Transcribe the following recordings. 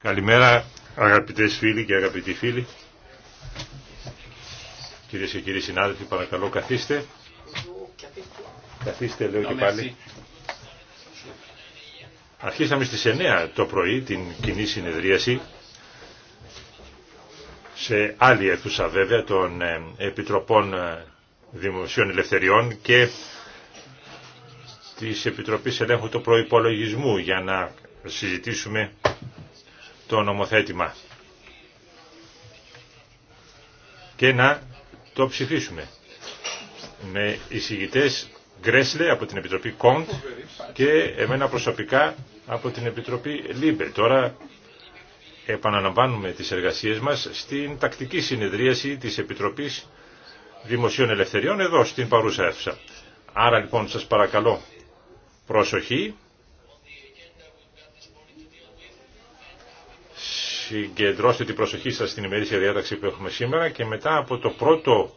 Καλημέρα αγαπητές φίλοι και αγαπητοί φίλοι. Κυρίες και κύριοι συνάδελφοι, παρακαλώ καθίστε. Καθίστε λέω και πάλι. Αρχίσαμε στις 9 το πρωί την κοινή συνεδρίαση σε άλλη αίθουσα βέβαια των ε, Επιτροπών ε, Δημοσίων Ελευθεριών και Τη Επιτροπή Ελέγχου του Προϋπολογισμού για να συζητήσουμε το νομοθέτημα και να το ψηφίσουμε με εισηγητέ Γκρέσλε από την Επιτροπή Κοντ και εμένα προσωπικά από την Επιτροπή Λίμπερ. Τώρα επαναλαμβάνουμε τις εργασίες μας στην τακτική συνεδρίαση της Επιτροπής Δημοσίων Ελευθεριών εδώ στην παρούσα αίθουσα. Άρα λοιπόν σας παρακαλώ Προσοχή. Συγκεντρώστε την προσοχή σας στην ημερήσια διάταξη που έχουμε σήμερα και μετά από το πρώτο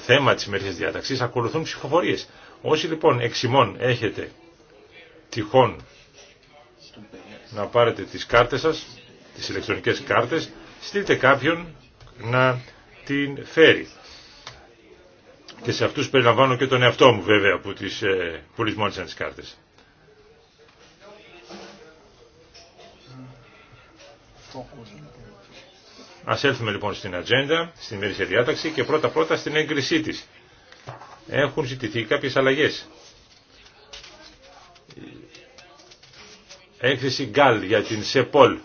θέμα της ημερήσιας διάταξης ακολουθούν ψηφοφορίες. Όσοι λοιπόν εξημών έχετε τυχόν να πάρετε τις κάρτες σας, τις ηλεκτρονικές κάρτες, στείλτε κάποιον να την φέρει. Και σε αυτούς περιλαμβάνω και τον εαυτό μου βέβαια που, τις, ε, τι τις κάρτες. Ας έλθουμε λοιπόν στην ατζέντα, στην μερίσια διάταξη και πρώτα πρώτα στην έγκρισή της. Έχουν ζητηθεί κάποιες αλλαγές. Έκθεση Γκάλ για την ΣΕΠΟΛ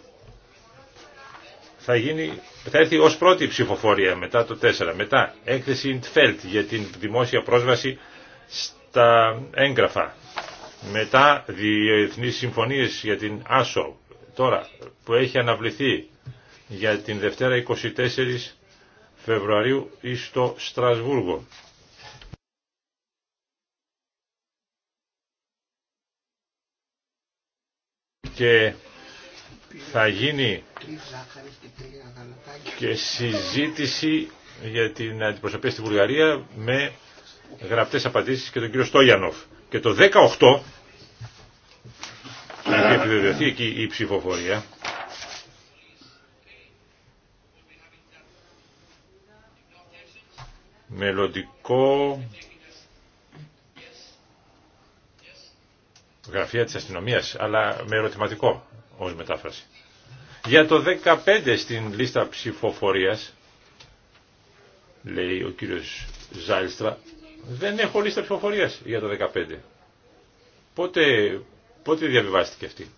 θα γίνει θα έρθει ως πρώτη ψηφοφορία μετά το 4. Μετά έκθεση Ιντφέλτ για την δημόσια πρόσβαση στα έγγραφα. Μετά διεθνείς συμφωνίες για την ΆΣΟ. Τώρα που έχει αναβληθεί για την Δευτέρα 24 Φεβρουαρίου στο Στρασβούργο. Και θα γίνει και συζήτηση για την αντιπροσωπεία στη Βουλγαρία με γραπτές απαντήσεις και τον κύριο Στόγιανοφ. Και το 18 θα επιβεβαιωθεί εκεί η ψηφοφορία. Μελλοντικό γραφεία της αστυνομίας, αλλά με ερωτηματικό μετάφραση. Για το 15 στην λίστα ψηφοφορίας, λέει ο κύριος Ζάλστρα, δεν έχω λίστα ψηφοφορίας για το 15. Πότε, πότε διαβιβάστηκε αυτή.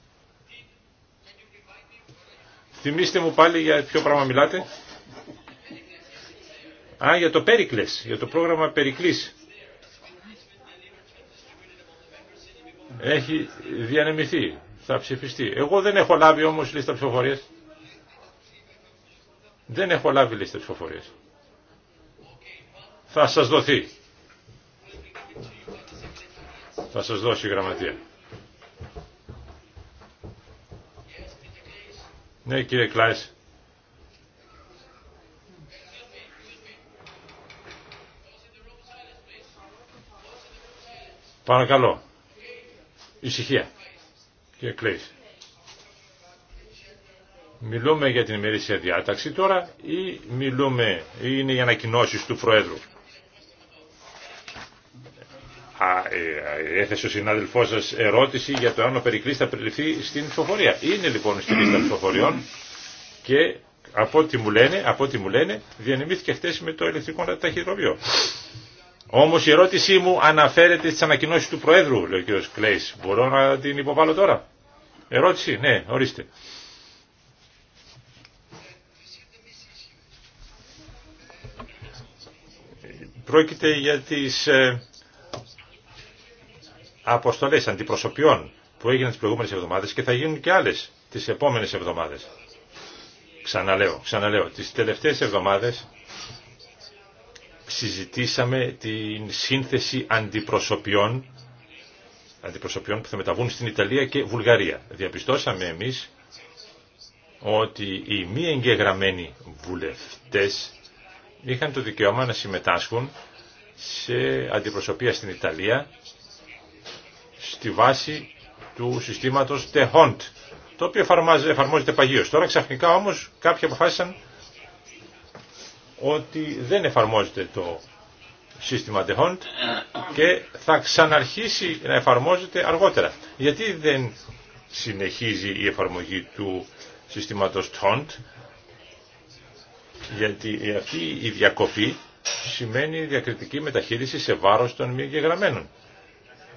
Θυμήστε μου πάλι για ποιο πράγμα μιλάτε. Α, για το Πέρικλες, για το πρόγραμμα Περικλής. Έχει διανεμηθεί θα ψηφιστεί. Εγώ δεν έχω λάβει όμως λίστα ψηφοφορίας. Δεν έχω λάβει λίστα ψηφοφορίας. Θα σας δοθεί. Θα σας δώσει η γραμματεία. Ναι κύριε Κλάις. Παρακαλώ. Ησυχία. Κύριε Μιλούμε για την ημερήσια διάταξη τώρα ή μιλούμε, ή είναι οι ανακοινώσει του Προέδρου. Ε, ε, έθεσε ο συνάδελφό σα ερώτηση για το αν ο Περικλής θα περιληφθεί στην ψηφοφορία. Είναι λοιπόν στην λίστα ψηφοφοριών και από ό,τι μου λένε, από μου λένε διανεμήθηκε χθε με το ηλεκτρικό ταχυδρομείο. Όμω η ερώτησή μου αναφέρεται στι ανακοινώσει του Προέδρου, λέει ο κ. Κλέη. Μπορώ να την υποβάλω τώρα. Ερώτηση, ναι, ορίστε. Πρόκειται για τις ε, αποστολές αντιπροσωπιών που έγιναν τις προηγούμενες εβδομάδες και θα γίνουν και άλλες τις επόμενες εβδομάδες. Ξαναλέω, ξαναλέω, τις τελευταίες εβδομάδες συζητήσαμε την σύνθεση αντιπροσωπιών, αντιπροσωπιών που θα μεταβούν στην Ιταλία και Βουλγαρία. Διαπιστώσαμε εμείς ότι οι μη εγγεγραμμένοι βουλευτές είχαν το δικαίωμα να συμμετάσχουν σε αντιπροσωπεία στην Ιταλία στη βάση του συστήματος Hunt, το οποίο εφαρμόζεται παγίως. Τώρα ξαφνικά όμως κάποιοι αποφάσισαν ότι δεν εφαρμόζεται το σύστημα Hunt και θα ξαναρχίσει να εφαρμόζεται αργότερα. Γιατί δεν συνεχίζει η εφαρμογή του συστήματος Τόντ γιατί αυτή η διακοπή σημαίνει διακριτική μεταχείριση σε βάρος των μη εγγεγραμμένων.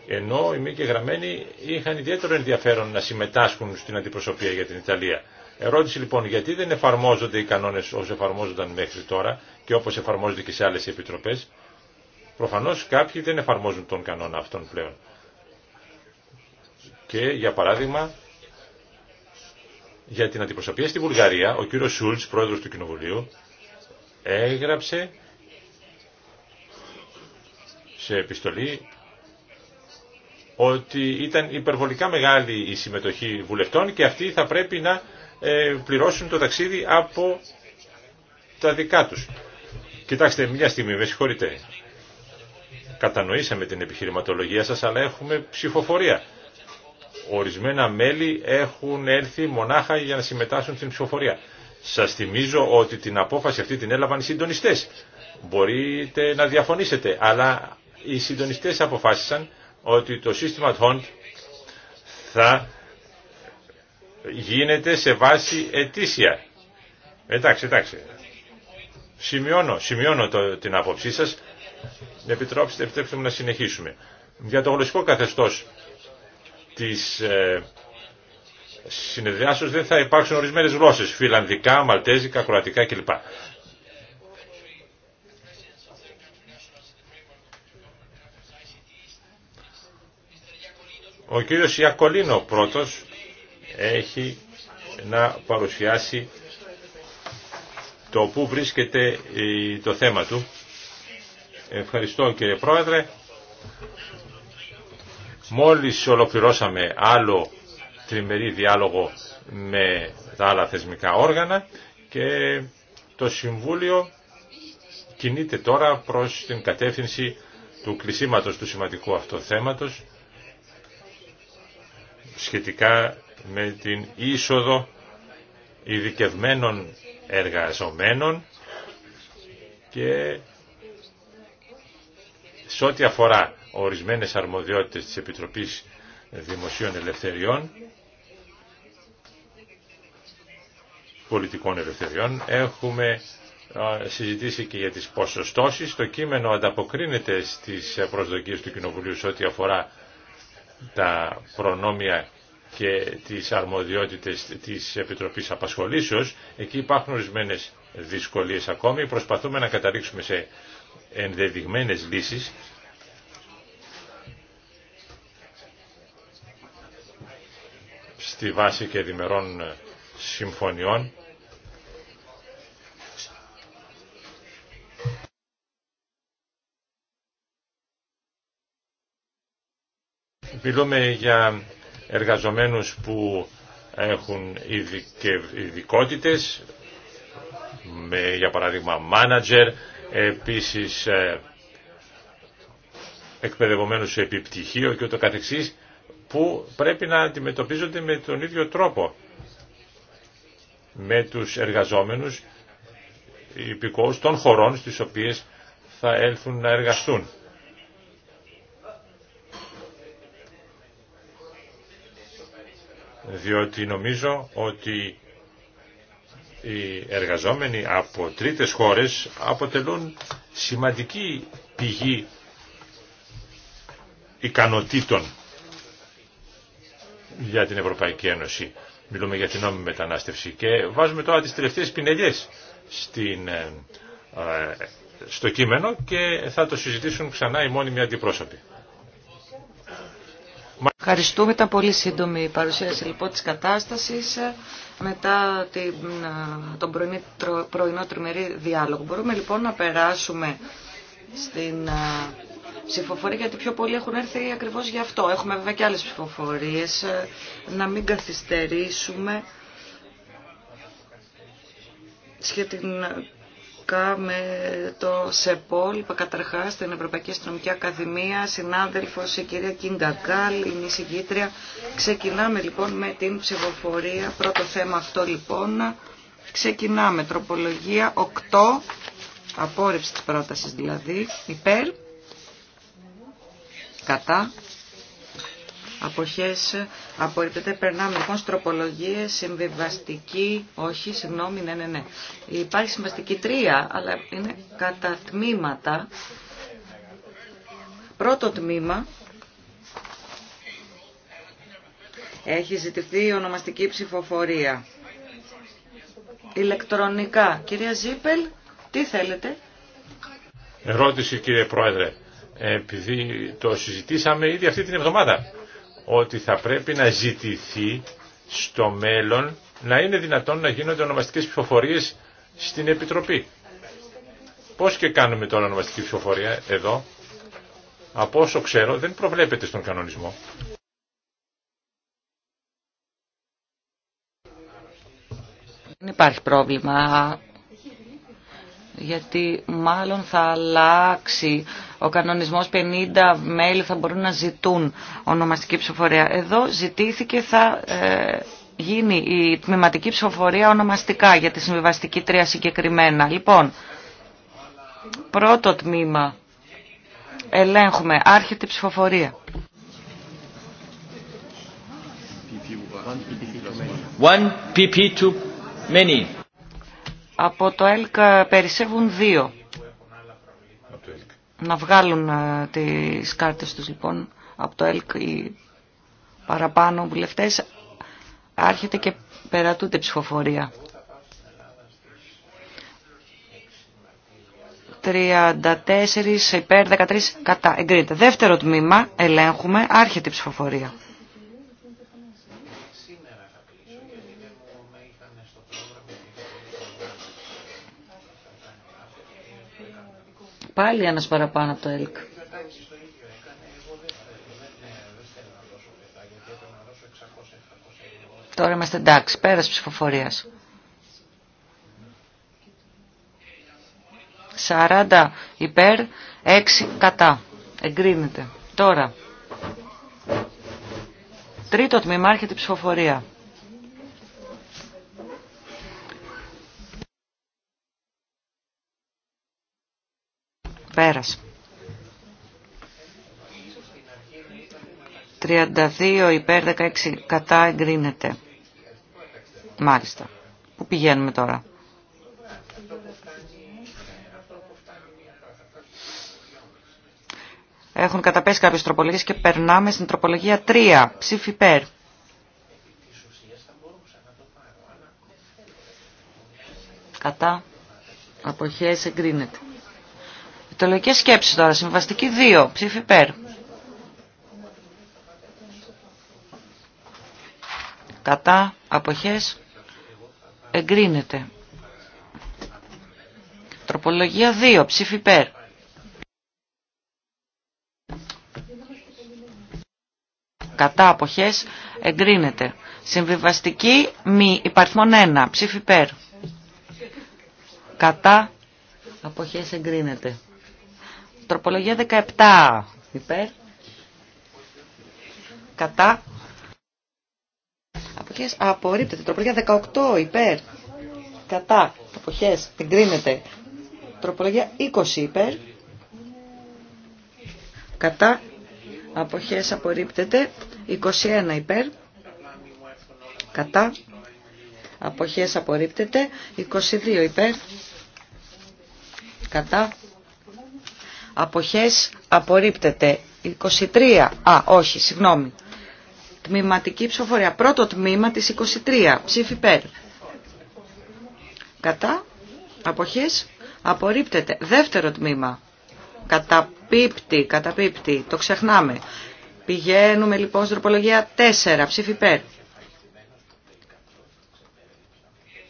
Ενώ οι μη εγγεγραμμένοι είχαν ιδιαίτερο ενδιαφέρον να συμμετάσχουν στην αντιπροσωπεία για την Ιταλία. Ερώτηση λοιπόν, γιατί δεν εφαρμόζονται οι κανόνες όσο εφαρμόζονταν μέχρι τώρα και όπως εφαρμόζονται και σε άλλες επιτροπές. Προφανώς κάποιοι δεν εφαρμόζουν τον κανόνα αυτόν πλέον. Και για παράδειγμα, για την αντιπροσωπεία στη Βουλγαρία, ο κύριο Σούλτς, πρόεδρος του Κοινοβουλίου, έγραψε σε επιστολή ότι ήταν υπερβολικά μεγάλη η συμμετοχή βουλευτών και αυτοί θα πρέπει να ε, πληρώσουν το ταξίδι από τα δικά τους. Κοιτάξτε, μια στιγμή, με συγχωρείτε. Κατανοήσαμε την επιχειρηματολογία σας, αλλά έχουμε ψηφοφορία. Ορισμένα μέλη έχουν έρθει μονάχα για να συμμετάσχουν στην ψηφοφορία. Σας θυμίζω ότι την απόφαση αυτή την έλαβαν οι συντονιστές. Μπορείτε να διαφωνήσετε, αλλά οι συντονιστές αποφάσισαν ότι το σύστημα των θα γίνεται σε βάση ετήσια. Εντάξει, εντάξει. Σημειώνω, σημειώνω την άποψή σας. Επιτρέψτε, επιτρέψτε μου να συνεχίσουμε. Για το γλωσσικό καθεστώς της ε, συνεδριάσεως δεν θα υπάρξουν ορισμένες γλώσσες. Φιλανδικά, Μαλτέζικα, Κροατικά κλπ. Ο κύριος Ιακολίνο πρώτος έχει να παρουσιάσει το που βρίσκεται το θέμα του. Ευχαριστώ κύριε Πρόεδρε. Μόλις ολοκληρώσαμε άλλο τριμερή διάλογο με τα άλλα θεσμικά όργανα και το Συμβούλιο κινείται τώρα προς την κατεύθυνση του κλεισίματος του σημαντικού αυτού θέματος σχετικά με την είσοδο ειδικευμένων εργαζομένων και σε ό,τι αφορά ορισμένες αρμοδιότητες της Επιτροπής Δημοσίων Ελευθεριών, πολιτικών ελευθεριών, έχουμε συζητήσει και για τις ποσοστώσεις. Το κείμενο ανταποκρίνεται στις προσδοκίες του Κοινοβουλίου σε ό,τι αφορά τα προνόμια και τις αρμοδιότητες της Επιτροπής Απασχολήσεως, εκεί υπάρχουν ορισμένε δυσκολίες ακόμη. Προσπαθούμε να καταλήξουμε σε ενδεδειγμένες λύσεις. στη βάση και διμερών συμφωνιών. Μιλούμε για εργαζομένους που έχουν ειδικότητε, με για παράδειγμα μάνατζερ, επίσης ε, εκπαιδευομένους σε επιπτυχίο και ούτω καθεξής, που πρέπει να αντιμετωπίζονται με τον ίδιο τρόπο με τους εργαζόμενους υπηκόους των χωρών στις οποίες θα έλθουν να εργαστούν. διότι νομίζω ότι οι εργαζόμενοι από τρίτες χώρες αποτελούν σημαντική πηγή ικανοτήτων για την Ευρωπαϊκή Ένωση. Μιλούμε για την νόμιμη μετανάστευση και βάζουμε τώρα τις τελευταίες πινελιές στην, ε, ε, στο κείμενο και θα το συζητήσουν ξανά οι μόνιμοι αντιπρόσωποι. Ευχαριστούμε. Ήταν πολύ σύντομη η παρουσίαση λοιπόν της κατάστασης μετά την, τον πρωινό τριμερή διάλογο. Μπορούμε λοιπόν να περάσουμε στην ψηφοφορία γιατί πιο πολλοί έχουν έρθει ακριβώς γι' αυτό. Έχουμε βέβαια και άλλες ψηφοφορίες. Να μην καθυστερήσουμε σχετικά σχετικά με το ΣΕΠΟΛ, είπα καταρχά στην Ευρωπαϊκή Αστυνομική Ακαδημία, συνάδελφο η κυρία Κίνγκα Γκάλ, η νησηγήτρια Ξεκινάμε λοιπόν με την ψηφοφορία. Πρώτο θέμα αυτό λοιπόν. Ξεκινάμε. Τροπολογία 8, απόρριψη της πρόταση, δηλαδή, υπέρ, κατά, αποχές απορρίπτεται. Περνάμε λοιπόν στροπολογίε, συμβιβαστική, όχι, συγγνώμη, ναι, ναι, ναι. Υπάρχει συμβαστική τρία αλλά είναι κατά τμήματα. Πρώτο τμήμα, έχει ζητηθεί ονομαστική ψηφοφορία. Ηλεκτρονικά. Κυρία Ζίπελ, τι θέλετε. Ερώτηση κύριε Πρόεδρε. Ε, επειδή το συζητήσαμε ήδη αυτή την εβδομάδα ότι θα πρέπει να ζητηθεί στο μέλλον να είναι δυνατόν να γίνονται ονομαστικές ψηφοφορίες στην Επιτροπή. Πώς και κάνουμε τώρα ονομαστική ψηφοφορία εδώ, από όσο ξέρω δεν προβλέπεται στον κανονισμό. Δεν υπάρχει πρόβλημα γιατί μάλλον θα αλλάξει ο κανονισμός 50 μέλη θα μπορούν να ζητούν ονομαστική ψηφοφορία. Εδώ ζητήθηκε θα ε, γίνει η τμηματική ψηφοφορία ονομαστικά για τη συμβιβαστική τρία συγκεκριμένα. Λοιπόν, πρώτο τμήμα, ελέγχουμε, άρχεται η ψηφοφορία. One PP too many. Από το ΕΛΚ ε, περισσεύουν δύο. Να βγάλουν ε, τις κάρτες τους λοιπόν από το ΕΛΚ οι παραπάνω βουλευτές. Άρχεται και περατούται ψηφοφορία. 34 υπέρ 13 κατά. Εγκρίνεται. Δεύτερο τμήμα ελέγχουμε. Άρχεται η ψηφοφορία. Πάλι ένας παραπάνω από το ΕΛΚ. Τώρα είμαστε εντάξει, πέρας ψηφοφορίας. 40 υπέρ, 6 κατά. Εγκρίνεται. Τώρα, τρίτο τμήμα έρχεται η ψηφοφορία. 32 υπέρ 16 κατά εγκρίνεται. Μάλιστα. Πού πηγαίνουμε τώρα. Έχουν καταπέσει κάποιες τροπολογίες και περνάμε στην τροπολογία 3. Ψήφι υπέρ. Κατά. Αποχές εγκρίνεται. Τελογικέ σκέψεις τώρα. Συμβαστική 2. Ψήφι υπέρ. Κατά. Αποχές. Εγκρίνεται. Τροπολογία 2. Ψήφι υπέρ. Κατά. Αποχές. Εγκρίνεται. Συμβιβαστική μη υπαριθμών 1. Ψήφι υπέρ. Κατά. Αποχές εγκρίνεται. Τροπολογία 17. Υπέρ. Κατά. Αποχές. Απορρίπτεται. Τροπολογία 18. Υπέρ. Κατά. Αποχές. Την Τροπολογία 20. Υπέρ. Κατά. Αποχές. Απορρίπτεται. 21. Υπέρ. Κατά. Αποχές απορρίπτεται. 22 υπέρ. Κατά αποχές απορρίπτεται. 23, α όχι, συγγνώμη. Τμηματική ψηφοφορία. Πρώτο τμήμα της 23. Ψήφι πέρ. Κατά. Αποχές. Απορρίπτεται. Δεύτερο τμήμα. Καταπίπτει. Καταπίπτει. Το ξεχνάμε. Πηγαίνουμε λοιπόν στην τροπολογία 4. Ψήφι πέρ.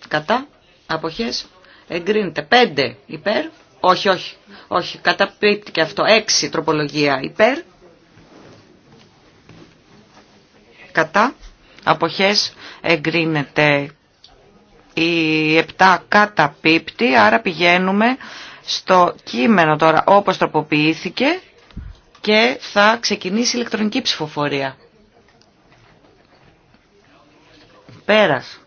Κατά. Αποχές. Εγκρίνεται. 5 υπέρ. Όχι, όχι, όχι, καταπίπτει και αυτό. Έξι τροπολογία υπέρ. Κατά. Αποχές εγκρίνεται η επτά καταπίπτει, άρα πηγαίνουμε στο κείμενο τώρα όπως τροποποιήθηκε και θα ξεκινήσει η ηλεκτρονική ψηφοφορία. Πέρας.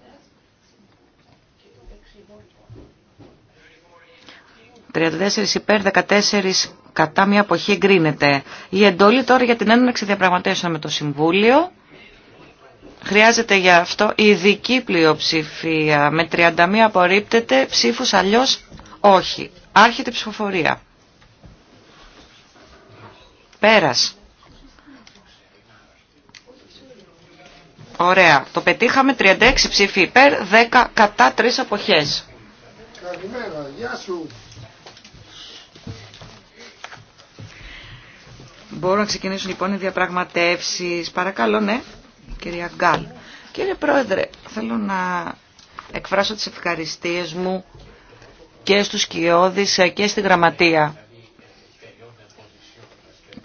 34 υπέρ, 14 κατά μια αποχή εγκρίνεται. Η εντολή τώρα για την έναρξη διαπραγματεύσεων με το Συμβούλιο. Χρειάζεται για αυτό η ειδική πλειοψηφία. Με 31 απορρίπτεται, ψήφους αλλιώ όχι. Άρχεται η ψηφοφορία. Πέρας. Ωραία. Το πετύχαμε 36 ψήφοι υπέρ, 10 κατά 3 αποχές. Καλημέρα. Γεια σου. μπορώ να ξεκινήσω, λοιπόν οι διαπραγματεύσεις. Παρακαλώ, ναι, κυρία Γκάλ. Κύριε Πρόεδρε, θέλω να εκφράσω τις ευχαριστίες μου και στους Κιώδης και στη Γραμματεία.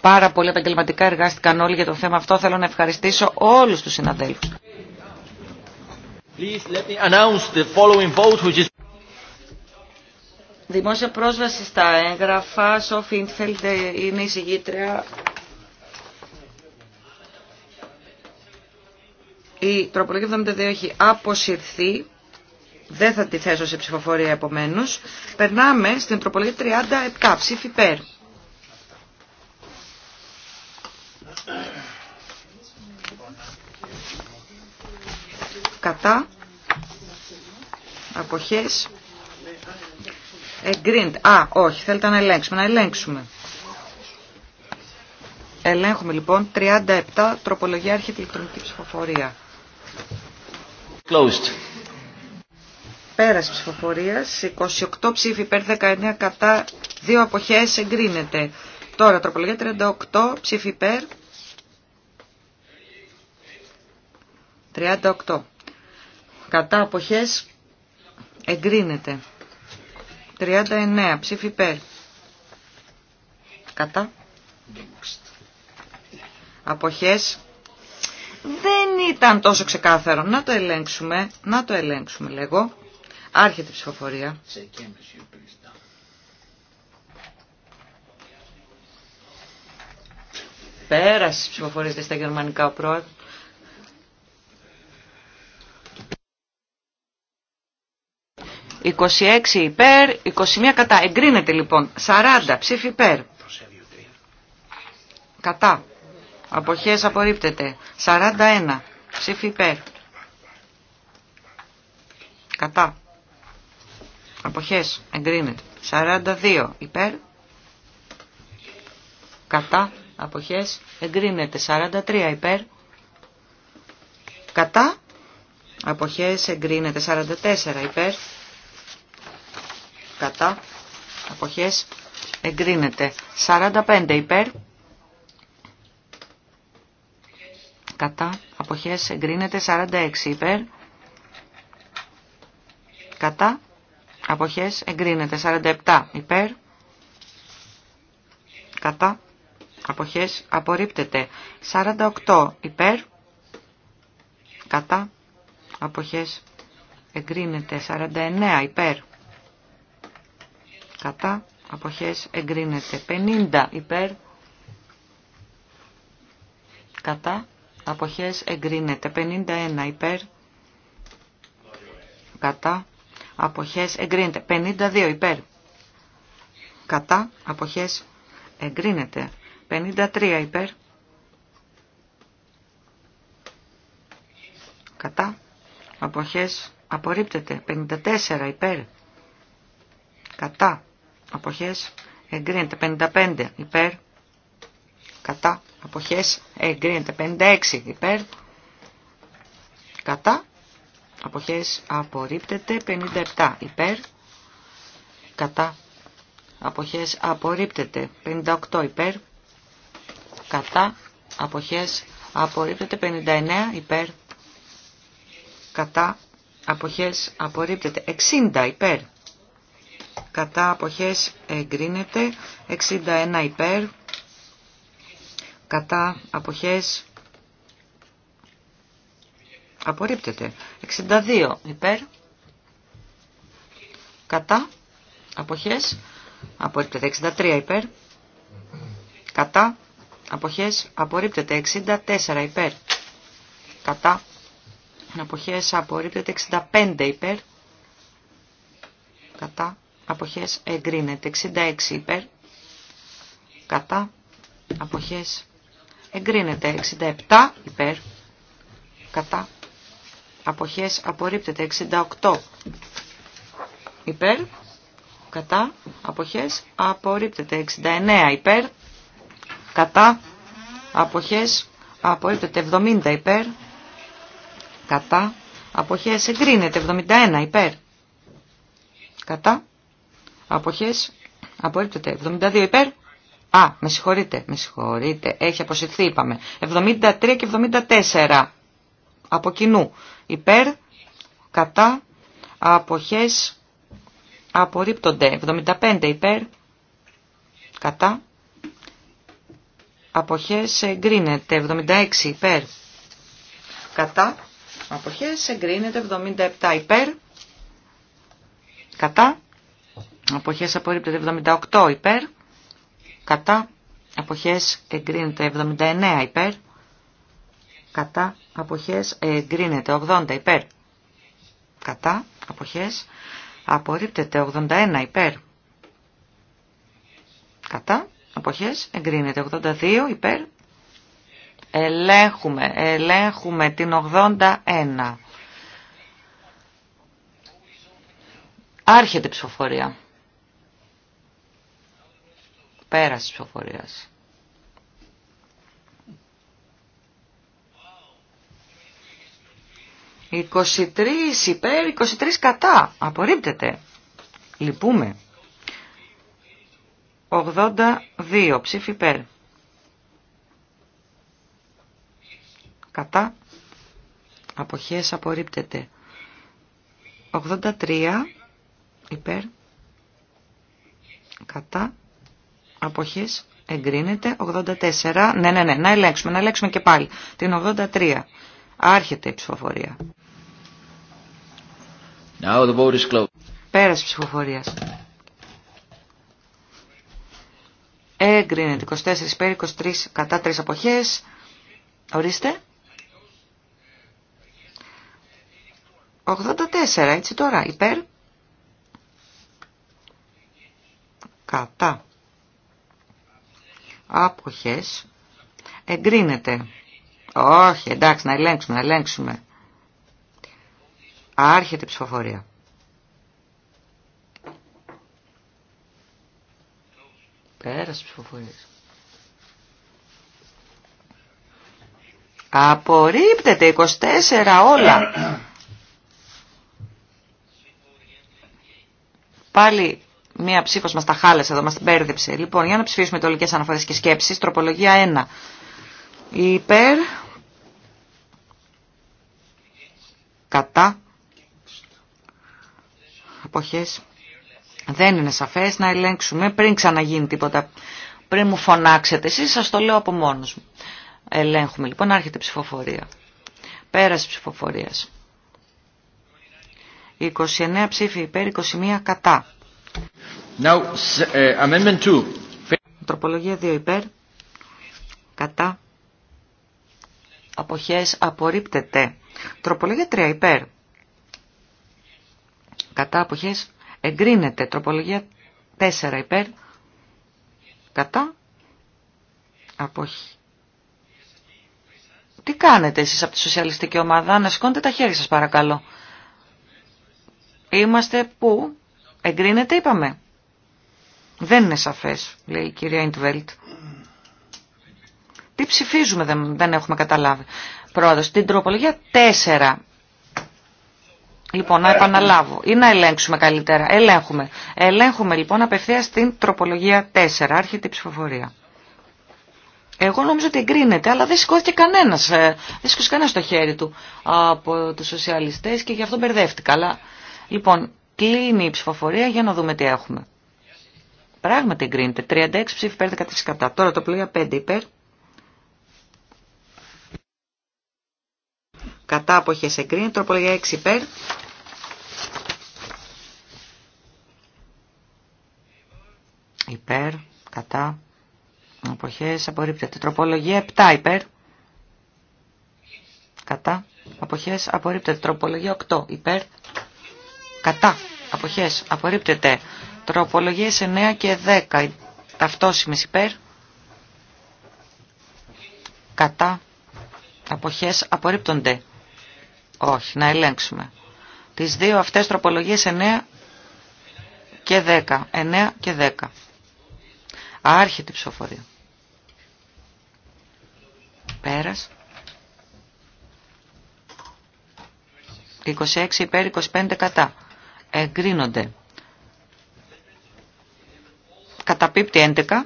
Πάρα πολύ επαγγελματικά εργάστηκαν όλοι για το θέμα αυτό. Θέλω να ευχαριστήσω όλους τους συναδέλφους. Please let me announce the following vote, which is... Δημόσια πρόσβαση στα έγγραφα, Σόφι Ιντφελντ είναι η συγγήτρια. Η τροπολογία 72 έχει αποσυρθεί. Δεν θα τη θέσω σε ψηφοφορία επομένως. Περνάμε στην τροπολογία 37 ψήφι περ. Κατά. Αποχές. Εγκρίντ. Α, όχι, θέλετε να ελέγξουμε. Να ελέγξουμε. Ελέγχουμε λοιπόν 37 τροπολογία έρχεται ηλεκτρονική ψηφοφορία. Closed. Πέρας ψηφοφορίας, 28 ψήφοι υπέρ 19 κατά, 2 αποχές εγκρίνεται. Τώρα τροπολογία 38 ψήφοι υπέρ. 38. Κατά αποχές εγκρίνεται. 39. Ψήφι υπέρ. Κατά. Αποχές. Δεν ήταν τόσο ξεκάθαρο. Να το ελέγξουμε. Να το ελέγξουμε λέγω. Άρχεται η ψηφοφορία. Πέρασε ψηφοφορία στα γερμανικά ο 26 υπέρ, 21 κατά. Εγκρίνεται λοιπόν. 40 ψήφι υπέρ. Κατά. Αποχές απορρίπτεται. 41 ψήφι υπέρ. Κατά. Αποχές εγκρίνεται. 42 υπέρ. Κατά. Αποχές εγκρίνεται. 43 υπέρ. Κατά. Αποχές εγκρίνεται. 44 υπέρ κατά, αποχές, εγκρίνεται. 45 υπέρ, κατά, αποχές, εγκρίνεται. 46 υπέρ, κατά, αποχές, εγκρίνεται. 47 υπέρ, κατά, αποχές, απορρίπτεται. 48 υπέρ, κατά, αποχές, εγκρίνεται. 49 υπέρ, κατά αποχές εγκρίνεται 50 υπέρ κατά αποχές εγκρίνεται 51 υπέρ κατά αποχές εγκρίνεται 52 υπέρ κατά αποχές εγκρίνεται 53 υπέρ κατά αποχές απορρίπτεται 54 υπέρ κατά αποχές εγκρίνεται 55 υπέρ κατά αποχές εγκρίνεται 56 υπέρ κατά αποχές απορρίπτεται 57 υπέρ κατά αποχές απορρίπτεται 58 υπέρ κατά αποχές απορρίπτεται 59 υπέρ κατά αποχές απορρίπτεται 60 υπέρ κατά αποχές εγκρίνεται, 61 υπέρ, κατά αποχές απορρίπτεται, 62 υπέρ, κατά αποχές απορρίπτεται, 63 υπέρ, κατά αποχές απορρίπτεται, 64 υπέρ, κατά αποχές απορρίπτεται, 65 υπέρ, κατά αποχές εγκρίνεται. 66 υπέρ, κατά, αποχές εγκρίνεται. 67 υπέρ, κατά, αποχές απορρίπτεται. 68 υπέρ, κατά, αποχές απορρίπτεται. 69 υπέρ, κατά, αποχές απορρίπτεται. 70 υπέρ, κατά, αποχές εγκρίνεται. 71 υπέρ, κατά, Αποχές. Απορρίπτεται. 72 υπέρ. Α, με συγχωρείτε, με συγχωρείτε. Έχει αποσυρθεί, είπαμε. 73 και 74. Από κοινού. Υπέρ, κατά, αποχές, απορρίπτονται. 75 υπέρ, κατά, αποχές, εγκρίνεται. 76 υπέρ, κατά, αποχές, εγκρίνεται. 77 υπέρ, κατά, αποχές απορρίπτεται 78 υπέρ, κατά αποχές εγκρίνεται 79 υπέρ, κατά αποχές εγκρίνεται 80 υπέρ, κατά αποχές απορρίπτεται 81 υπέρ, κατά αποχές εγκρίνεται 82 υπέρ, ελέγχουμε, ελέγχουμε την 81. Άρχεται η ψηφοφορία. Πέρας της ψηφοφορίας. 23 υπέρ, 23 κατά. Απορρίπτεται. Λυπούμε. 82 ψήφι υπέρ. Κατά. Αποχές απορρίπτεται. 83 υπέρ. Κατά. Αποχής. εγκρίνεται 84. Ναι, ναι, ναι, να ελέγξουμε, να ελέγξουμε και πάλι. Την 83. Άρχεται η ψηφοφορία. Now the vote is ψηφοφορίας. Εγκρίνεται 24 υπέρ 23 κατά 3 αποχές. Ορίστε. 84 έτσι τώρα υπέρ. Κατά. Άποχες. Εγκρίνεται. Όχι, εντάξει, να ελέγξουμε, να ελέγξουμε. Άρχεται η ψηφοφορία. Πέρασε ψηφοφορία. Απορρίπτεται 24 όλα. Πάλι Μία ψήφο μα τα χάλεσε εδώ, μα την πέρδεψε. Λοιπόν, για να ψηφίσουμε τολικές αναφορέ και σκέψει. Τροπολογία 1. Υπέρ. Κατά. Αποχές. Δεν είναι σαφέ. να ελέγξουμε πριν ξαναγίνει τίποτα. Πριν μου φωνάξετε Εσεί, σα το λέω από μόνο. μου. Ελέγχουμε λοιπόν, άρχεται ψηφοφορία. Πέραση ψηφοφορία. 29 ψήφοι υπέρ, 21 κατά. Ε, Τροπολογία 2 υπέρ. Κατά. Αποχές απορρίπτεται. Τροπολογία 3 υπέρ. Κατά αποχές εγκρίνεται. Τροπολογία 4 υπέρ. Κατά. Αποχή. Τι κάνετε εσείς από τη σοσιαλιστική ομάδα, να σηκώνετε τα χέρια σας παρακαλώ. Είμαστε πού, Εγκρίνεται είπαμε. Δεν είναι σαφές, λέει η κυρία Ιντβέλτ. Τι ψηφίζουμε δεν, δεν έχουμε καταλάβει. Πρόεδρος, την τροπολογία 4. Λοιπόν, να επαναλάβω ή να ελέγξουμε καλύτερα. Ελέγχουμε. Ελέγχουμε λοιπόν απευθείας την τροπολογία 4. Άρχεται η ψηφοφορία. Εγώ νομίζω ότι εγκρίνεται, αλλά δεν σηκώθηκε κανένα. Ε, δεν σηκώθηκε κανένα το χέρι του από του σοσιαλιστέ και γι' αυτό μπερδεύτηκα. Αλλά λοιπόν, Κλείνει η ψηφοφορία για να δούμε τι έχουμε. Πράγματι εγκρίνεται. 36 ψήφοι υπέρ 13, κατά. Τώρα το πλοίο 5 υπέρ. Κατά αποχές εγκρίνεται. Τροπολογία 6 υπέρ. Υπέρ. Κατά. Αποχές απορρίπτεται. Τροπολογία 7 υπέρ. Κατά. Αποχές απορρίπτεται. Τροπολογία 8 υπέρ. Κατά. Αποχές. Απορρίπτεται. Τροπολογίε 9 και 10. Ταυτόσιμες υπέρ. Κατά. Αποχές. Απορρίπτονται. Όχι. Να ελέγξουμε. Τις δύο αυτές τροπολογίες 9 και 10. 9 και 10. Άρχεται η ψηφοφορία. Πέρας. 26 υπέρ 25 κατά εγκρίνονται. Καταπίπτει 11.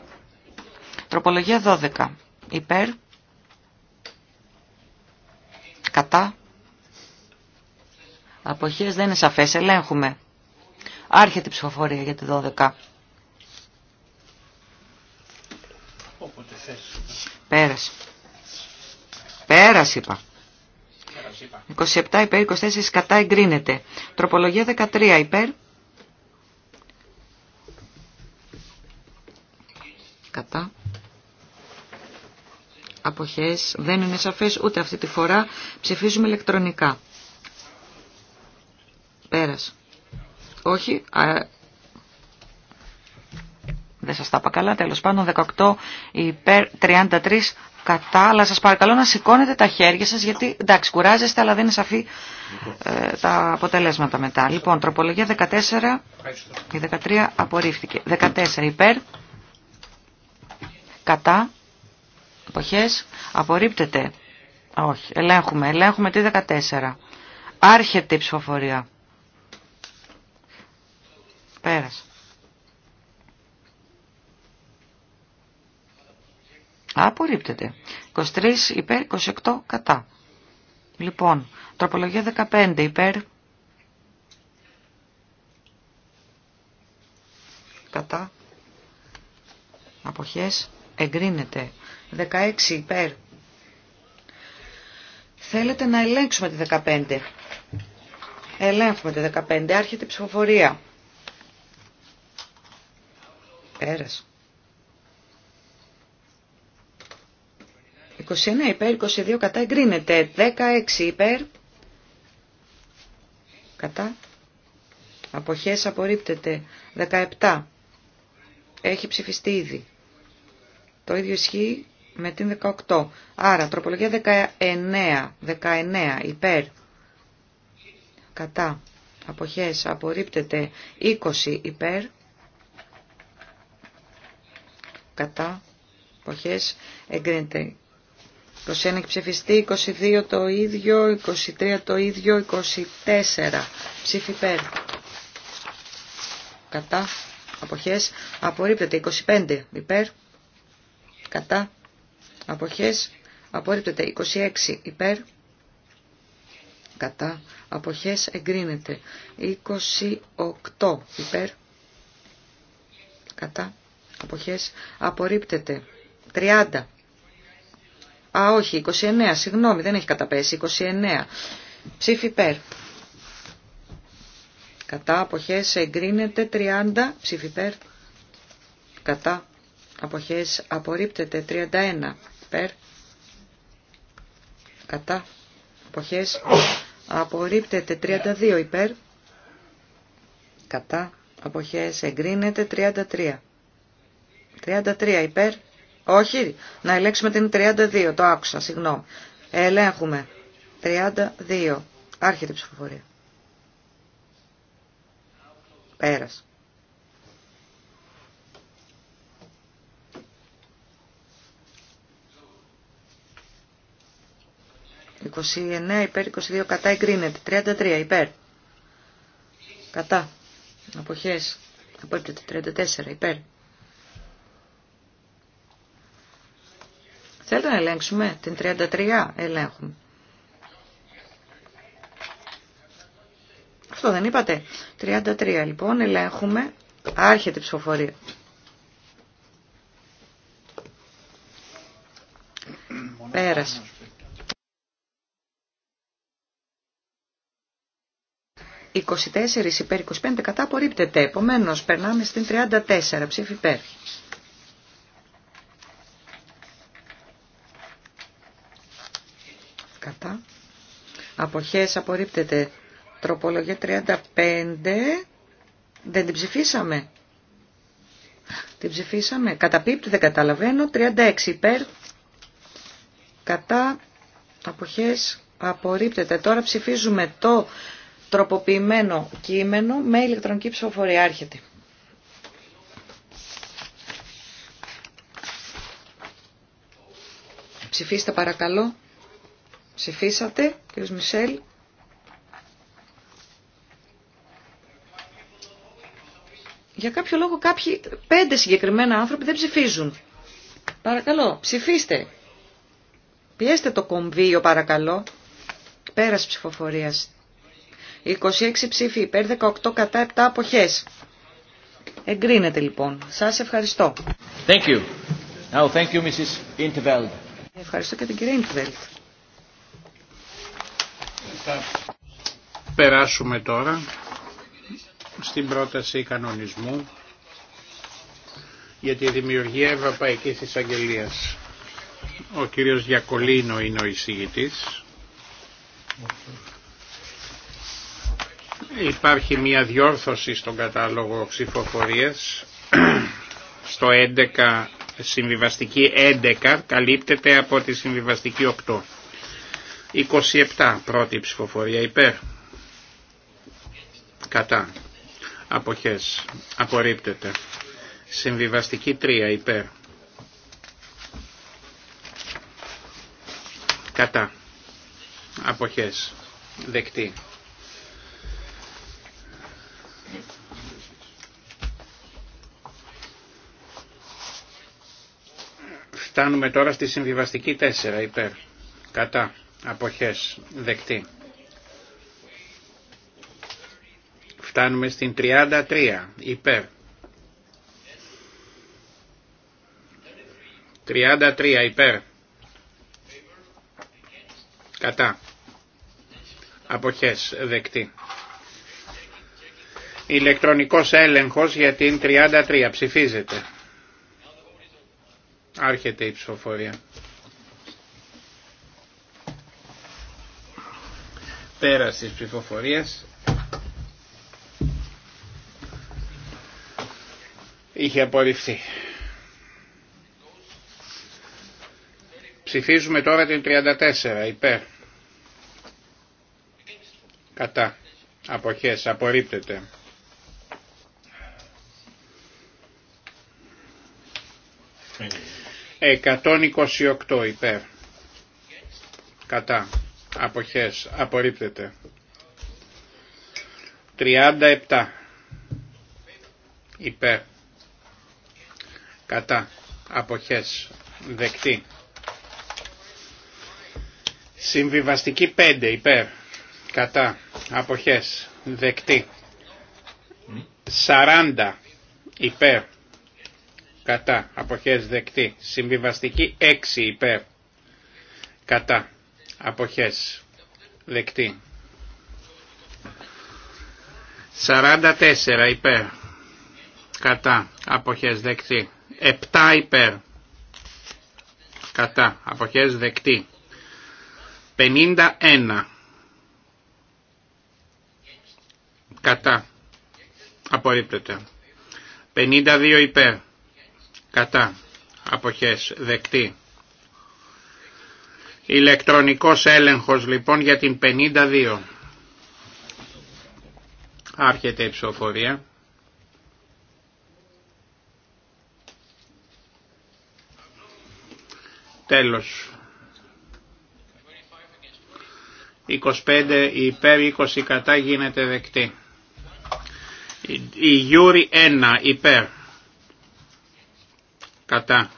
Τροπολογία 12. Υπέρ. Κατά. Αποχές δεν είναι σαφές. Ελέγχουμε. Άρχεται η ψηφοφορία για τη 12. Πέρασε. Πέρασε είπα. 27 υπέρ, 24 κατά εγκρίνεται. Τροπολογία 13 υπέρ. Κατά. Αποχές δεν είναι σαφές ούτε αυτή τη φορά. Ψηφίζουμε ηλεκτρονικά. Πέρας. Όχι. Δεν σας τα είπα καλά. Τέλος πάντων 18 υπέρ 33 κατά, αλλά σας παρακαλώ να σηκώνετε τα χέρια σας, γιατί εντάξει κουράζεστε, αλλά δεν είναι σαφή ε, τα αποτελέσματα μετά. Λοιπόν, τροπολογία 14, η 13 απορρίφθηκε. 14 υπέρ, κατά, εποχές, απορρίπτεται. Όχι, ελέγχουμε, ελέγχουμε τη 14. Άρχεται η ψηφοφορία. Πέρασε. Απορρίπτεται. 23 υπέρ, 28 κατά. Λοιπόν, τροπολογία 15 υπέρ. Κατά. Αποχές. Εγκρίνεται. 16 υπέρ. Θέλετε να ελέγξουμε τη 15. Ελέγχουμε τη 15. Άρχεται η ψηφοφορία. Πέρασε. 21 υπέρ, 22 κατά εγκρίνεται. 16 υπέρ, κατά. Αποχές απορρίπτεται. 17. Έχει ψηφιστεί ήδη. Το ίδιο ισχύει με την 18. Άρα, τροπολογία 19. 19 υπέρ. Κατά. Αποχές απορρίπτεται. 20 υπέρ. Κατά. Αποχές εγκρίνεται. 21 έχει ψηφιστεί, 22 το ίδιο, 23 το ίδιο, 24 ψήφι υπέρ. Κατά αποχές απορρίπτεται 25 υπέρ. Κατά αποχές απορρίπτεται 26 υπέρ. Κατά αποχές εγκρίνεται 28 υπέρ. Κατά αποχές απορρίπτεται 30 Α, όχι, 29, συγγνώμη, δεν έχει καταπέσει. 29. Ψήφι υπέρ. Κατά αποχές εγκρίνεται 30. Ψήφι υπέρ. Κατά αποχές απορρίπτεται 31. ΠΕΡ. Κατά αποχές απορρίπτεται 32. Υπέρ. Κατά αποχές εγκρίνεται 33. 33 υπέρ όχι, να ελέγξουμε την 32, το άκουσα, συγγνώμη. Ελέγχουμε. 32. Άρχεται η ψηφοφορία. Πέρας. ...29 υπέρ, 22 κατά εγκρίνεται, 33 υπέρ, κατά, αποχές, απορρίπτεται, 34 υπέρ, Θέλετε να ελέγξουμε την 33. Ελέγχουμε. Αυτό δεν είπατε. 33 λοιπόν ελέγχουμε. Άρχεται η ψηφοφορία. Πέρασε. «24 υπέρ 25 κατά απορρίπτεται». Επομένως, περνάμε στην 34 ψήφι υπέρ. αποχές απορρίπτεται. Τροπολογία 35. Δεν την ψηφίσαμε. Την ψηφίσαμε. Καταπίπτει, δεν καταλαβαίνω. 36 υπέρ. Κατά αποχές απορρίπτεται. Τώρα ψηφίζουμε το τροποποιημένο κείμενο με ηλεκτρονική ψηφοφορία. Άρχεται. Ψηφίστε παρακαλώ. Ψηφίσατε, κύριος Μισελ. Για κάποιο λόγο κάποιοι πέντε συγκεκριμένα άνθρωποι δεν ψηφίζουν. Παρακαλώ, ψηφίστε. Πιέστε το κομβίο παρακαλώ. Πέρας ψηφοφορίας. 26 ψήφοι υπέρ 18 κατά 7 αποχές. Εγκρίνεται λοιπόν. Σας ευχαριστώ. Thank you. Now, thank you, Mrs. Ευχαριστώ και την κυρία Ιντβέλτ. Θα περάσουμε τώρα στην πρόταση κανονισμού για τη δημιουργία Ευρωπαϊκής Εισαγγελίας. Ο κύριος Γιακολίνο είναι ο εισηγητής. Υπάρχει μια διόρθωση στον κατάλογο ψηφοφορία Στο 11, συμβιβαστική 11 καλύπτεται από τη συμβιβαστική 8. 27 πρώτη ψηφοφορία υπέρ. Κατά. Αποχές. Απορρίπτεται. Συμβιβαστική 3 υπέρ. Κατά. Αποχές. Δεκτή. Φτάνουμε τώρα στη συμβιβαστική 4 υπέρ. Κατά αποχές δεκτή. Φτάνουμε στην 33 υπέρ. 33 υπέρ. Κατά. Αποχές δεκτή. Ηλεκτρονικός έλεγχος για την 33 ψηφίζεται. Άρχεται η ψηφοφορία. Πέρας της ψηφοφορίας είχε απορριφθεί. Ψηφίζουμε τώρα την 34 υπέρ. Κατά. Αποχές. Απορρίπτεται. Εκατόν υπέρ. Κατά. Αποχές. Απορρίπτεται. 37. Υπέρ. Κατά. Αποχές. Δεκτή. Συμβιβαστική 5. Υπέρ. Κατά. Αποχές. Δεκτή. 40. Υπέρ. Κατά. Αποχές δεκτή. Συμβιβαστική 6 υπέρ. Κατά. Αποχές. Δεκτή. 44 υπέρ. Κατά. Αποχές δεκτή. 7 υπέρ. Κατά. Αποχές δεκτή. 51. Κατά. Απορρίπτεται. 52 υπέρ. Κατά. Αποχές δεκτή. Ηλεκτρονικός έλεγχος λοιπόν για την 52. Άρχεται η ψηφοφορία. Τέλος. 25 υπέρ 20 κατά γίνεται δεκτή. Η Γιούρι 1 υπέρ. Κατά.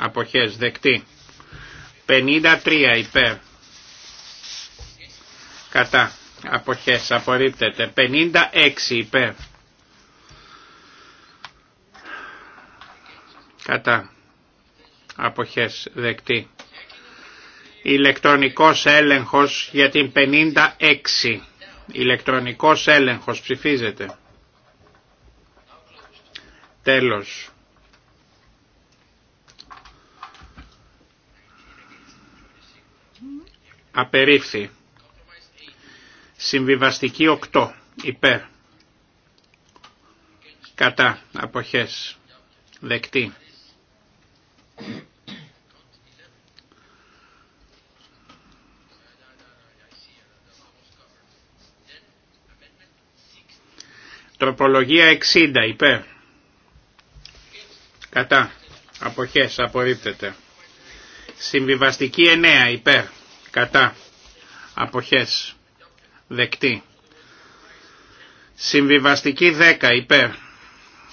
Αποχές δεκτή. 53 υπέρ. Κατά. Αποχές απορρίπτεται. 56 υπέρ. Κατά. Αποχές δεκτή. Ηλεκτρονικός έλεγχος για την 56. Ηλεκτρονικός έλεγχος ψηφίζεται. Τέλος. Απερίφθη. Συμβιβαστική 8. Υπέρ. Κατά. Αποχές. Δεκτή. Τροπολογία 60 υπέρ. Κατά. Αποχές. Απορρίπτεται. Συμβιβαστική 9 υπέρ κατά αποχές δεκτή. Συμβιβαστική 10 υπέρ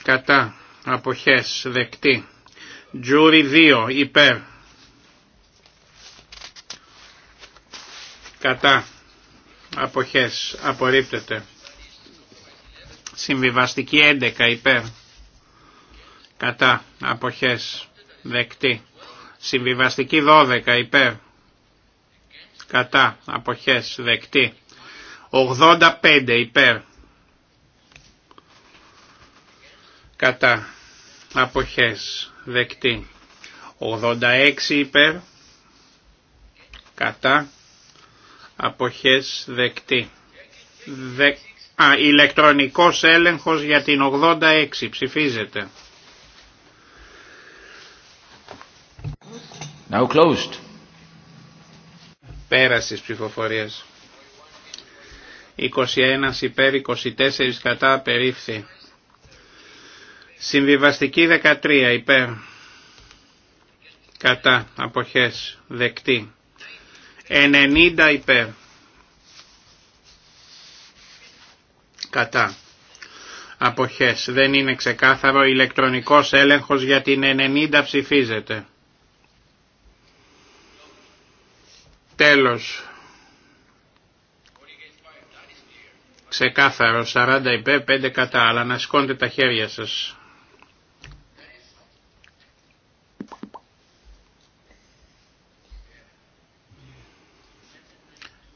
κατά αποχές δεκτή. Τζούρι 2 υπέρ κατά αποχές απορρίπτεται. Συμβιβαστική 11 υπέρ κατά αποχές δεκτή. Συμβιβαστική 12 υπέρ κατά αποχές δεκτή 85 υπέρ κατά αποχές δεκτή 86 υπέρ κατά αποχές δεκτή Δε, α, ηλεκτρονικός έλεγχος για την 86 ψηφίζεται Now closed. Πέραση της ψηφοφορίας. 21 υπέρ 24 κατά απερίφθη. Συμβιβαστική 13 υπέρ κατά αποχές δεκτή. 90 υπέρ κατά αποχές. Δεν είναι ξεκάθαρο ηλεκτρονικός έλεγχος για την 90 ψηφίζεται. Τέλος. Ξεκάθαρο, 40 υπέρ, 5 κατά, αλλά να σηκώνετε τα χέρια σας.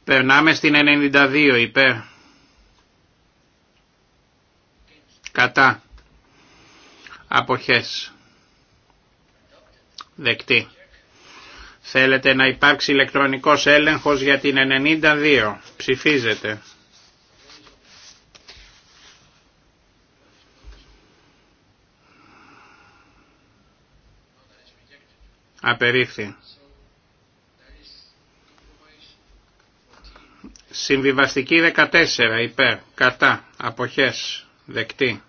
Περνάμε στην 92 υπέρ. Κατά. Αποχές. Δεκτή. Θέλετε να υπάρξει ηλεκτρονικός έλεγχος για την 92. Ψηφίζετε. Απερίφθη. Συμβιβαστική 14 υπέρ, κατά, αποχές, δεκτή.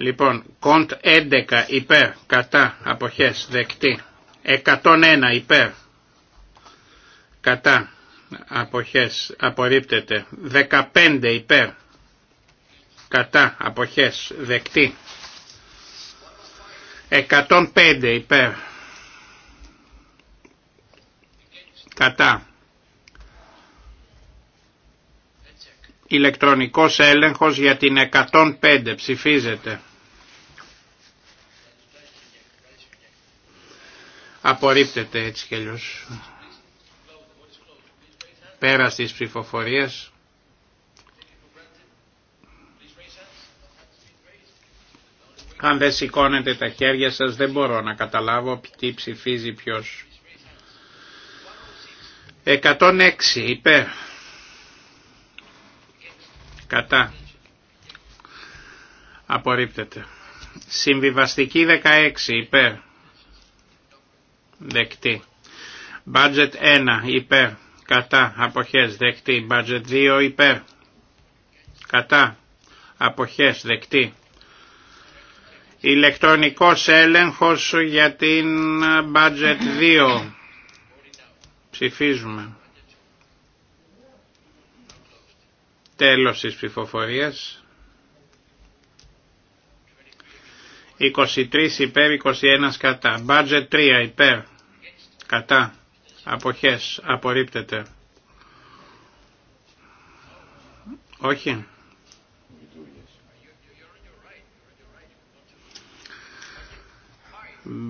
Λοιπόν, κοντ 11 υπέρ, κατά, αποχές, δεκτή. 101 υπέρ, κατά, αποχές, απορρίπτεται. 15 υπέρ, κατά, αποχές, δεκτή. 105 υπέρ, κατά. Ηλεκτρονικός έλεγχος για την 105 ψηφίζεται. Απορρίπτεται έτσι κι αλλιώς. πέρα της ψηφοφορίας. Αν δεν σηκώνετε τα χέρια σας δεν μπορώ να καταλάβω τι ψηφίζει ποιος. 106 υπέρ. Κατά. Απορρίπτεται. Συμβιβαστική 16 υπέρ δεκτή. Budget 1 υπέρ κατά αποχές δεκτή. Budget 2 υπέρ κατά αποχές δεκτή. Ηλεκτρονικός έλεγχος για την budget 2. Ψηφίζουμε. Τέλος της ψηφοφορίας. 23 υπέρ 21 κατά. Budget 3 υπέρ κατά. Αποχές απορρίπτεται. Όχι.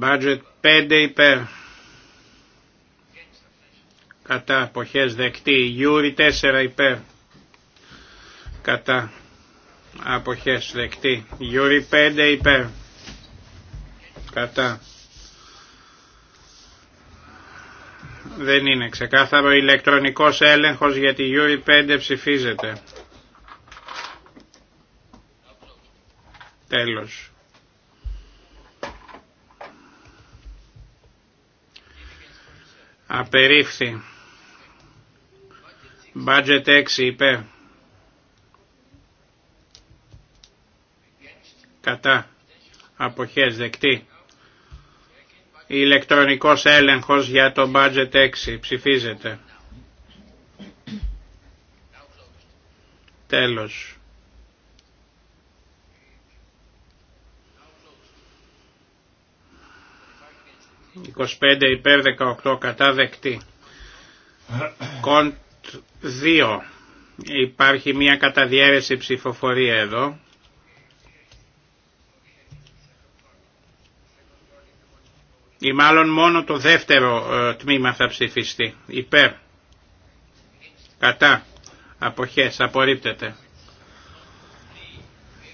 Budget 5 υπέρ. Κατά αποχές δεκτή. Γιούρι 4 υπέρ. Κατά αποχές δεκτή. Γιούρι 5 υπέρ κατά. Δεν είναι ξεκάθαρο. Ηλεκτρονικός έλεγχος για τη Γιούρι 5 e ψηφίζεται. Τέλος. Απερίφθη. Budget 6 υπέρ. Κατά. Αποχές δεκτή ηλεκτρονικός έλεγχος για το budget 6. Ψηφίζεται. Τέλος. «25 υπέρ 18 κατά δεκτή». «Κοντ 2». Υπάρχει μια καταδιέρεση ψηφοφορία εδώ. ή μάλλον μόνο το δεύτερο ε, τμήμα θα ψηφιστεί. Υπέρ. Κατά. Αποχές. Απορρίπτεται.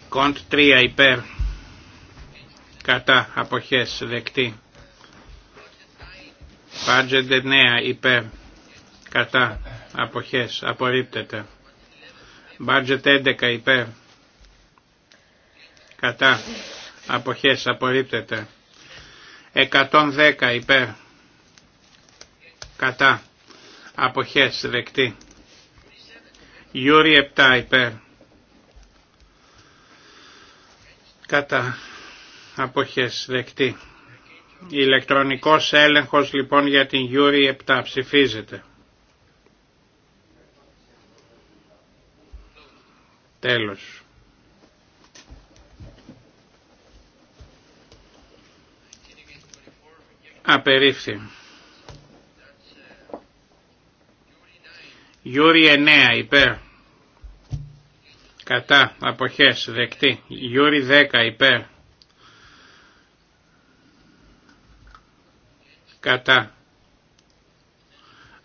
Κοντ 3 υπέρ. Κατά. Αποχές. Δεκτή. Πάντζεντε 9 υπέρ. Κατά. Αποχές. Απορρίπτεται. Μπάντζετ 11 υπέρ. Κατά. Αποχές. Απορρίπτεται. 110 υπέρ κατά αποχές δεκτή. Γιούρι 7 υπέρ κατά αποχές δεκτή. Ηλεκτρονικός έλεγχος λοιπόν για την Γιούρι 7 ψηφίζεται. Τέλος. Απερίφθη. Γιούρι 9 υπέρ. Κατά. Αποχές. Δεκτή. Γιούρι 10 υπέρ. Κατά.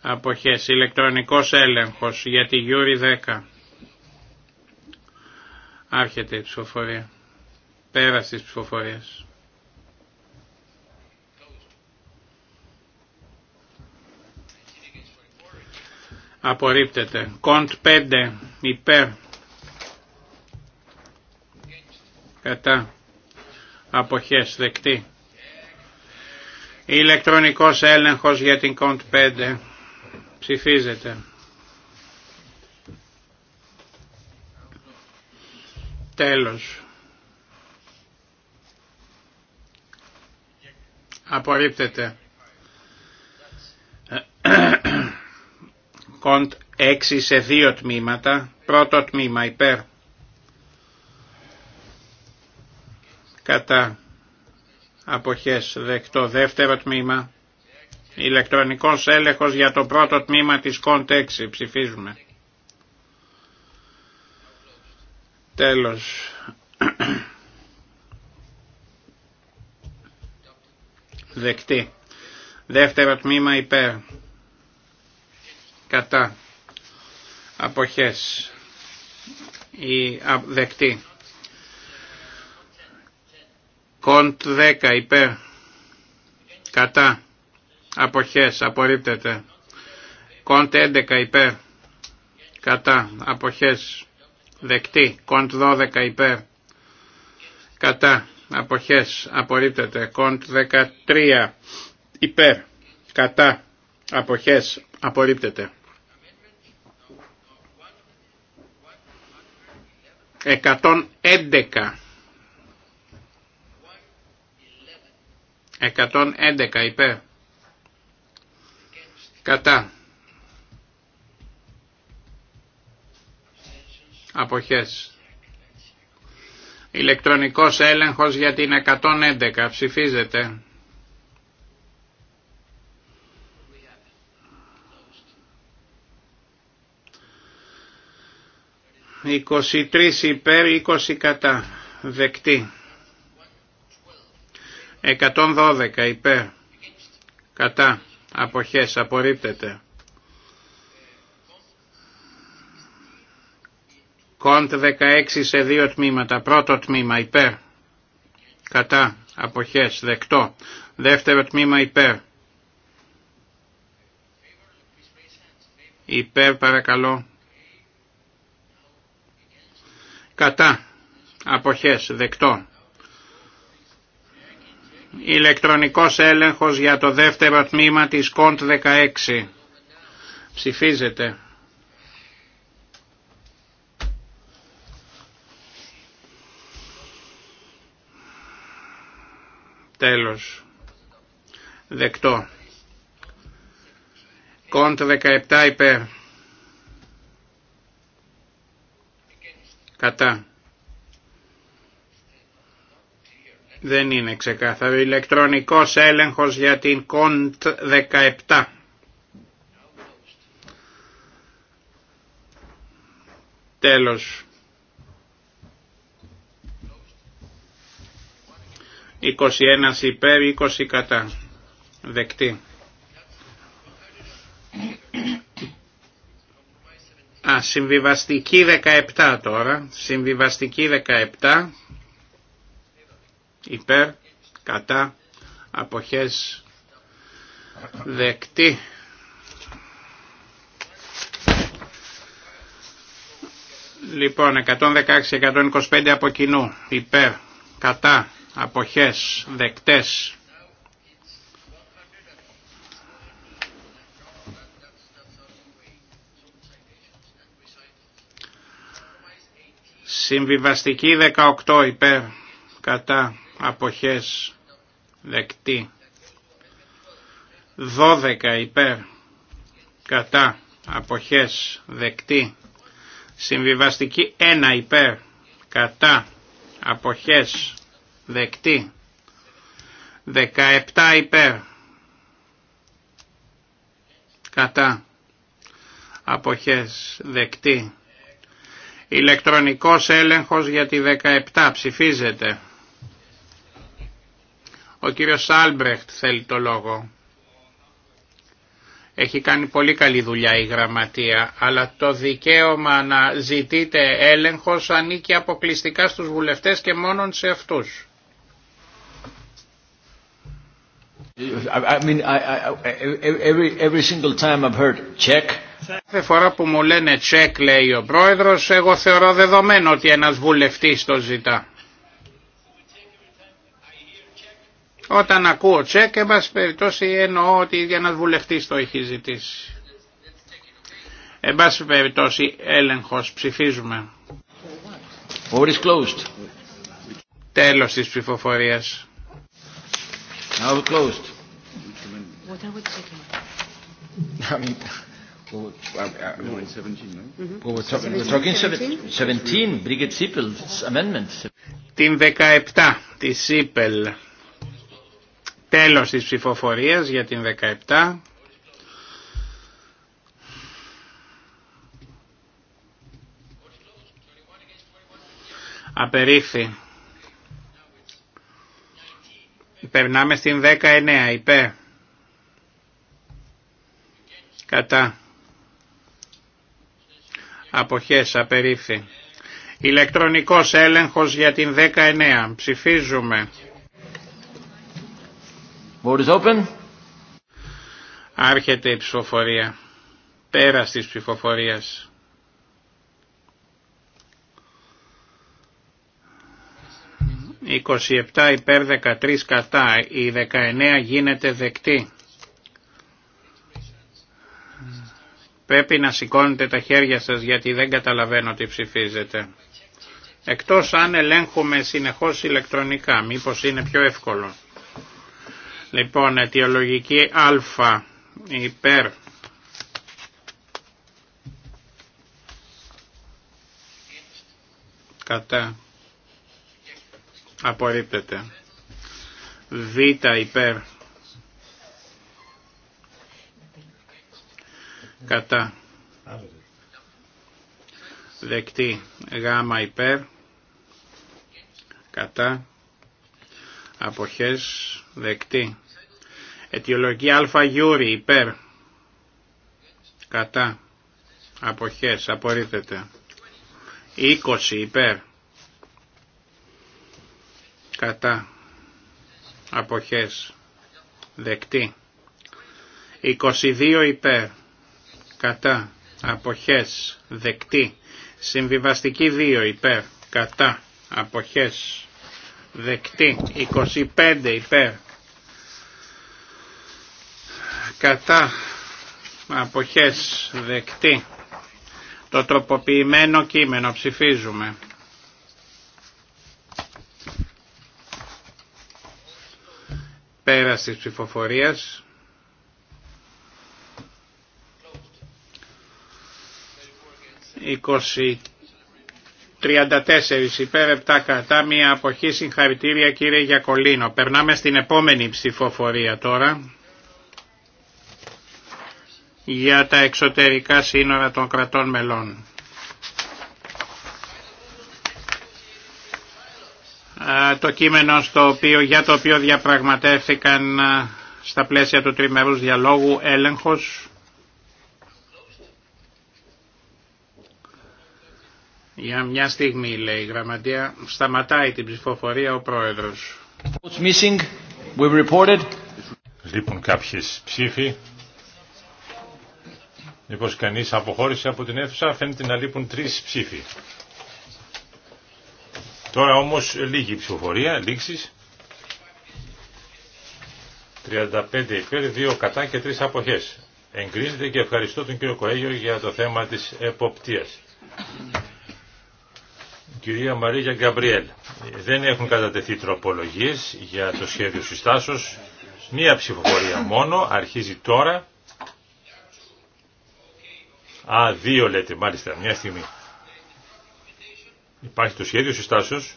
Αποχές. Ηλεκτρονικός έλεγχος για τη Γιούρι 10. Άρχεται η ψηφοφορία. Πέρας τις ψηφοφορίες. απορρίπτεται. Κοντ 5 υπέρ κατά αποχές δεκτή. Ηλεκτρονικός έλεγχος για την κοντ 5 ψηφίζεται. Τέλος. Απορρίπτεται. Κοντ 6 σε δύο τμήματα. Πρώτο τμήμα υπέρ. Κατά αποχές δεκτό δεύτερο τμήμα. Ηλεκτρονικός έλεγχος για το πρώτο τμήμα της Κοντ 6. Ψηφίζουμε. Τέλος. Δεκτή. Δεύτερο τμήμα υπέρ κατά αποχές ή δεκτή. Κοντ 10 υπέρ κατά αποχές απορρίπτεται. Κοντ 11 υπέρ κατά αποχές δεκτή. Κοντ 12 υπέρ κατά αποχές απορρίπτεται. Κοντ 13 υπέρ κατά αποχές απορρίπτεται. 111 111 είπε, κατά αποχές ηλεκτρονικός έλεγχος για την 111 ψηφίζεται 23 υπέρ 20 κατά. Δεκτή. 112 υπέρ. Κατά. Αποχές. Απορρίπτεται. Κοντ 16 σε δύο τμήματα. Πρώτο τμήμα υπέρ. Κατά. Αποχές. Δεκτό. Δεύτερο τμήμα υπέρ. Υπέρ παρακαλώ κατά αποχές δεκτό. Ηλεκτρονικός έλεγχος για το δεύτερο τμήμα της ΚΟΝΤ 16. Ψηφίζεται. Τέλος. Δεκτό. Κόντ 17 υπέρ. Κατά. Δεν είναι ξεκάθαρο. Ηλεκτρονικός έλεγχος για την κοντ 17. Τέλος. 21 υπέρ, 20 κατά. Δεκτή. Α, συμβιβαστική 17 τώρα. Συμβιβαστική 17. Υπέρ, κατά, αποχές, δεκτή. Λοιπόν, 116-125 από κοινού. Υπέρ, κατά, αποχές, δεκτές. Συμβιβαστική 18 υπέρ κατά αποχές δεκτή. 12 υπέρ κατά αποχές δεκτή. Συμβιβαστική 1 υπέρ κατά αποχές δεκτή. 17 υπέρ κατά αποχές δεκτή. Ηλεκτρονικός έλεγχος για τη 17 ψηφίζεται. Ο κύριος Άλμπρεχτ θέλει το λόγο. Έχει κάνει πολύ καλή δουλειά η γραμματεία, αλλά το δικαίωμα να ζητείτε έλεγχος ανήκει αποκλειστικά στους βουλευτές και μόνον σε αυτούς. I mean, I, I, every, every single time I've heard check, Κάθε φορά που μου λένε τσεκ λέει ο πρόεδρος, εγώ θεωρώ δεδομένο ότι ένας βουλευτής το ζητά. Όταν ακούω τσεκ, εν πάση περιπτώσει εννοώ ότι ένας βουλευτής το έχει ζητήσει. Εν πάση περιπτώσει έλεγχος ψηφίζουμε. Τέλο is Τέλος της ψηφοφορίας. Well, we're, 17, no? we're, talking, we're talking 17, 17 Brigitte Sippel's amendment. Την 17 τη Sippel. Τέλος της ψηφοφορίας για την 17. Απερίφθη. Περνάμε στην 19, υπέρ. Κατά αποχές απερίφθη. Ηλεκτρονικός έλεγχος για την 19. Ψηφίζουμε. open. Άρχεται η ψηφοφορία. Πέρα της ψηφοφορίας. «27 υπέρ 13 κατά, η 19 γίνεται δεκτή». Πρέπει να σηκώνετε τα χέρια σας γιατί δεν καταλαβαίνω τι ψηφίζετε. Εκτός αν ελέγχουμε συνεχώς ηλεκτρονικά, μήπως είναι πιο εύκολο. Λοιπόν, αιτιολογική α υπέρ κατά απορρίπτεται. Β υπέρ κατά δεκτή γάμα υπέρ κατά αποχές δεκτή αιτιολογία αλφα γιούρι υπέρ κατά αποχές απορρίπτεται 20 υπέρ κατά αποχές δεκτή 22 υπέρ κατά, αποχές, δεκτή. Συμβιβαστική 2 υπέρ, κατά, αποχές, δεκτή. 25 υπέρ, κατά, αποχές, δεκτή. Το τροποποιημένο κείμενο ψηφίζουμε. πέρα ψηφοφορίας. 34 υπέρ 7 κατά μία αποχή συγχαρητήρια κύριε Γιακολίνο. Περνάμε στην επόμενη ψηφοφορία τώρα για τα εξωτερικά σύνορα των κρατών μελών. Το κείμενο στο οποίο, για το οποίο διαπραγματεύθηκαν στα πλαίσια του τριμερούς διαλόγου έλεγχος Για μια στιγμή λέει η γραμματεία, σταματάει την ψηφοφορία ο πρόεδρος. Λείπουν κάποιες ψήφοι. Μήπως κανείς αποχώρησε από την αίθουσα, φαίνεται να λείπουν τρεις ψήφοι. Τώρα όμως λίγη ψηφοφορία, λήξεις. 35 υπέρ, 2 κατά και 3 αποχές. Εγκρίνεται και ευχαριστώ τον κύριο Κοέγιο για το θέμα της εποπτείας. Κυρία Μαρία Γκαμπριέλ, δεν έχουν κατατεθεί τροπολογίες για το σχέδιο συστάσεως. Μία ψηφοφορία μόνο, αρχίζει τώρα. Α, δύο λέτε, μάλιστα, μια στιγμή. Υπάρχει το σχέδιο συστάσεως.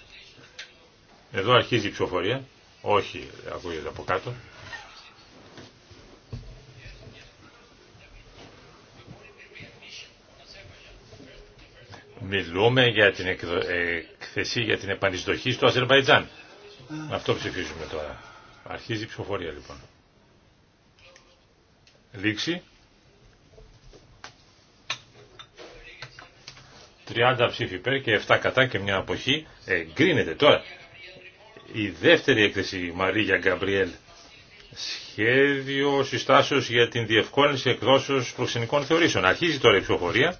Εδώ αρχίζει η ψηφοφορία. Όχι, ακούγεται από κάτω. Μιλούμε για την εκθεσή για την επανεισδοχή στο Αζερβαϊτζάν. Αυτό ψηφίζουμε τώρα. Αρχίζει η ψηφοφορία λοιπόν. Λήξη. 30 ψήφοι υπέρ και 7 κατά και μια αποχή. Εγκρίνεται τώρα. Η δεύτερη έκθεση Μαρία Γκαμπριέλ. Σχέδιο συστάσεως για την διευκόλυνση εκδόσεως προξενικών θεωρήσεων. Αρχίζει τώρα η ψηφοφορία.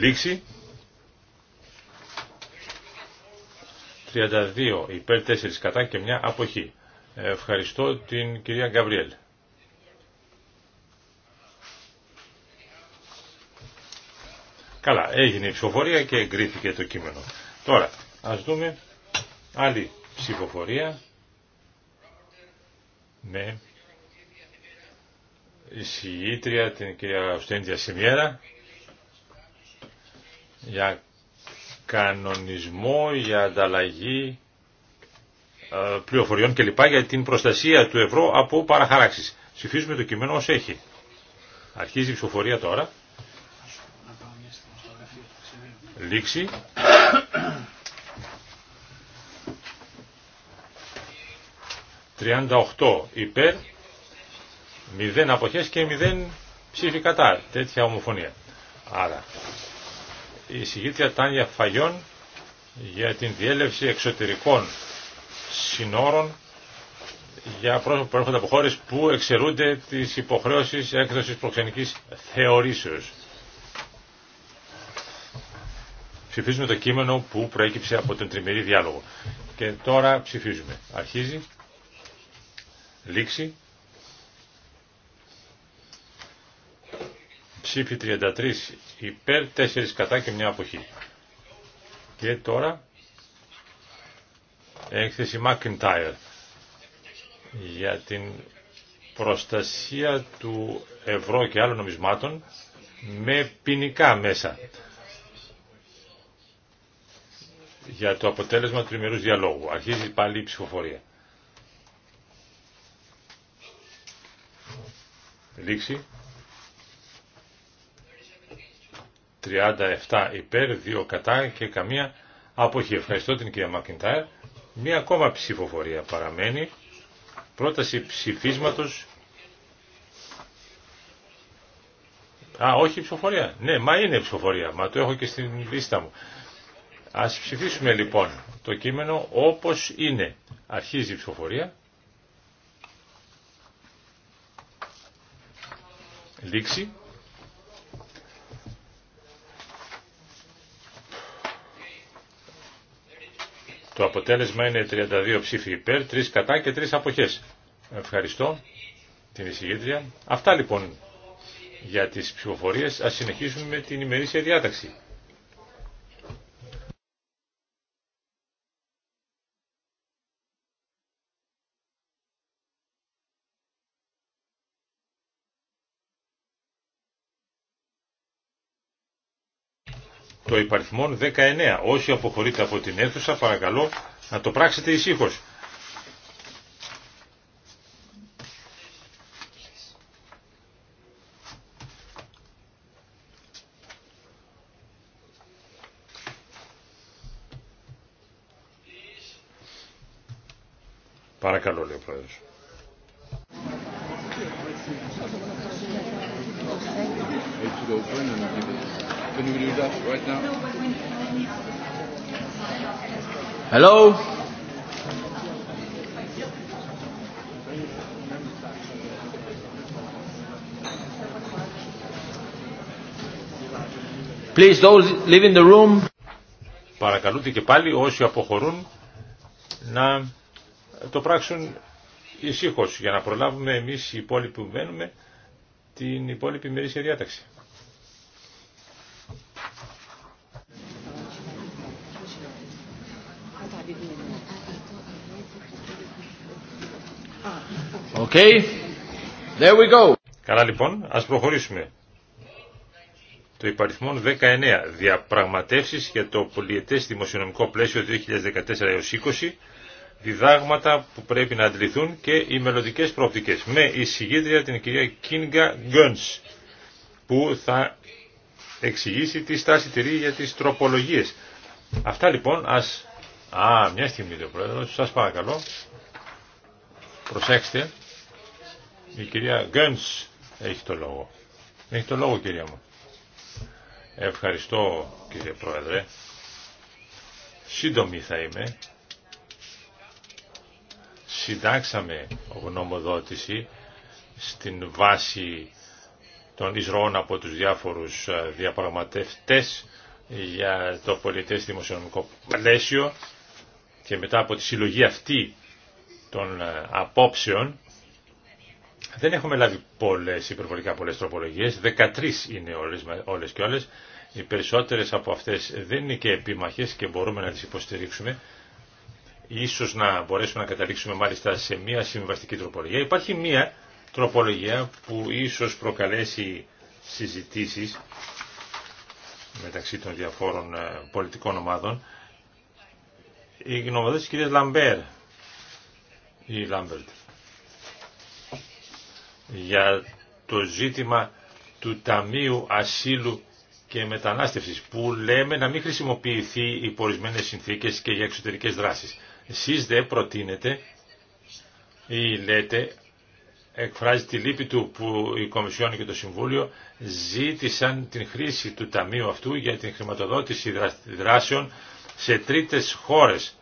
Λήξη. 32 υπέρ 4 κατά και μια αποχή. Ευχαριστώ την κυρία Γκαβριέλ. Καλά, έγινε η ψηφοφορία και εγκρίθηκε το κείμενο. Τώρα, ας δούμε άλλη ψηφοφορία με ναι. συγήτρια την κυρία Αυστέντια Σιμιέρα για κανονισμό, για ανταλλαγή ε, πληροφοριών κλπ. για την προστασία του ευρώ από παραχαράξεις. Ψηφίζουμε το κείμενο ως έχει. Αρχίζει η ψηφοφορία τώρα. Λήξη. ...38 υπέρ, 0 αποχές και 0 ψήφι κατά. Τέτοια ομοφωνία. Άρα η Τάνια Φαγιών για την διέλευση εξωτερικών συνόρων για πρόσωπα που έρχονται από χώρες που εξαιρούνται τις υποχρέωσεις έκδοσης προξενικής θεωρήσεως. Ψηφίζουμε το κείμενο που προέκυψε από τον τριμερή διάλογο. Και τώρα ψηφίζουμε. Αρχίζει. Λήξη. Ψήφι 33 υπέρ, τέσσερις κατά και μια αποχή. Και τώρα έκθεση McIntyre για την προστασία του ευρώ και άλλων νομισμάτων με ποινικά μέσα για το αποτέλεσμα του ημερούς διαλόγου. Αρχίζει πάλι η ψηφοφορία. Λήξη. 37 υπέρ, 2 κατά και καμία αποχή. Ευχαριστώ την κυρία Μακιντάρ. Μία ακόμα ψηφοφορία παραμένει. Πρόταση ψηφίσματος. Α, όχι ψηφοφορία. Ναι, μα είναι ψηφοφορία. Μα το έχω και στην λίστα μου. Ας ψηφίσουμε λοιπόν το κείμενο όπως είναι. Αρχίζει η ψηφοφορία. Λήξη. Το αποτέλεσμα είναι 32 ψήφοι υπέρ, 3 κατά και 3 αποχές. Ευχαριστώ την εισηγήτρια. Αυτά λοιπόν για τις ψηφοφορίες. Ας συνεχίσουμε με την ημερήσια διάταξη. το υπαριθμόν 19. Όσοι αποχωρείτε από την αίθουσα παρακαλώ να το πράξετε ησύχω. Παρακαλώ λέει ο Πρόεδρος. the Παρακαλούνται και πάλι όσοι αποχωρούν να το πράξουν ησύχως για να προλάβουμε εμείς οι υπόλοιποι που μένουμε την υπόλοιπη μερίσια διάταξη. Okay. There we go. Καλά λοιπόν, ας προχωρήσουμε. Το υπαριθμόν 19. Διαπραγματεύσεις για το πολιετές δημοσιονομικό πλαίσιο 2014 έως 20. Διδάγματα που πρέπει να αντιληθούν και οι μελλοντικέ προοπτικές. Με εισηγήτρια την κυρία Κίνγκα Γκόνς που θα εξηγήσει τη στάση τηρή για τις τροπολογίες. Αυτά λοιπόν ας... Α, μια στιγμή λέει πρόεδρο, σας παρακαλώ. Προσέξτε. Η κυρία Γκένς έχει το λόγο. Έχει το λόγο κυρία μου. Ευχαριστώ κύριε Πρόεδρε. Σύντομη θα είμαι. Συντάξαμε γνωμοδότηση στην βάση των εισρώων από τους διάφορους ε, διαπραγματευτές για το πολιτές δημοσιονομικό πλαίσιο και μετά από τη συλλογή αυτή των ε, απόψεων δεν έχουμε λάβει πολλές, υπερβολικά πολλές τροπολογίες, 13 είναι όλες, και όλες. Οι περισσότερες από αυτές δεν είναι και επίμαχες και μπορούμε να τις υποστηρίξουμε. Ίσως να μπορέσουμε να καταλήξουμε μάλιστα σε μία συμβαστική τροπολογία. Υπάρχει μία τροπολογία που ίσως προκαλέσει συζητήσεις μεταξύ των διαφόρων ε, πολιτικών ομάδων. Η γνωμοδότηση της Λαμπέρ, η Λάμπερτ, για το ζήτημα του Ταμείου Ασύλου και Μετανάστευσης που λέμε να μην χρησιμοποιηθεί οι πορισμένες συνθήκες και για εξωτερικές δράσεις. Εσείς δεν προτείνετε ή λέτε εκφράζει τη λύπη του που η Κομισιόν και το Συμβούλιο ζήτησαν την χρήση του Ταμείου αυτού για την χρηματοδότηση δράσεων σε τρίτες χώρες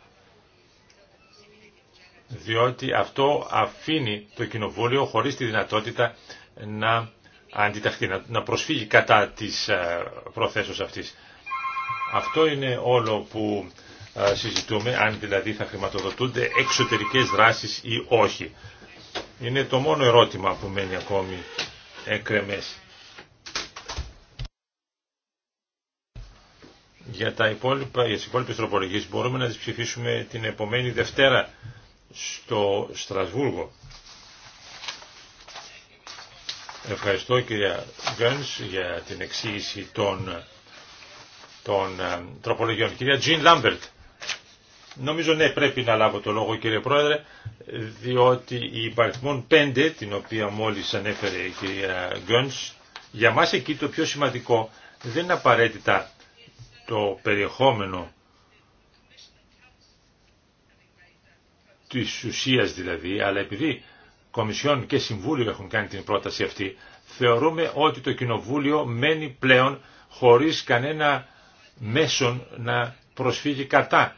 διότι αυτό αφήνει το Κοινοβούλιο χωρίς τη δυνατότητα να αντιταχθεί, να προσφύγει κατά της ε, προθέσεως αυτής. Αυτό είναι όλο που ε, συζητούμε, αν δηλαδή θα χρηματοδοτούνται εξωτερικές δράσεις ή όχι. Είναι το μόνο ερώτημα που μένει ακόμη εκρεμές. Για, τα υπόλοιπα, για τις υπόλοιπες τροπολογίες μπορούμε να τις ψηφίσουμε την επομένη Δευτέρα στο Στρασβούργο. Ευχαριστώ κυρία Γκένς για την εξήγηση των, των ε, τροπολογιών. Κυρία Τζιν Λάμπερτ. Νομίζω ναι πρέπει να λάβω το λόγο κύριε Πρόεδρε διότι η υπαριθμόν 5 την οποία μόλις ανέφερε η κυρία Γκόνς για μας εκεί το πιο σημαντικό δεν είναι απαραίτητα το περιεχόμενο Τη ουσία δηλαδή, αλλά επειδή Κομισιόν και Συμβούλιο έχουν κάνει την πρόταση αυτή, θεωρούμε ότι το Κοινοβούλιο μένει πλέον χωρίς κανένα μέσον να προσφύγει κατά.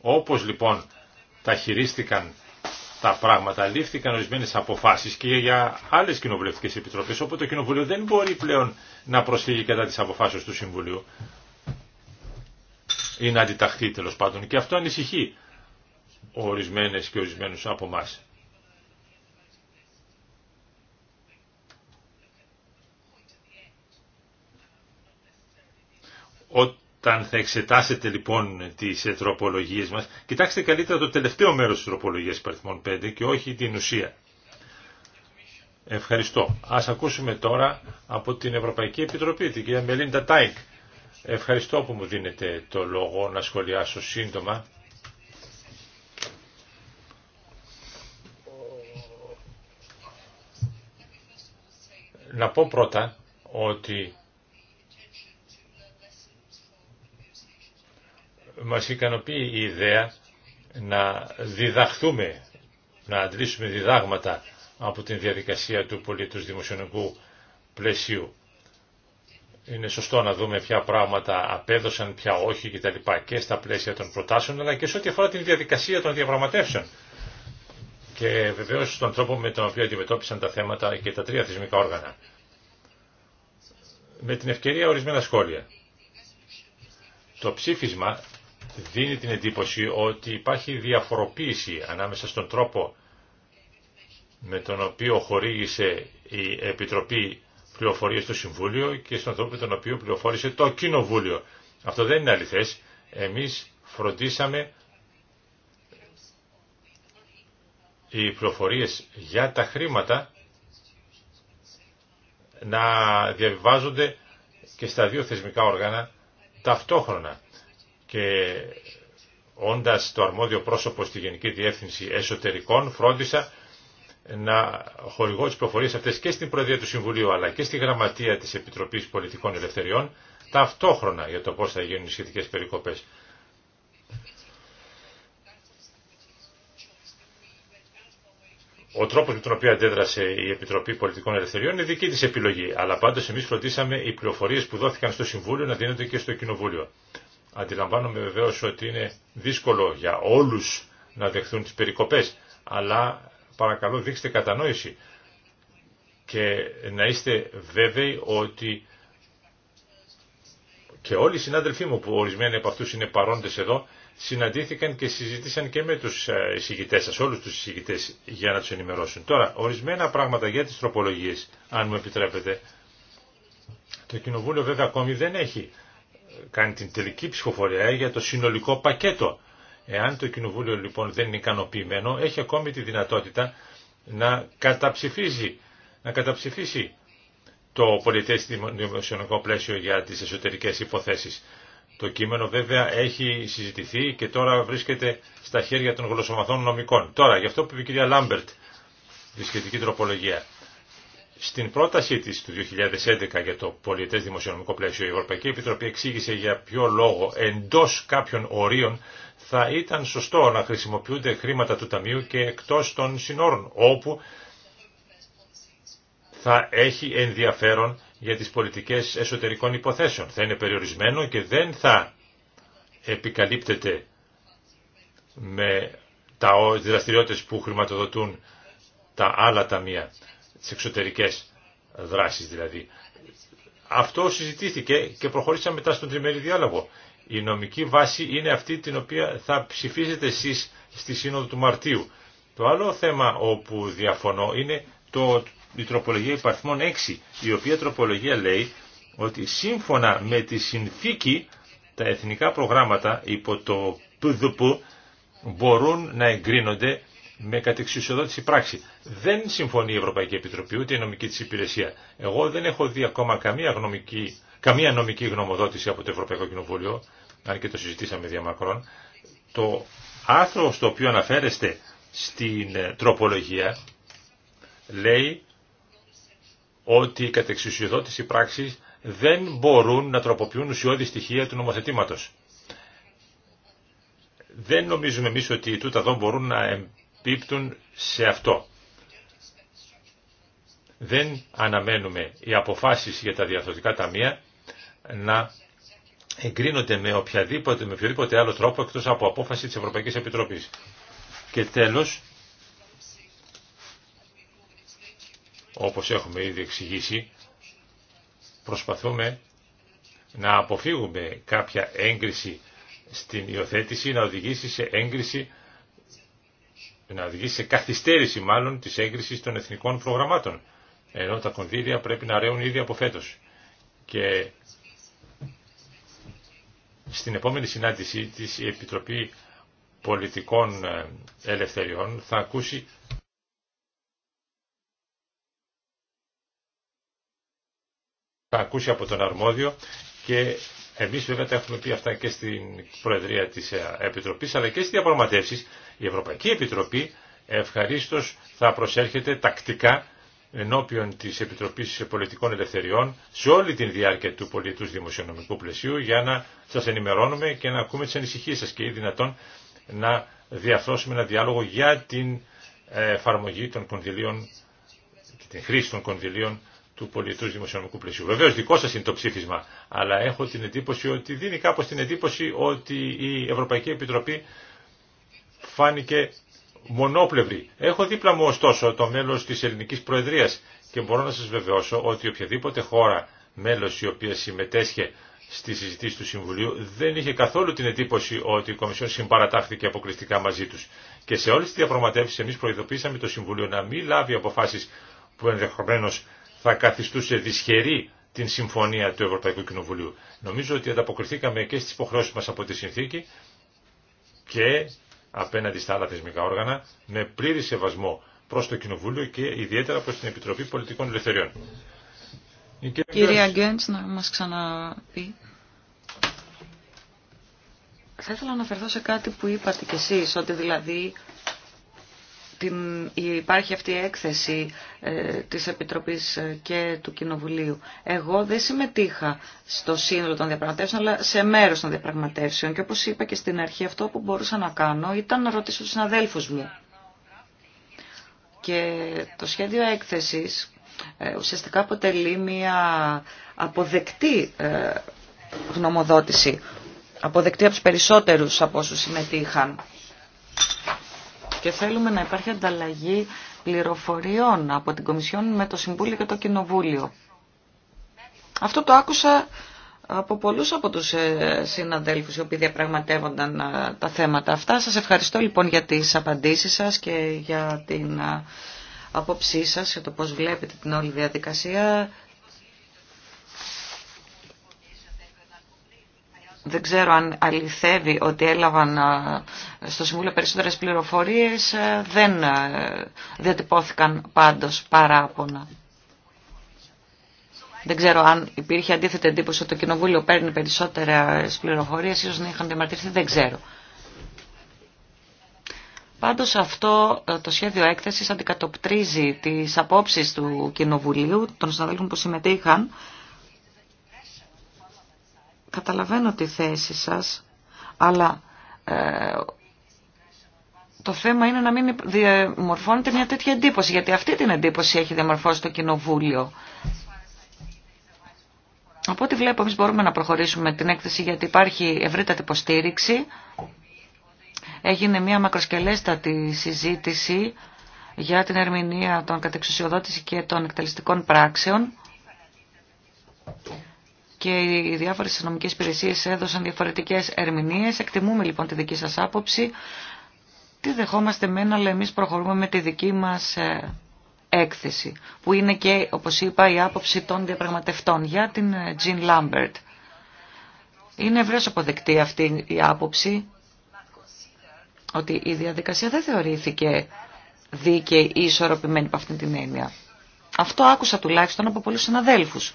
Όπως λοιπόν τα χειρίστηκαν τα πράγματα, λήφθηκαν ορισμένε αποφάσεις και για άλλες κοινοβουλευτικές επιτροπές, όπου το Κοινοβούλιο δεν μπορεί πλέον να προσφύγει κατά τις αποφάσεις του Συμβουλίου ή να αντιταχθεί τέλο πάντων. Και αυτό ανησυχεί ορισμένε και ορισμένου από εμά. Όταν θα εξετάσετε λοιπόν τις τροπολογίες μας, κοιτάξτε καλύτερα το τελευταίο μέρος της τροπολογίας παριθμών 5 και όχι την ουσία. Ευχαριστώ. Ας ακούσουμε τώρα από την Ευρωπαϊκή Επιτροπή, την κυρία Μελίντα Τάικ. Ευχαριστώ που μου δίνετε το λόγο να σχολιάσω σύντομα. Να πω πρώτα ότι μας ικανοποιεί η ιδέα να διδαχθούμε, να αντλήσουμε διδάγματα από την διαδικασία του πολίτους δημοσιονομικού πλαισίου είναι σωστό να δούμε ποια πράγματα απέδωσαν, ποια όχι κτλ. και στα πλαίσια των προτάσεων αλλά και σε ό,τι αφορά την διαδικασία των διαπραγματεύσεων. Και βεβαίως στον τρόπο με τον οποίο αντιμετώπισαν τα θέματα και τα τρία θεσμικά όργανα. Με την ευκαιρία ορισμένα σχόλια. Το ψήφισμα δίνει την εντύπωση ότι υπάρχει διαφοροποίηση ανάμεσα στον τρόπο με τον οποίο χορήγησε η Επιτροπή πληροφορίε στο Συμβούλιο και στον τρόπο τον οποίο πληροφόρησε το Κοινοβούλιο. Αυτό δεν είναι αληθές. Εμείς φροντίσαμε οι πληροφορίε για τα χρήματα να διαβιβάζονται και στα δύο θεσμικά όργανα ταυτόχρονα. Και όντας το αρμόδιο πρόσωπο στη Γενική Διεύθυνση Εσωτερικών φρόντισα να χορηγώ τις προφορίες αυτές και στην Προεδρία του Συμβουλίου αλλά και στη Γραμματεία της Επιτροπής Πολιτικών Ελευθεριών ταυτόχρονα για το πώς θα γίνουν οι σχετικές περικοπές. Ο τρόπος με τον οποίο αντέδρασε η Επιτροπή Πολιτικών Ελευθεριών είναι δική της επιλογή, αλλά πάντως εμείς φροντίσαμε οι πληροφορίε που δόθηκαν στο Συμβούλιο να δίνονται και στο Κοινοβούλιο. Αντιλαμβάνομαι βεβαίως ότι είναι δύσκολο για όλους να δεχθούν τις περικοπές, αλλά παρακαλώ δείξτε κατανόηση και να είστε βέβαιοι ότι και όλοι οι συνάδελφοί μου που ορισμένοι από αυτούς είναι παρόντες εδώ συναντήθηκαν και συζητήσαν και με τους ε, εισηγητές σας, όλους τους εισηγητές για να τους ενημερώσουν. Τώρα, ορισμένα πράγματα για τις τροπολογίες, αν μου επιτρέπετε. Το Κοινοβούλιο βέβαια ακόμη δεν έχει ε, κάνει την τελική ψηφοφορία για το συνολικό πακέτο Εάν το Κοινοβούλιο λοιπόν δεν είναι ικανοποιημένο, έχει ακόμη τη δυνατότητα να καταψηφίζει, να καταψηφίσει το πολιτές δημοσιονομικό πλαίσιο για τις εσωτερικές υποθέσεις. Το κείμενο βέβαια έχει συζητηθεί και τώρα βρίσκεται στα χέρια των γλωσσομαθών νομικών. Τώρα, γι' αυτό που είπε η κυρία Λάμπερτ, τη σχετική τροπολογία. Στην πρότασή της του 2011 για το πολιετές δημοσιονομικό πλαίσιο η Ευρωπαϊκή Επιτροπή εξήγησε για ποιο λόγο εντός κάποιων ορίων θα ήταν σωστό να χρησιμοποιούνται χρήματα του Ταμείου και εκτός των συνόρων όπου θα έχει ενδιαφέρον για τις πολιτικές εσωτερικών υποθέσεων. Θα είναι περιορισμένο και δεν θα επικαλύπτεται με τα δραστηριότητες που χρηματοδοτούν τα άλλα ταμεία τις εξωτερικές δράσεις δηλαδή. Αυτό συζητήθηκε και προχωρήσαμε μετά στον τριμερή διάλογο. Η νομική βάση είναι αυτή την οποία θα ψηφίζετε εσείς στη Σύνοδο του Μαρτίου. Το άλλο θέμα όπου διαφωνώ είναι το, η τροπολογία υπαρθμών 6, η οποία τροπολογία λέει ότι σύμφωνα με τη συνθήκη τα εθνικά προγράμματα υπό το ΠΔΠ μπορούν να εγκρίνονται με κατεξουσιοδότηση πράξη. Δεν συμφωνεί η Ευρωπαϊκή Επιτροπή ούτε η νομική της υπηρεσία. Εγώ δεν έχω δει ακόμα καμία, νομική γνωμοδότηση από το Ευρωπαϊκό Κοινοβούλιο, αν και το συζητήσαμε διαμακρόν. Το άρθρο στο οποίο αναφέρεστε στην ε, τροπολογία λέει ότι η κατεξουσιοδότηση πράξη δεν μπορούν να τροποποιούν ουσιώδη στοιχεία του νομοθετήματος. Δεν νομίζουμε εμεί ότι τούτα εδώ μπορούν να πίπτουν σε αυτό. Δεν αναμένουμε οι αποφάσεις για τα μία ταμεία να εγκρίνονται με, οποιαδήποτε, με οποιοδήποτε άλλο τρόπο εκτός από απόφαση της Ευρωπαϊκής Επιτροπής. Και τέλος, όπως έχουμε ήδη εξηγήσει, προσπαθούμε να αποφύγουμε κάποια έγκριση στην υιοθέτηση, να οδηγήσει σε έγκριση να οδηγήσει σε καθυστέρηση μάλλον της έγκρισης των εθνικών προγραμμάτων, ενώ τα κονδύλια πρέπει να ρέουν ήδη από φέτος. Και στην επόμενη συνάντησή της η Επιτροπή Πολιτικών ε, Ελευθεριών θα ακούσει θα ακούσει από τον αρμόδιο και εμείς βέβαια τα έχουμε πει αυτά και στην Προεδρία της ε, Επιτροπής αλλά και στις διαπραγματεύσεις. Η Ευρωπαϊκή Επιτροπή ευχαρίστως θα προσέρχεται τακτικά ενώπιον της Επιτροπής Πολιτικών Ελευθεριών σε όλη την διάρκεια του πολιτούς δημοσιονομικού πλαισίου για να σας ενημερώνουμε και να ακούμε τις ανησυχίες σας και ή δυνατόν να διαφθώσουμε ένα διάλογο για την ε, εφαρμογή των κονδυλίων και την χρήση των κονδυλίων του πολιτού δημοσιονομικού πλαισίου. Βεβαίω δικό σα είναι το ψήφισμα, αλλά έχω την εντύπωση ότι δίνει κάπω την εντύπωση ότι η Ευρωπαϊκή Επιτροπή φάνηκε μονόπλευρη. Έχω δίπλα μου ωστόσο το μέλο τη Ελληνική Προεδρία και μπορώ να σα βεβαιώσω ότι οποιαδήποτε χώρα μέλο η οποία συμμετέσχε στη συζητήση του Συμβουλίου δεν είχε καθόλου την εντύπωση ότι η Κομισιόν συμπαρατάχθηκε αποκλειστικά μαζί του. Και σε όλε τι διαπραγματεύσει εμεί προειδοποίησαμε το Συμβούλιο να μην λάβει αποφάσει που ενδεχομένω θα καθιστούσε δυσχερή την συμφωνία του Ευρωπαϊκού Κοινοβουλίου. Νομίζω ότι ανταποκριθήκαμε και στις υποχρεώσεις μας από τη συνθήκη και απέναντι στα άλλα θεσμικά όργανα με πλήρη σεβασμό προς το Κοινοβούλιο και ιδιαίτερα προς την Επιτροπή Πολιτικών Ελευθεριών. Κυρία Γκέντς, να μας ξαναπεί. Θα ήθελα να αναφερθώ σε κάτι που είπατε κι εσείς, ότι δηλαδή την, υπάρχει αυτή η έκθεση ε, της Επιτροπής ε, και του Κοινοβουλίου. Εγώ δεν συμμετείχα στο σύνολο των διαπραγματεύσεων, αλλά σε μέρος των διαπραγματεύσεων. Και όπως είπα και στην αρχή, αυτό που μπορούσα να κάνω ήταν να ρωτήσω τους συναδέλφους μου. Και το σχέδιο έκθεσης ε, ουσιαστικά αποτελεί μια αποδεκτή ε, γνωμοδότηση. Αποδεκτή από τους περισσότερους από όσους συμμετείχαν και θέλουμε να υπάρχει ανταλλαγή πληροφοριών από την Κομισιόν με το Συμβούλιο και το Κοινοβούλιο. Αυτό το άκουσα από πολλούς από τους ε, συναδέλφους οι οποίοι διαπραγματεύονταν ε, τα θέματα αυτά. Σας ευχαριστώ λοιπόν για τις απαντήσεις σας και για την ε, απόψή σας για το πώς βλέπετε την όλη διαδικασία. δεν ξέρω αν αληθεύει ότι έλαβαν στο Συμβούλιο περισσότερες πληροφορίες, δεν διατυπώθηκαν πάντως παράπονα. Δεν ξέρω αν υπήρχε αντίθετη εντύπωση ότι το Κοινοβούλιο παίρνει περισσότερες πληροφορίες, ίσως να είχαν διαμαρτυρηθεί, δεν ξέρω. Πάντως αυτό ε, το σχέδιο έκθεσης αντικατοπτρίζει τις απόψεις του Κοινοβουλίου, των συναδέλφων που συμμετείχαν, Καταλαβαίνω τη θέση σας, αλλά ε, το θέμα είναι να μην διαμορφώνεται μια τέτοια εντύπωση, γιατί αυτή την εντύπωση έχει διαμορφώσει το Κοινοβούλιο. Από ό,τι βλέπω, εμείς μπορούμε να προχωρήσουμε την έκθεση, γιατί υπάρχει ευρύτατη υποστήριξη. Έγινε μια μακροσκελέστατη συζήτηση για την ερμηνεία των κατεξουσιοδότηση και των εκτελεστικών πράξεων και οι διάφορες αστυνομικέ υπηρεσίε έδωσαν διαφορετικές ερμηνείες. Εκτιμούμε λοιπόν τη δική σας άποψη. Τι δεχόμαστε μένα, αλλά εμείς προχωρούμε με τη δική μας ε, έκθεση, που είναι και, όπως είπα, η άποψη των διαπραγματευτών για την ε, Jean Lambert. Είναι ευρέως αποδεκτή αυτή η άποψη, ότι η διαδικασία δεν θεωρήθηκε δίκαιη ή ισορροπημένη από αυτήν την έννοια. Αυτό άκουσα τουλάχιστον από πολλούς συναδέλφους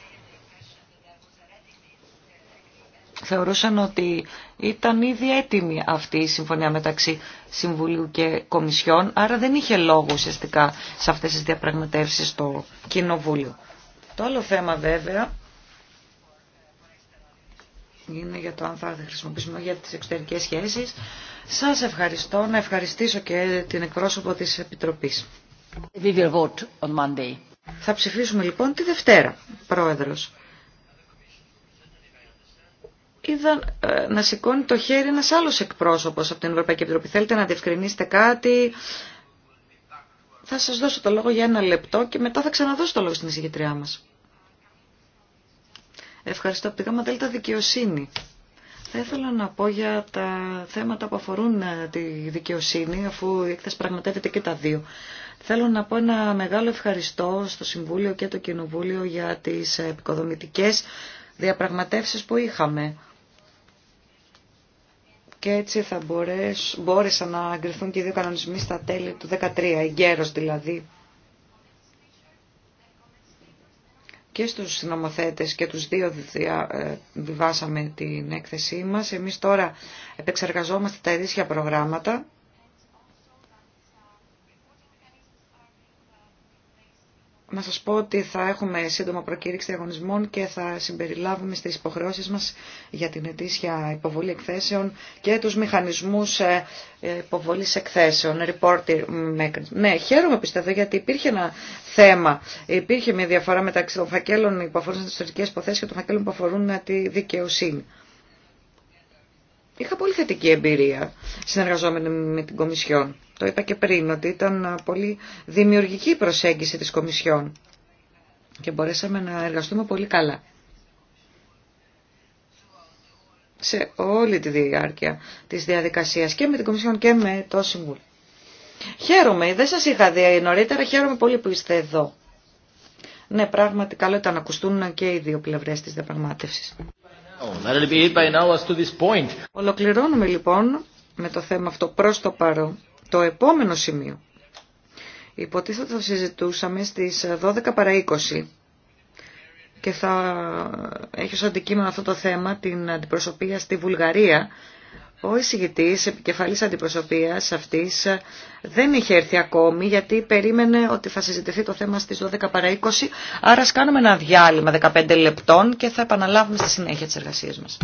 θεωρούσαν ότι ήταν ήδη έτοιμη αυτή η συμφωνία μεταξύ Συμβουλίου και Κομισιόν, άρα δεν είχε λόγο ουσιαστικά σε αυτές τις διαπραγματεύσεις στο Κοινοβούλιο. Το άλλο θέμα βέβαια είναι για το αν θα χρησιμοποιήσουμε για τις εξωτερικές σχέσεις. Σας ευχαριστώ, να ευχαριστήσω και την εκπρόσωπο της Επιτροπής. Θα ψηφίσουμε λοιπόν τη Δευτέρα, Πρόεδρος είδα ε, να σηκώνει το χέρι ένας άλλος εκπρόσωπος από την Ευρωπαϊκή Επιτροπή. Θέλετε να διευκρινίσετε κάτι. Θα σας δώσω το λόγο για ένα λεπτό και μετά θα ξαναδώσω το λόγο στην εισηγητριά μας. Ευχαριστώ από την ΓΑΜΑ ΔΕΛΤΑ Δικαιοσύνη. Θα ήθελα να πω για τα θέματα που αφορούν ε, τη δικαιοσύνη, αφού η έκθεση πραγματεύεται και τα δύο. Θέλω να πω ένα μεγάλο ευχαριστώ στο Συμβούλιο και το Κοινοβούλιο για τις ε, επικοδομητικές διαπραγματεύσεις που είχαμε. Και έτσι θα μπορέσ, μπόρεσαν να εγκριθούν και οι δύο κανονισμοί στα τέλη του 2013, γέρος δηλαδή. Και στους συνομοθέτες και τους δύο ε, διβάσαμε την έκθεσή μας. Εμείς τώρα επεξεργαζόμαστε τα ειδήσια προγράμματα να σας πω ότι θα έχουμε σύντομα προκήρυξη διαγωνισμών και θα συμπεριλάβουμε στις υποχρεώσεις μας για την ετήσια υποβολή εκθέσεων και τους μηχανισμούς ε, ε, υποβολής εκθέσεων, reporter Ναι, χαίρομαι πιστεύω γιατί υπήρχε ένα θέμα, υπήρχε μια διαφορά μεταξύ των φακέλων που αφορούν στις ιστορικές υποθέσεις και των φακέλων που αφορούν ε, τη δικαιοσύνη. Είχα πολύ θετική εμπειρία συνεργαζόμενη με την Κομισιόν. Το είπα και πριν ότι ήταν πολύ δημιουργική η προσέγγιση της Κομισιόν και μπορέσαμε να εργαστούμε πολύ καλά. Σε όλη τη διάρκεια της διαδικασίας και με την Κομισιόν και με το Συμβούλιο. Χαίρομαι, δεν σας είχα δει νωρίτερα, χαίρομαι πολύ που είστε εδώ. Ναι, πράγματι καλό ήταν να ακουστούν και οι δύο πλευρές της διαπραγμάτευσης. Oh, Ολοκληρώνουμε λοιπόν με το θέμα αυτό προ το παρόν το επόμενο σημείο. Υποτίθεται θα συζητούσαμε στις 12 παρα 20 και θα έχει ως αντικείμενο αυτό το θέμα την αντιπροσωπεία στη Βουλγαρία ο εισηγητής επικεφαλής αντιπροσωπείας αυτής δεν είχε έρθει ακόμη γιατί περίμενε ότι θα συζητηθεί το θέμα στις 12 παρα 20, άρα κάνουμε ένα διάλειμμα 15 λεπτών και θα επαναλάβουμε στη συνέχεια τις εργασίες μας.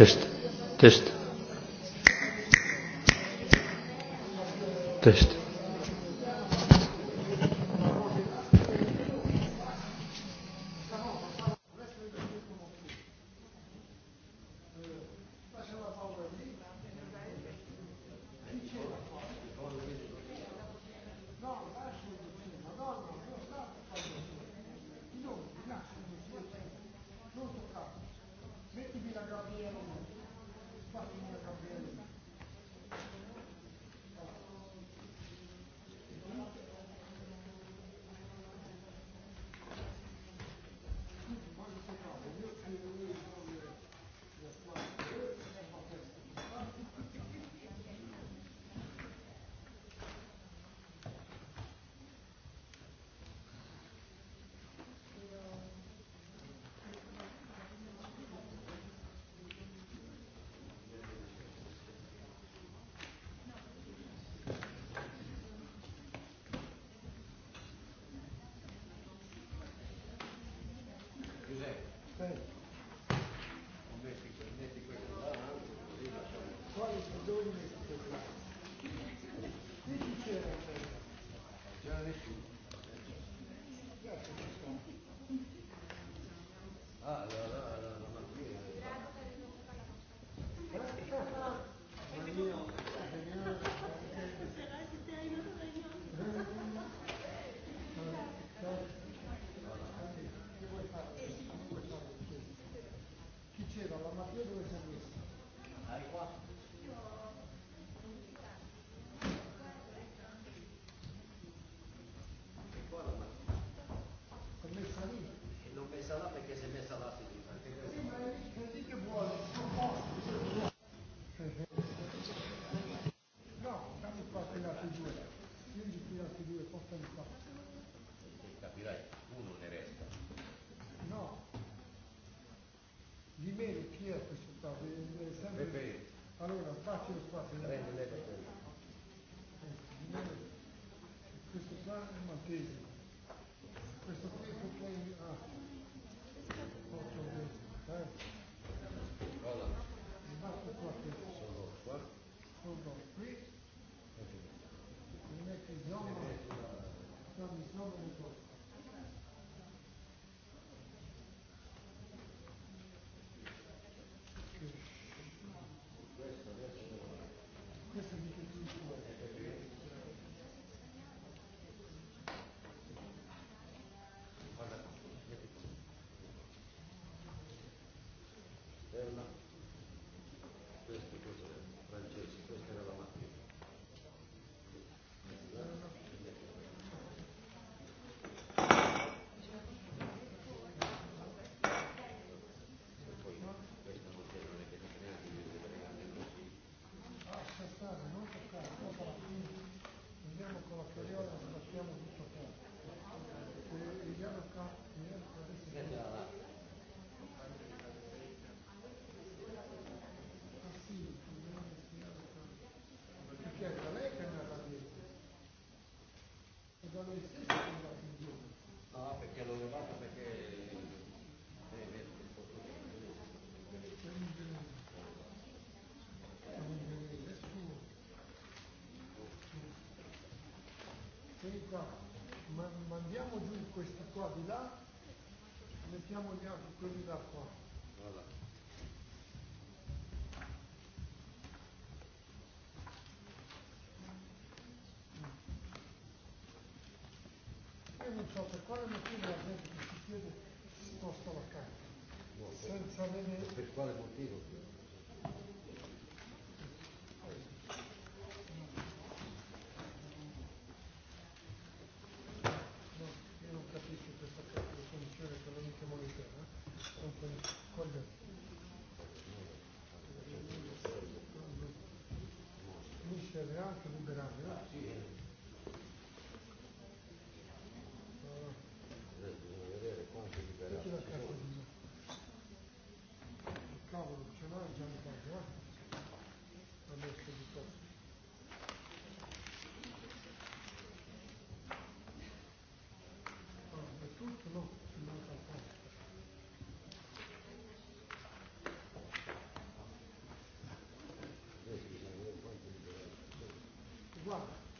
Test. Test. Test. Υπότιτλοι AUTHORWAVE verità, ma mandiamo giù questi qua di là, mettiamo gli altri quelli da qua. Voilà. Io non so per quale motivo la gente che si chiede sposta la carta, senza avere... Per quale motivo? Σεβεά και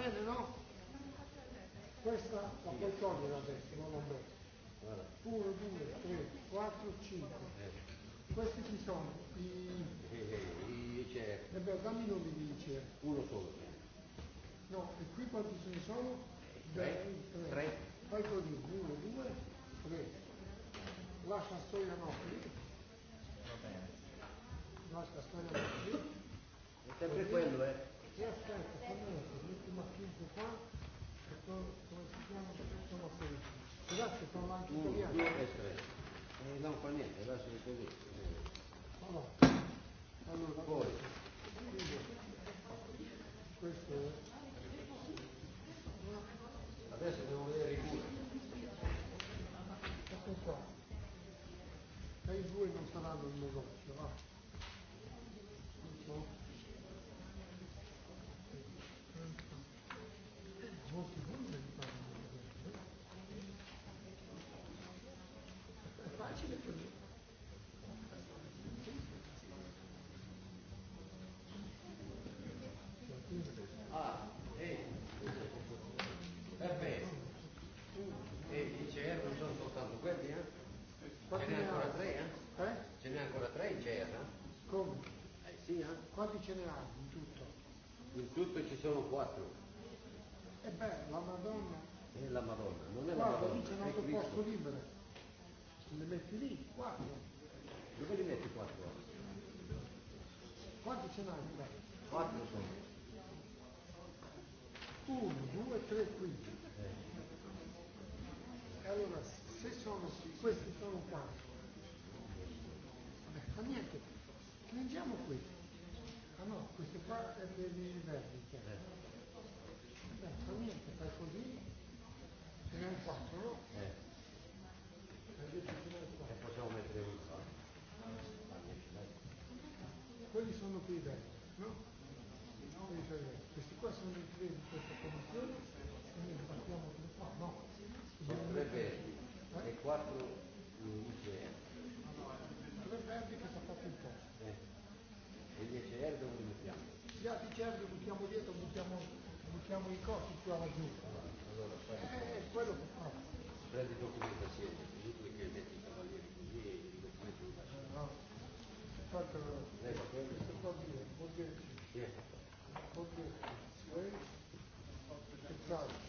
bene, no? Questa la puoi togliere adesso, non la metto. 1, 2, 3, 4, 5. Questi chi sono? I... c'è. E beh, dammi i nomi di ICE. Uno solo. No, e qui quanti ce ne sono? 3. 3. Fai così, 1, 2, 3. Lascia storia no qui. Va bene. Lascia storia no qui. È sempre quello, eh. Sì, aspetta, fammi non niente, Questo Adesso devo vedere i due. due non il solo quattro. E beh, la Madonna. È la Madonna, non è la Madonna. Lì c'è un altro Cristo. posto libero. Le metti lì, quattro. Dove li metti quattro? Quanti ce n'hai? Quattro sono. Uno, due, tre, quinto. E allora, se sono, questi sono quattro. Vabbè, fa niente. Leggiamo questo. Ah no, questi qua è per i verdi, chiaro. Beh, fa fai così, ce ne un quattro, Eh. E possiamo mettere un qua. Quelli sono qui i verdi, no? Questi qua sono i tre di questa commissione e noi partiamo da qua, no? Sono tre verdi e quattro luce. Tre verdi Gli cervi buttiamo dietro, buttiamo, buttiamo i qua giù. Allora, quello che fa. Prendi documentazione, metti e No, infatti,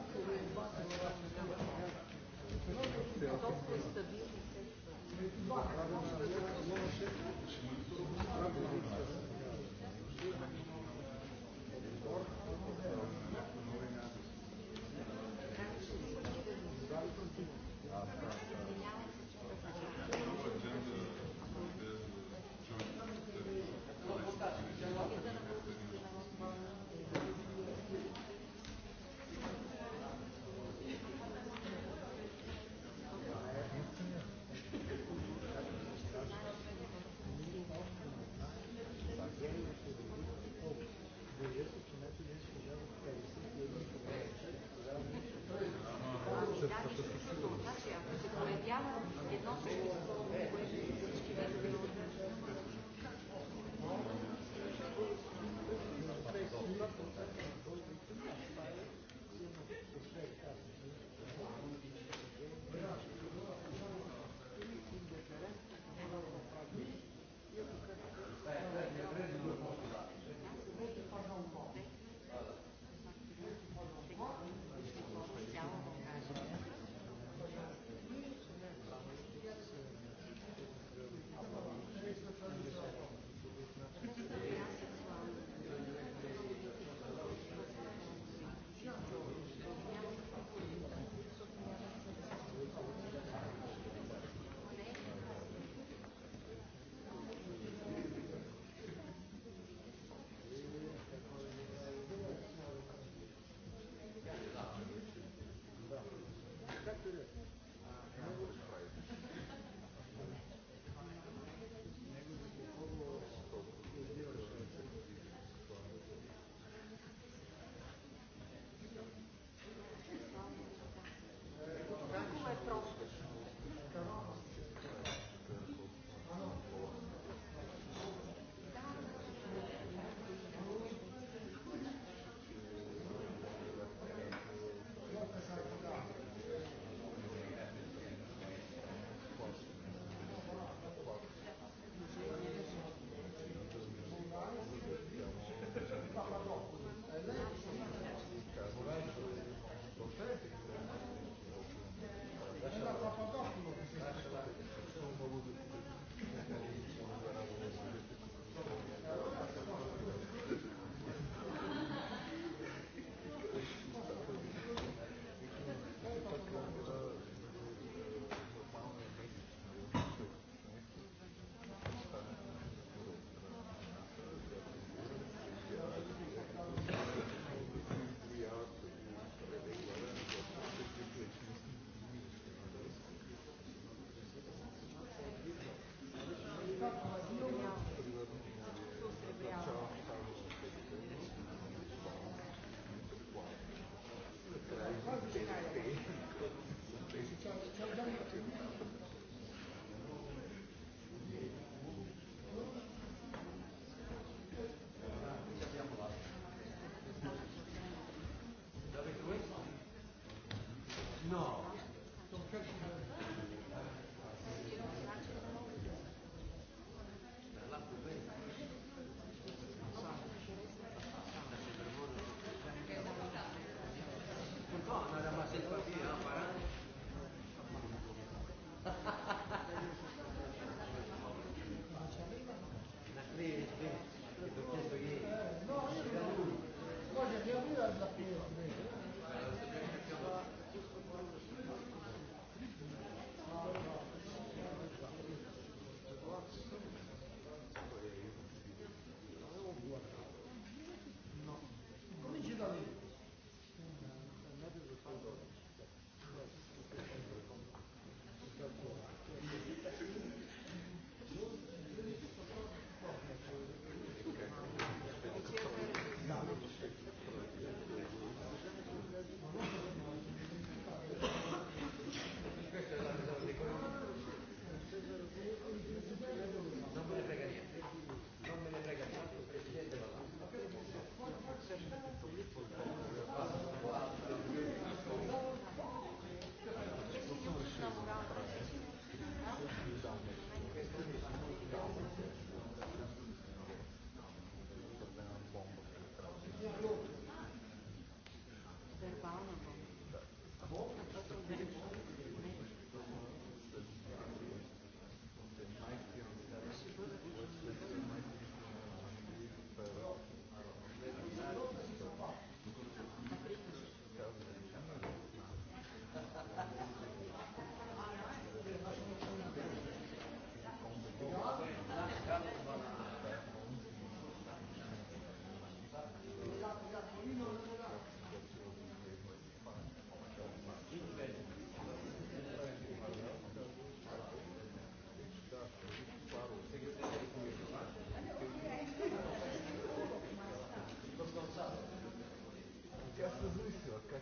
Thank you. Ε,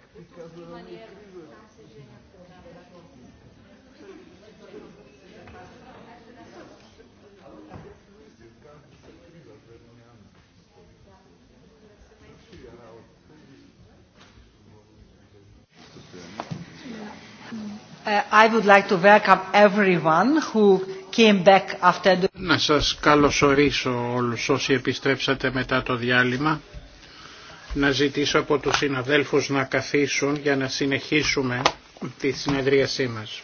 I would like to welcome everyone who came back after the... Να σας καλωσορίσω όλους όσοι επιστρέψατε μετά το διάλειμμα να ζητήσω από τους συναδέλφους να καθίσουν για να συνεχίσουμε τη συνεδρίασή μας.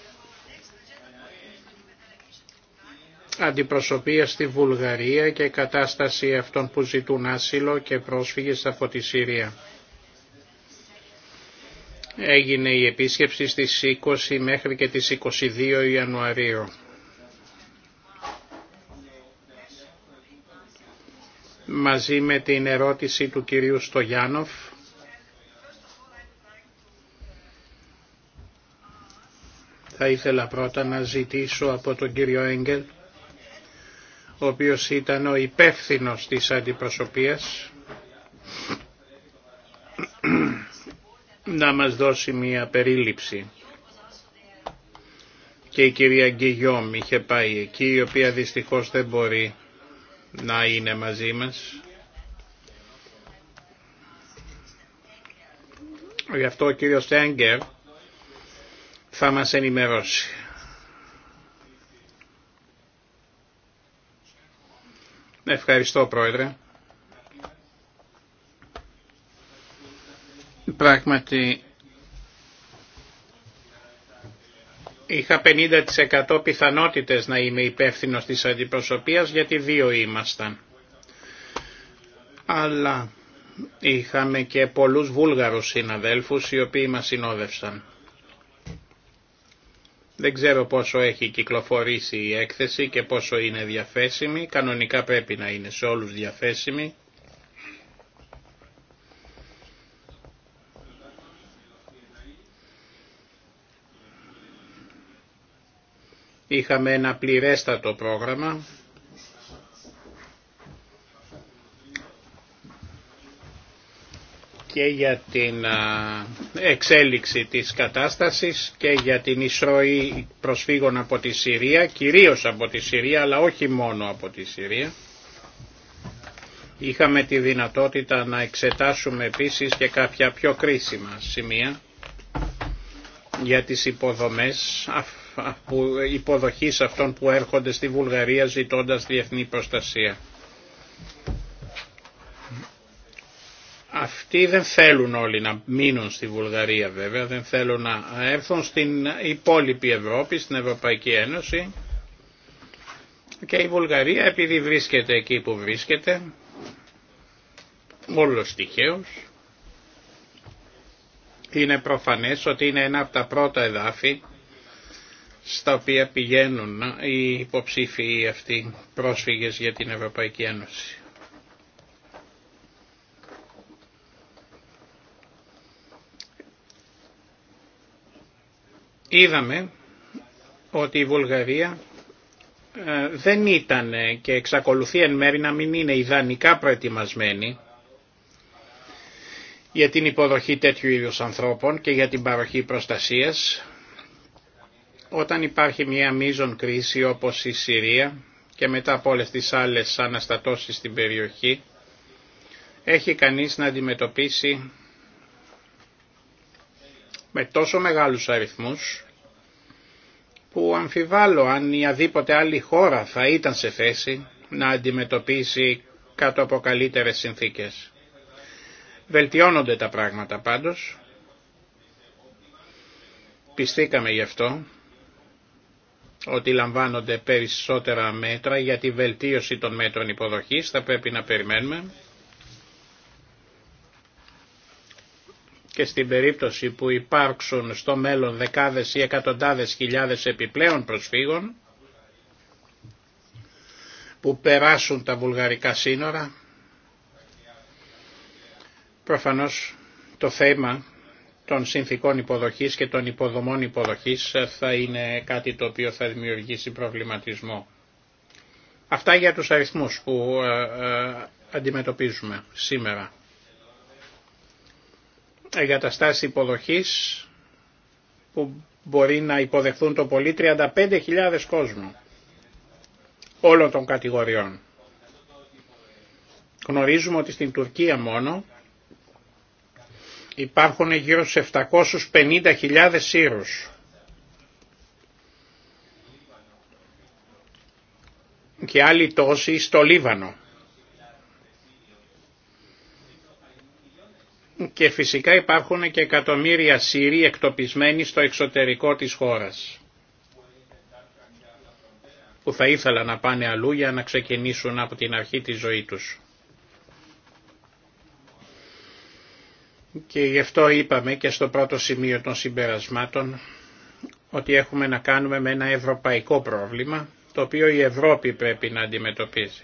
Αντιπροσωπεία στη Βουλγαρία και κατάσταση αυτών που ζητούν άσυλο και πρόσφυγες από τη Συρία. Έγινε η επίσκεψη στις 20 μέχρι και τις 22 Ιανουαρίου. μαζί με την ερώτηση του κυρίου Στογιάνοφ. Θα ήθελα πρώτα να ζητήσω από τον κύριο Έγκελ ο οποίος ήταν ο υπεύθυνος της αντιπροσωπείας, να μας δώσει μία περίληψη. Και η κυρία Γκυγιόμ είχε πάει εκεί, η οποία δυστυχώς δεν μπορεί να είναι μαζί μας. Γι' αυτό ο κύριος Τέγκερ θα μας ενημερώσει. Ευχαριστώ Πρόεδρε. Πράγματι Είχα 50% πιθανότητες να είμαι υπεύθυνο της αντιπροσωπείας γιατί δύο ήμασταν. Αλλά είχαμε και πολλούς βούλγαρους συναδέλφους οι οποίοι μας συνόδευσαν. Δεν ξέρω πόσο έχει κυκλοφορήσει η έκθεση και πόσο είναι διαθέσιμη. Κανονικά πρέπει να είναι σε όλους διαθέσιμη. Είχαμε ένα πληρέστατο πρόγραμμα. και για την εξέλιξη της κατάστασης και για την εισρωή προσφύγων από τη Συρία, κυρίως από τη Συρία αλλά όχι μόνο από τη Συρία. Είχαμε τη δυνατότητα να εξετάσουμε επίσης και κάποια πιο κρίσιμα σημεία για τις υποδομές υποδοχής αυτών που έρχονται στη Βουλγαρία ζητώντας διεθνή προστασία. Αυτοί δεν θέλουν όλοι να μείνουν στη Βουλγαρία βέβαια, δεν θέλουν να έρθουν στην υπόλοιπη Ευρώπη, στην Ευρωπαϊκή Ένωση και η Βουλγαρία επειδή βρίσκεται εκεί που βρίσκεται, όλος τυχαίως, είναι προφανές ότι είναι ένα από τα πρώτα εδάφη στα οποία πηγαίνουν οι υποψήφοι αυτοί πρόσφυγες για την Ευρωπαϊκή Ένωση. Είδαμε ότι η Βουλγαρία ε, δεν ήταν και εξακολουθεί εν μέρη να μην είναι ιδανικά προετοιμασμένη για την υποδοχή τέτοιου είδους ανθρώπων και για την παροχή προστασίας όταν υπάρχει μια μείζον κρίση όπως η Συρία και μετά από όλες τις άλλες αναστατώσεις στην περιοχή, έχει κανείς να αντιμετωπίσει με τόσο μεγάλους αριθμούς που αμφιβάλλω αν η αδίποτε άλλη χώρα θα ήταν σε θέση να αντιμετωπίσει κάτω από καλύτερες συνθήκες. Βελτιώνονται τα πράγματα πάντως. Πιστήκαμε γι' αυτό ότι λαμβάνονται περισσότερα μέτρα για τη βελτίωση των μέτρων υποδοχής, θα πρέπει να περιμένουμε. Και στην περίπτωση που υπάρξουν στο μέλλον δεκάδες ή εκατοντάδες χιλιάδες επιπλέον προσφύγων, που περάσουν τα βουλγαρικά σύνορα, προφανώς το θέμα των συνθήκων υποδοχής και των υποδομών υποδοχής ε, θα είναι κάτι το οποίο θα δημιουργήσει προβληματισμό. Αυτά για τους αριθμούς που ε, ε, αντιμετωπίζουμε σήμερα. Εγκαταστάσεις υποδοχής που μπορεί να υποδεχθούν το πολύ 35.000 κόσμου όλων των κατηγοριών. Γνωρίζουμε ότι στην Τουρκία μόνο υπάρχουν γύρω στους 750.000 Σύρους. Και άλλοι τόσοι στο Λίβανο. Και φυσικά υπάρχουν και εκατομμύρια Σύροι εκτοπισμένοι στο εξωτερικό της χώρας που θα ήθελα να πάνε αλλού για να ξεκινήσουν από την αρχή τη ζωή τους. Και γι' αυτό είπαμε και στο πρώτο σημείο των συμπερασμάτων ότι έχουμε να κάνουμε με ένα ευρωπαϊκό πρόβλημα το οποίο η Ευρώπη πρέπει να αντιμετωπίζει.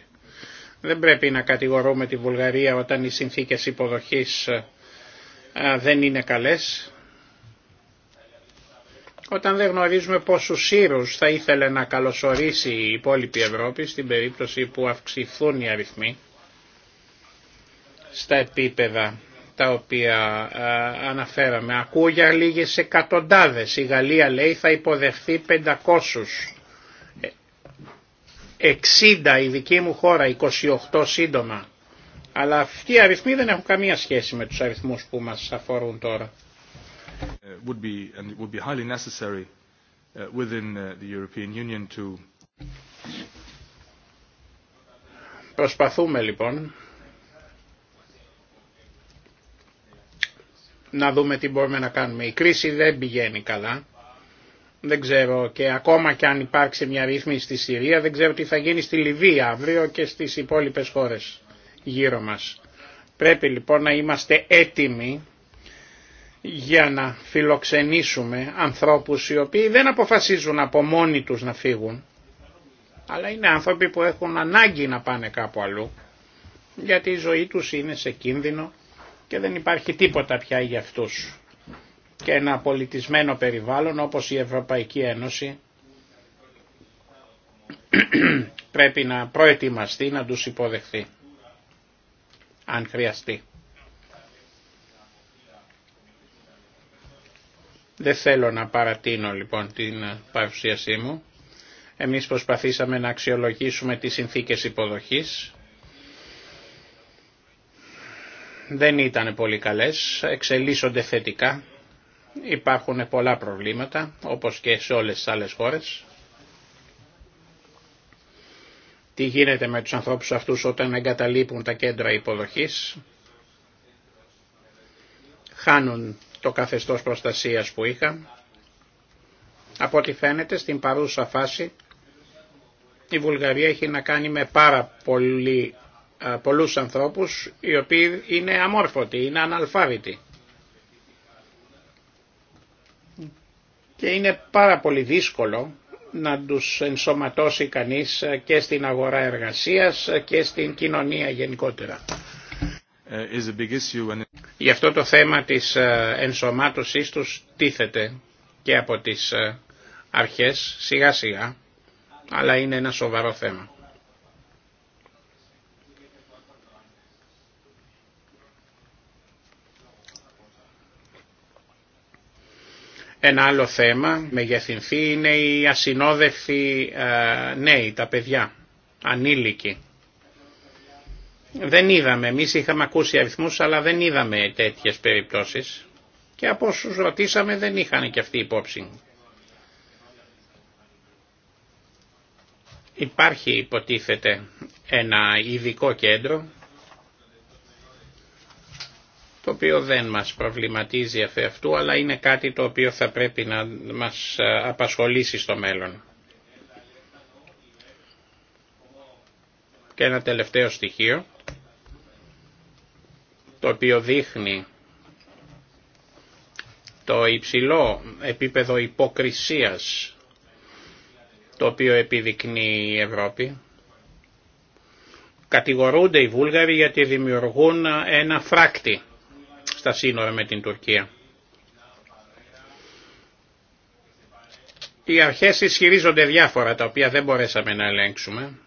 Δεν πρέπει να κατηγορούμε τη Βουλγαρία όταν οι συνθήκες υποδοχής ε, δεν είναι καλές. Όταν δεν γνωρίζουμε πόσους σύρους θα ήθελε να καλωσορίσει η υπόλοιπη Ευρώπη στην περίπτωση που αυξηθούν οι αριθμοί στα επίπεδα τα οποία αναφέραμε. Ακούω για λίγες εκατοντάδες. Η Γαλλία λέει θα υποδεχθεί 500. 60 η δική μου χώρα, 28 σύντομα. Αλλά αυτοί οι αριθμοί δεν έχουν καμία σχέση με τους αριθμούς που μας αφορούν τώρα. Προσπαθούμε λοιπόν να δούμε τι μπορούμε να κάνουμε. Η κρίση δεν πηγαίνει καλά. Δεν ξέρω και ακόμα και αν υπάρξει μια ρύθμιση στη Συρία δεν ξέρω τι θα γίνει στη Λιβύη αύριο και στις υπόλοιπες χώρες γύρω μας. Πρέπει λοιπόν να είμαστε έτοιμοι για να φιλοξενήσουμε ανθρώπους οι οποίοι δεν αποφασίζουν από μόνοι τους να φύγουν αλλά είναι άνθρωποι που έχουν ανάγκη να πάνε κάπου αλλού γιατί η ζωή τους είναι σε κίνδυνο και δεν υπάρχει τίποτα πια για αυτούς. Και ένα πολιτισμένο περιβάλλον όπως η Ευρωπαϊκή Ένωση πρέπει να προετοιμαστεί να τους υποδεχθεί, αν χρειαστεί. Δεν θέλω να παρατείνω λοιπόν την παρουσίασή μου. Εμείς προσπαθήσαμε να αξιολογήσουμε τις συνθήκες υποδοχής δεν ήταν πολύ καλές, εξελίσσονται θετικά, υπάρχουν πολλά προβλήματα όπως και σε όλες τις άλλες χώρες. Τι γίνεται με τους ανθρώπους αυτούς όταν εγκαταλείπουν τα κέντρα υποδοχής, χάνουν το καθεστώς προστασίας που είχαν. Από ό,τι φαίνεται στην παρούσα φάση η Βουλγαρία έχει να κάνει με πάρα πολύ ε, πολλούς ανθρώπους οι οποίοι είναι αμόρφωτοι, είναι αναλφάβητοι. Και είναι πάρα πολύ δύσκολο να τους ενσωματώσει κανείς ε, και στην αγορά εργασίας ε, και στην κοινωνία γενικότερα. Γι' αυτό το θέμα της ενσωμάτωσής τους τίθεται και από τις αρχές σιγά σιγά, αλλά είναι ένα σοβαρό θέμα. Ένα άλλο θέμα μεγεθυνθεί είναι οι ασυνόδευτοι ε, νέοι, τα παιδιά, ανήλικοι. Δεν είδαμε, εμεί είχαμε ακούσει αριθμούς αλλά δεν είδαμε τέτοιες περιπτώσεις και από όσους ρωτήσαμε δεν είχαν και αυτή υπόψη. Υπάρχει υποτίθεται ένα ειδικό κέντρο το οποίο δεν μας προβληματίζει αφ' αυτού, αλλά είναι κάτι το οποίο θα πρέπει να μας ε, απασχολήσει στο μέλλον. Και ένα τελευταίο στοιχείο, το οποίο δείχνει το υψηλό επίπεδο υποκρισίας το οποίο επιδεικνύει η Ευρώπη. Κατηγορούνται οι Βούλγαροι γιατί δημιουργούν ένα φράκτη στα σύνορα με την Τουρκία. Οι αρχές ισχυρίζονται διάφορα τα οποία δεν μπορέσαμε να ελέγξουμε.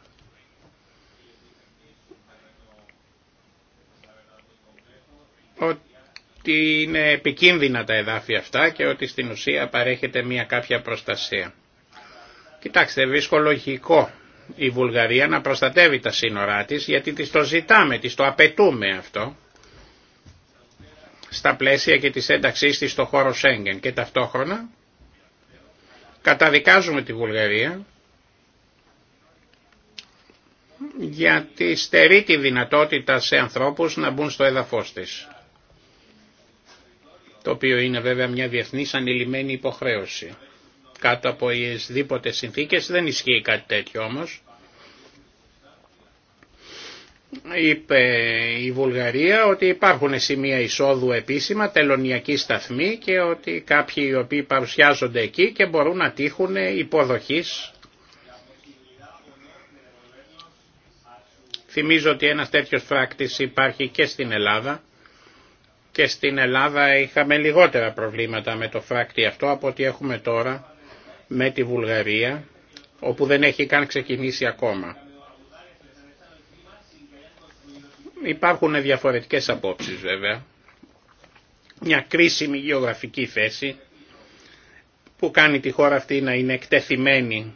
Ότι είναι επικίνδυνα τα εδάφη αυτά και ότι στην ουσία παρέχεται μια κάποια προστασία. Κοιτάξτε, βρίσκω λογικό η Βουλγαρία να προστατεύει τα σύνορά της γιατί της το ζητάμε, της το απαιτούμε αυτό στα πλαίσια και της ένταξής της στο χώρο Σέγγεν και ταυτόχρονα καταδικάζουμε τη Βουλγαρία γιατί στερεί τη δυνατότητα σε ανθρώπους να μπουν στο έδαφος της το οποίο είναι βέβαια μια διεθνής ανηλυμένη υποχρέωση. Κάτω από δίποτες συνθήκες δεν ισχύει κάτι τέτοιο όμως είπε η Βουλγαρία ότι υπάρχουν σημεία εισόδου επίσημα, τελωνιακή σταθμή και ότι κάποιοι οι οποίοι παρουσιάζονται εκεί και μπορούν να τύχουν υποδοχής. Θυμίζω ότι ένας τέτοιος φράκτης υπάρχει και στην Ελλάδα και στην Ελλάδα είχαμε λιγότερα προβλήματα με το φράκτη αυτό από ό,τι έχουμε τώρα με τη Βουλγαρία όπου δεν έχει καν ξεκινήσει ακόμα. Υπάρχουν διαφορετικές απόψεις βέβαια. Μια κρίσιμη γεωγραφική θέση που κάνει τη χώρα αυτή να είναι εκτεθειμένη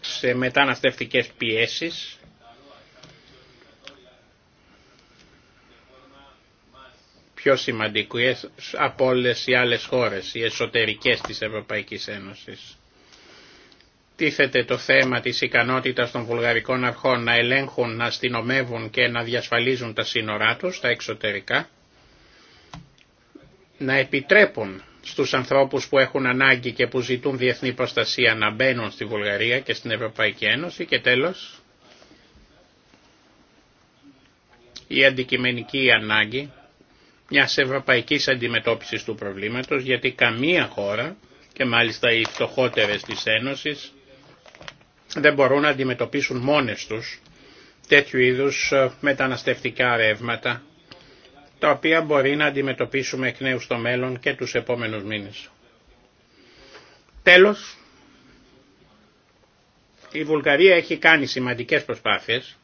σε μεταναστευτικές πιέσεις πιο σημαντικές από όλες οι άλλες χώρες, οι εσωτερικές της Ευρωπαϊκής Ένωσης τίθεται το θέμα της ικανότητας των βουλγαρικών αρχών να ελέγχουν, να αστυνομεύουν και να διασφαλίζουν τα σύνορά τους, τα εξωτερικά, να επιτρέπουν στους ανθρώπους που έχουν ανάγκη και που ζητούν διεθνή προστασία να μπαίνουν στη Βουλγαρία και στην Ευρωπαϊκή Ένωση και τέλος η αντικειμενική ανάγκη μιας ευρωπαϊκής αντιμετώπισης του προβλήματος γιατί καμία χώρα και μάλιστα οι φτωχότερες της Ένωσης δεν μπορούν να αντιμετωπίσουν μόνες τους τέτοιου είδους ε, μεταναστευτικά ρεύματα, τα οποία μπορεί να αντιμετωπίσουμε εκ νέου στο μέλλον και τους επόμενους μήνες. Τέλος, η Βουλγαρία έχει κάνει σημαντικές προσπάθειες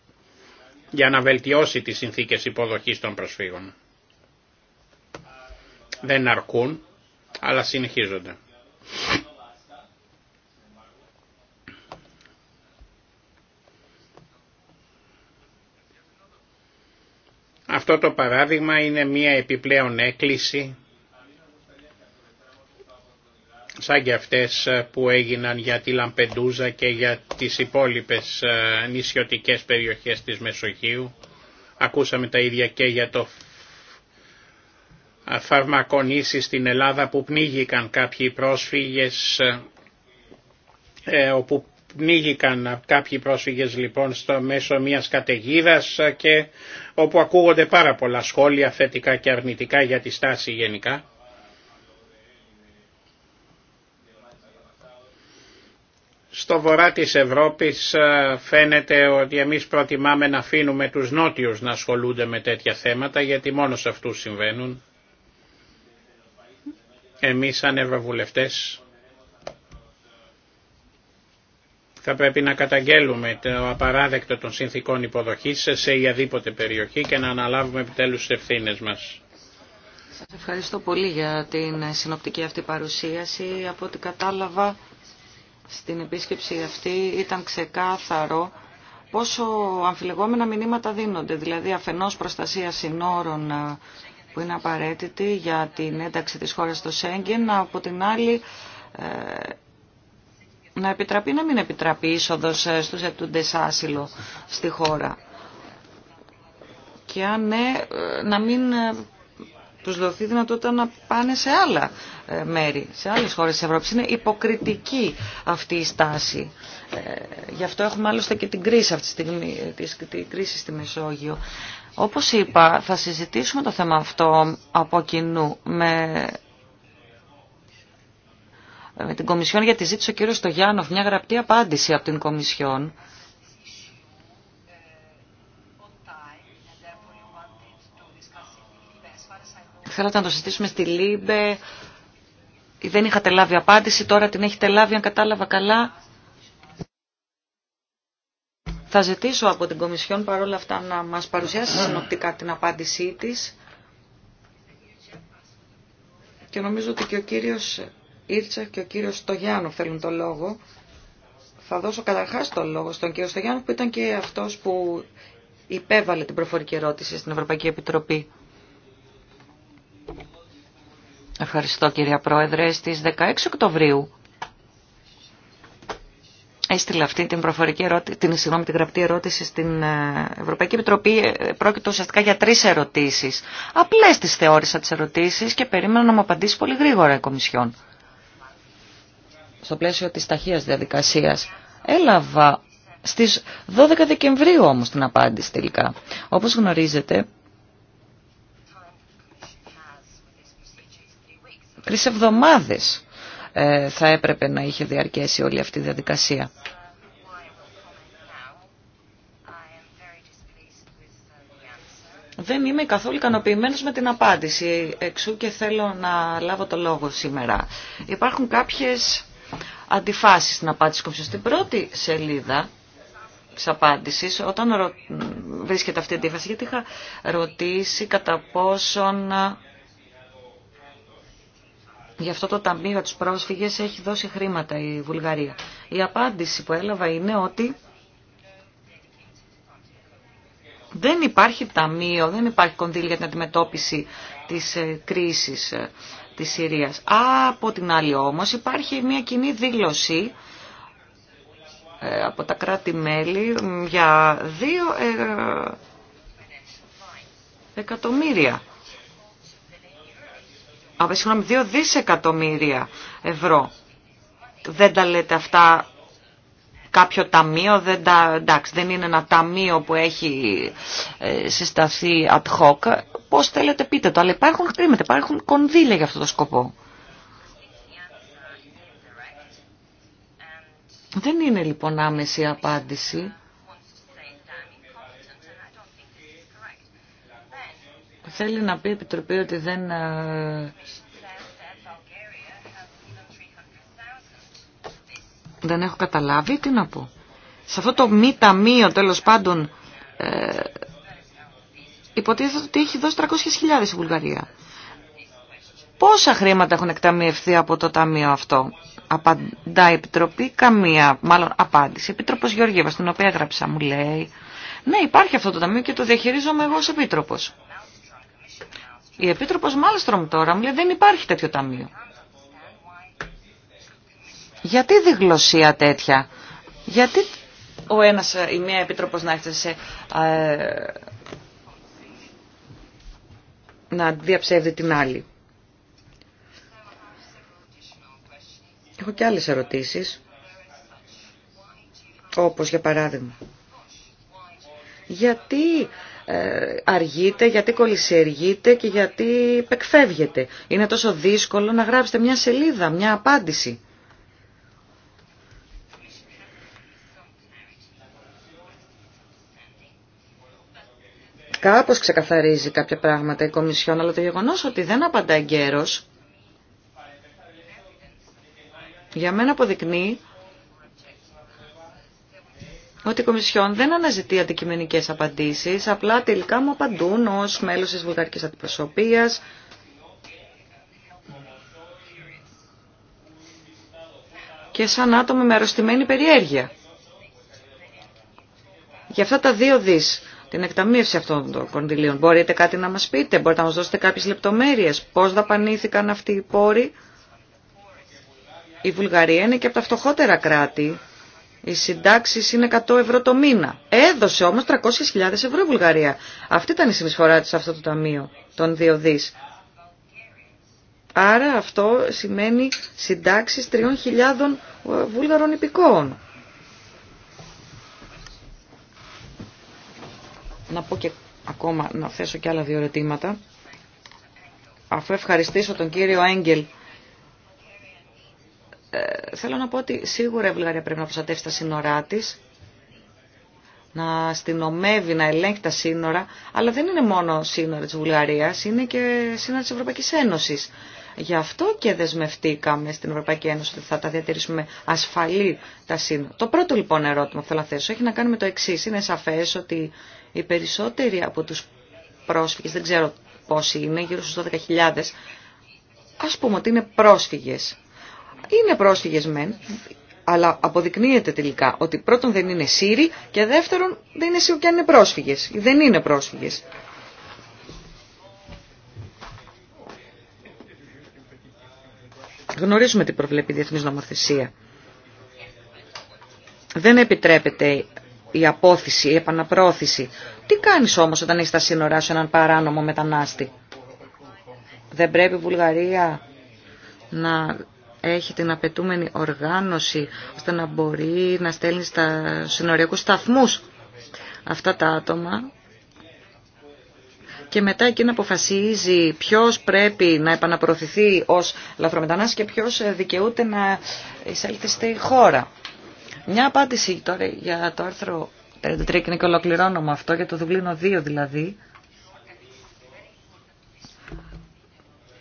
για να βελτιώσει τις συνθήκες υποδοχής των προσφύγων. Δεν αρκούν, αλλά συνεχίζονται. Αυτό το παράδειγμα είναι μια επιπλέον έκκληση σαν και αυτές ε, που έγιναν για τη Λαμπεντούζα και για τις υπόλοιπες ε, νησιωτικές περιοχές της Μεσογείου. Ακούσαμε τα ίδια και για το φαρμακονήσι στην Ελλάδα που πνίγηκαν κάποιοι πρόσφυγες ε, όπου πνίγηκαν κάποιοι πρόσφυγες λοιπόν στο μέσο μιας καταιγίδα και όπου ακούγονται πάρα πολλά σχόλια θετικά και αρνητικά για τη στάση γενικά. Στο βορρά της Ευρώπης ε, φαίνεται ότι εμείς προτιμάμε να αφήνουμε τους νότιους να ασχολούνται με τέτοια θέματα γιατί μόνο σε αυτούς συμβαίνουν. Εμείς σαν ευρωβουλευτές θα πρέπει να καταγγέλουμε το απαράδεκτο των συνθήκων υποδοχής σε οποιαδήποτε περιοχή και να αναλάβουμε επιτέλους τις ευθύνες μας. Σας ευχαριστώ πολύ για την συνοπτική αυτή παρουσίαση. Από ό,τι κατάλαβα στην επίσκεψη αυτή ήταν ξεκάθαρο πόσο αμφιλεγόμενα μηνύματα δίνονται. Δηλαδή αφενός προστασία συνόρων ε, που είναι απαραίτητη για την ένταξη της χώρας στο Σέγγεν, από την άλλη ε, να επιτραπεί ή να μην επιτραπεί είσοδο ε, στους άσυλο στη χώρα. Και αν ναι, ε, να μην ε, τους δοθεί δυνατότητα να πάνε σε άλλα μέρη, σε άλλες χώρες τη Ευρώπη Είναι υποκριτική αυτή η στάση. Γι' αυτό έχουμε άλλωστε και την κρίση αυτή τη στιγμή, την κρίση στη Μεσόγειο. Όπως είπα, θα συζητήσουμε το θέμα αυτό από κοινού με με την Κομισιόν γιατί ζήτησε ο κύριος Στογιάνοφ μια γραπτή απάντηση από την Κομισιόν Θέλατε να το συζητήσουμε στη ή Δεν είχατε λάβει απάντηση, τώρα την έχετε λάβει, αν κατάλαβα καλά. Θα ζητήσω από την Κομισιόν παρόλα αυτά να μας παρουσιάσει συνοπτικά την απάντησή της. Και νομίζω ότι και ο κύριος Ήρθε και ο κύριος Στογιάννου θέλουν το λόγο. Θα δώσω καταρχάς το λόγο στον κύριο Στογιάννου που ήταν και αυτός που υπέβαλε την προφορική ερώτηση στην Ευρωπαϊκή Επιτροπή. Ευχαριστώ κύριε Πρόεδρε. Στις 16 Οκτωβρίου έστειλε αυτή την, προφορική ερώτηση, την, συγγνώμη, την γραπτή ερώτηση στην ε, Ευρωπαϊκή Επιτροπή. Ε, πρόκειται ουσιαστικά για τρεις ερωτήσεις. Απλές τις θεώρησα τις ερωτήσεις και περίμενα να μου απαντήσει πολύ γρήγορα η Κομισιόν στο πλαίσιο της ταχείας διαδικασίας. Έλαβα στις 12 Δεκεμβρίου όμως την απάντηση τελικά. Όπως γνωρίζετε, τρεις εβδομάδες ε, θα έπρεπε να είχε διαρκέσει όλη αυτή η διαδικασία. Δεν είμαι καθόλου ικανοποιημένος με την απάντηση, εξού και θέλω να λάβω το λόγο σήμερα. Υπάρχουν κάποιες αντιφάσεις στην απάντηση κομψή. Στην πρώτη σελίδα τη απάντηση, όταν ρω... βρίσκεται αυτή η αντίφαση, γιατί είχα ρωτήσει κατά πόσον Γι' αυτό το ταμείο για τους πρόσφυγες έχει δώσει χρήματα η Βουλγαρία. Η απάντηση που έλαβα είναι ότι δεν υπάρχει ταμείο, δεν υπάρχει κονδύλια για την αντιμετώπιση της ε, κρίσης της Συρίας. Από την άλλη όμως υπάρχει μια κοινή δήλωση ε, από τα κράτη-μέλη για δύο ε, εκατομμύρια. Α, συγγνώμη, δύο δισεκατομμύρια ευρώ. Δεν τα λέτε αυτά κάποιο ταμείο, δεν τα, εντάξει, δεν είναι ένα ταμείο που έχει ε, συσταθεί ad hoc. Πώ θέλετε πείτε το, αλλά υπάρχουν χρήματα, υπάρχουν κονδύλια για αυτό το σκοπό. Δεν είναι λοιπόν άμεση απάντηση. Θέλει να πει η Επιτροπή ότι δεν ε, δεν έχω καταλάβει, τι να πω. Σε αυτό το μη ταμείο τέλος πάντων ε, υποτίθεται ότι έχει δώσει 300.000 η Βουλγαρία. Πόσα χρήματα έχουν εκταμιευθεί από το ταμείο αυτό. Απαντά η Επιτροπή, καμία, μάλλον απάντηση. Επίτροπος Γεωργίευα, στην οποία έγραψα, μου λέει, ναι υπάρχει αυτό το ταμείο και το διαχειρίζομαι εγώ ως Επίτροπος. Η Επίτροπος Μάλστρομ τώρα μου λέει δεν υπάρχει τέτοιο ταμείο. Γιατί διγλωσία τέτοια. Γιατί ο ένας ή μία Επίτροπος να έρθει σε ε, να διαψεύδει την άλλη. Έχω και άλλες ερωτήσεις, όπως για παράδειγμα. Γιατί ε, αργείτε, γιατί κολυσιεργείτε και γιατί επεκφεύγετε. Είναι τόσο δύσκολο να γράψετε μια σελίδα, μια απάντηση. κάπως ξεκαθαρίζει κάποια πράγματα η Κομισιόν, αλλά το γεγονός ότι δεν απαντά εγκαίρως, για μένα αποδεικνύει ότι η Κομισιόν δεν αναζητεί αντικειμενικές απαντήσεις, απλά τελικά μου απαντούν ως μέλος της βουλγαρικής αντιπροσωπείας, και σαν άτομο με αρρωστημένη περιέργεια. Για αυτά τα δύο δις την εκταμείευση αυτών των κονδυλίων. Μπορείτε κάτι να μας πείτε, μπορείτε να μας δώσετε κάποιες λεπτομέρειες, πώς δαπανήθηκαν αυτοί οι πόροι. Η Βουλγαρία είναι και από τα φτωχότερα κράτη. Οι συντάξει είναι 100 ευρώ το μήνα. Έδωσε όμως 300.000 ευρώ η Βουλγαρία. Αυτή ήταν η συνεισφορά της σε αυτό το ταμείο των 2 Άρα αυτό σημαίνει συντάξει 3.000 ε, Βούλγαρων υπηκόων. να πω και ακόμα, να θέσω και άλλα δύο ερωτήματα. Αφού ευχαριστήσω τον κύριο Έγγελ, ε, θέλω να πω ότι σίγουρα η Βουλγαρία πρέπει να προστατεύσει τα σύνορά τη, να αστυνομεύει, να ελέγχει τα σύνορα, αλλά δεν είναι μόνο σύνορα της Βουλγαρία, είναι και σύνορα τη Ευρωπαϊκή Ένωση. Γι' αυτό και δεσμευτήκαμε στην Ευρωπαϊκή Ένωση ότι θα τα διατηρήσουμε ασφαλή τα σύνορα. Το πρώτο λοιπόν ερώτημα που θέλω να θέσω έχει να κάνει με το εξή. Είναι σαφέ ότι οι περισσότεροι από του πρόσφυγε, δεν ξέρω πόσοι είναι, γύρω στου 12.000, α πούμε ότι είναι πρόσφυγε. Είναι πρόσφυγε μεν, αλλά αποδεικνύεται τελικά ότι πρώτον δεν είναι Σύριοι και δεύτερον δεν είναι Σύριοι και αν είναι Δεν είναι πρόσφυγε. Γνωρίζουμε τι προβλέπει η διεθνής νομοθεσία. Δεν επιτρέπεται η απόθυση, η επαναπρόθεση. Τι κάνεις όμως όταν έχεις στα σύνορά σου έναν παράνομο μετανάστη. Δεν πρέπει η Βουλγαρία να έχει την απαιτούμενη οργάνωση ώστε να μπορεί να στέλνει στα συνοριακούς σταθμούς αυτά τα άτομα και μετά εκείνο αποφασίζει ποιος πρέπει να επαναπροωθηθεί ως λαθρομετανάστη και ποιος ε, δικαιούται να εισέλθει στη χώρα. Μια απάντηση τώρα για το άρθρο 33 και είναι και ολοκληρώνω με αυτό, για το Δουβλίνο 2 δηλαδή.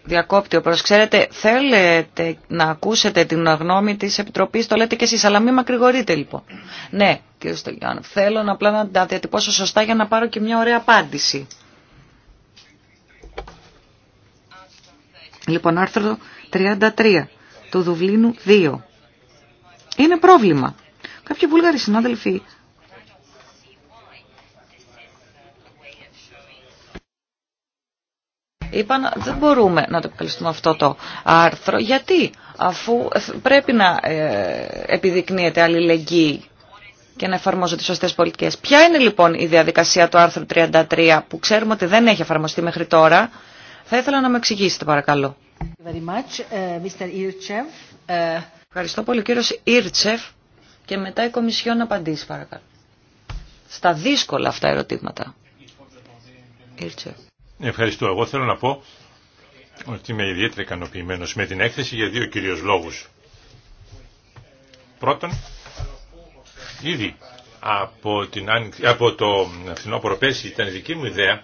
Διακόπτει ο Ξέρετε, θέλετε να ακούσετε την γνώμη τη Επιτροπή, το λέτε και εσεί, αλλά μην μακρηγορείτε λοιπόν. Ναι, κύριε Στελιάν, θέλω απλά να τα διατυπώσω σωστά για να πάρω και μια ωραία απάντηση. Λοιπόν, άρθρο 33 του Δουβλίνου 2. Είναι πρόβλημα. Κάποιοι βούλγαροι συνάδελφοι είπαν δεν μπορούμε να το επικαλυστούμε αυτό το άρθρο. Γιατί αφού πρέπει να ε, επιδεικνύεται αλληλεγγύη και να εφαρμόζονται σωστές πολιτικές. Ποια είναι λοιπόν η διαδικασία του άρθρου 33 που ξέρουμε ότι δεν έχει εφαρμοστεί μέχρι τώρα θα ήθελα να με εξηγήσετε παρακαλώ. Uh, uh, Ευχαριστώ πολύ κύριο Ήρτσεφ και μετά η Κομισιόν απαντήσει παρακαλώ. Στα δύσκολα αυτά ερωτήματα. Ευχαριστώ. Εγώ θέλω να πω ότι είμαι ιδιαίτερα ικανοποιημένο με την έκθεση για δύο κυρίως λόγους. Πρώτον, ήδη από, την, από το φθινόπωρο πέρσι ήταν δική μου ιδέα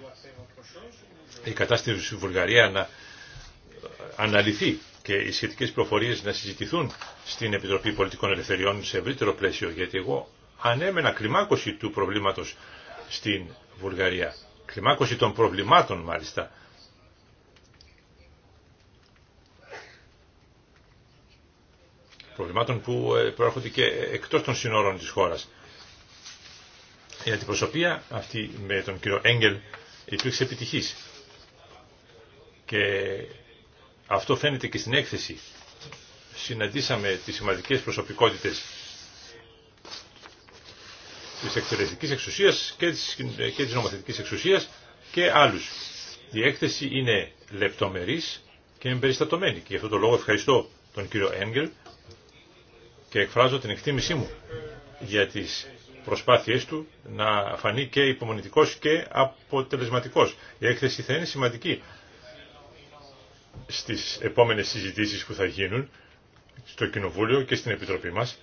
η κατάσταση στη Βουλγαρία να αναλυθεί και οι σχετικές προφορίες να συζητηθούν στην Επιτροπή Πολιτικών Ελευθεριών σε ευρύτερο πλαίσιο, γιατί εγώ ανέμενα κλιμάκωση του προβλήματος στην Βουλγαρία, κλιμάκωση των προβλημάτων μάλιστα, προβλημάτων που ε, προέρχονται και εκτός των συνόρων της χώρας. Η αντιπροσωπεία αυτή με τον κύριο Έγγελ υπήρξε επιτυχής. Και αυτό φαίνεται και στην έκθεση. Συναντήσαμε τις σημαντικές προσωπικότητες της εκτελεστικής εξουσίας και της, και της νομοθετικής εξουσίας και άλλους. Η έκθεση είναι λεπτομερής και εμπεριστατωμένη και γι' αυτό το λόγο ευχαριστώ τον κύριο Έγγελ και εκφράζω την εκτίμησή μου για τις προσπάθειές του να φανεί και υπομονητικός και αποτελεσματικός. Η έκθεση θα είναι σημαντική στις επόμενες συζητήσεις που θα γίνουν στο Κοινοβούλιο και στην Επιτροπή μας,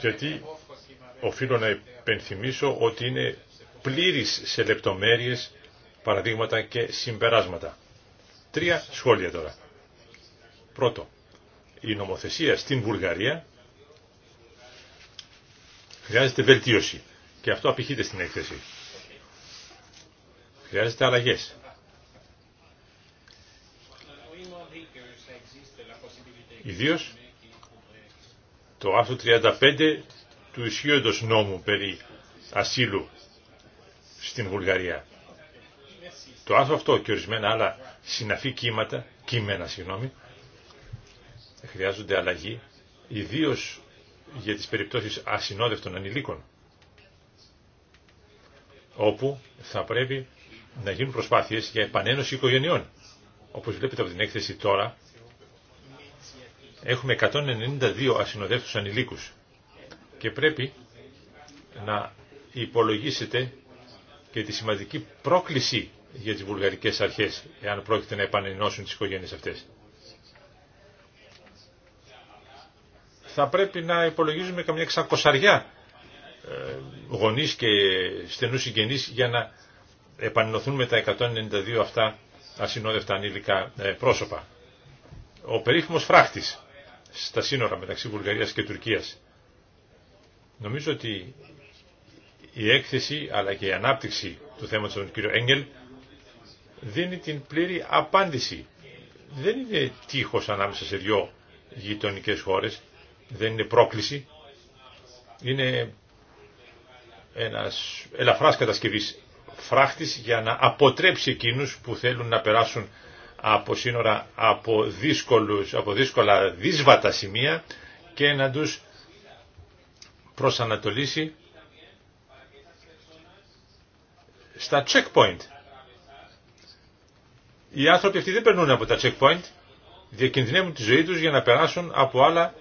γιατί οφείλω να επενθυμίσω ότι είναι πλήρης σε λεπτομέρειες παραδείγματα και συμπεράσματα. Τρία σχόλια τώρα. Πρώτο, η νομοθεσία στην Βουλγαρία χρειάζεται βελτίωση και αυτό απηχείται στην έκθεση. Χρειάζεται αλλαγές. Ιδίω, το άρθρο 35 του ισχύοντος νόμου περί ασύλου στην Βουλγαρία. Το άρθρο αυτό και ορισμένα άλλα συναφή κύματα, κείμενα συγγνώμη, χρειάζονται αλλαγή, ιδίω για τις περιπτώσεις ασυνόδευτων ανηλίκων, όπου θα πρέπει να γίνουν προσπάθειες για επανένωση οικογενειών. Όπως βλέπετε από την έκθεση τώρα, έχουμε 192 ασυνοδεύτους ανηλίκους και πρέπει να υπολογίσετε και τη σημαντική πρόκληση για τις βουλγαρικές αρχές εάν πρόκειται να επανενώσουν τις οικογένειες αυτές. Θα πρέπει να υπολογίζουμε καμιά εξακοσαριά ε, γονείς και στενούς συγγενείς για να επανενωθούν με τα 192 αυτά ασυνόδευτα ανήλικα ε, πρόσωπα. Ο περίφημος φράχτης στα σύνορα μεταξύ Βουλγαρίας και Τουρκίας. Νομίζω ότι η έκθεση αλλά και η ανάπτυξη του θέματος του κύριο Έγγελ δίνει την πλήρη απάντηση. Δεν είναι τείχος ανάμεσα σε δυο γειτονικέ χώρες, δεν είναι πρόκληση, είναι ένας ελαφράς κατασκευής φράχτης για να αποτρέψει εκείνους που θέλουν να περάσουν από σύνορα από, δύσκολους, από δύσκολα δύσβατα σημεία και να τους προσανατολίσει στα checkpoint. Οι άνθρωποι αυτοί δεν περνούν από τα checkpoint, διακινδυνεύουν τη ζωή τους για να περάσουν από άλλα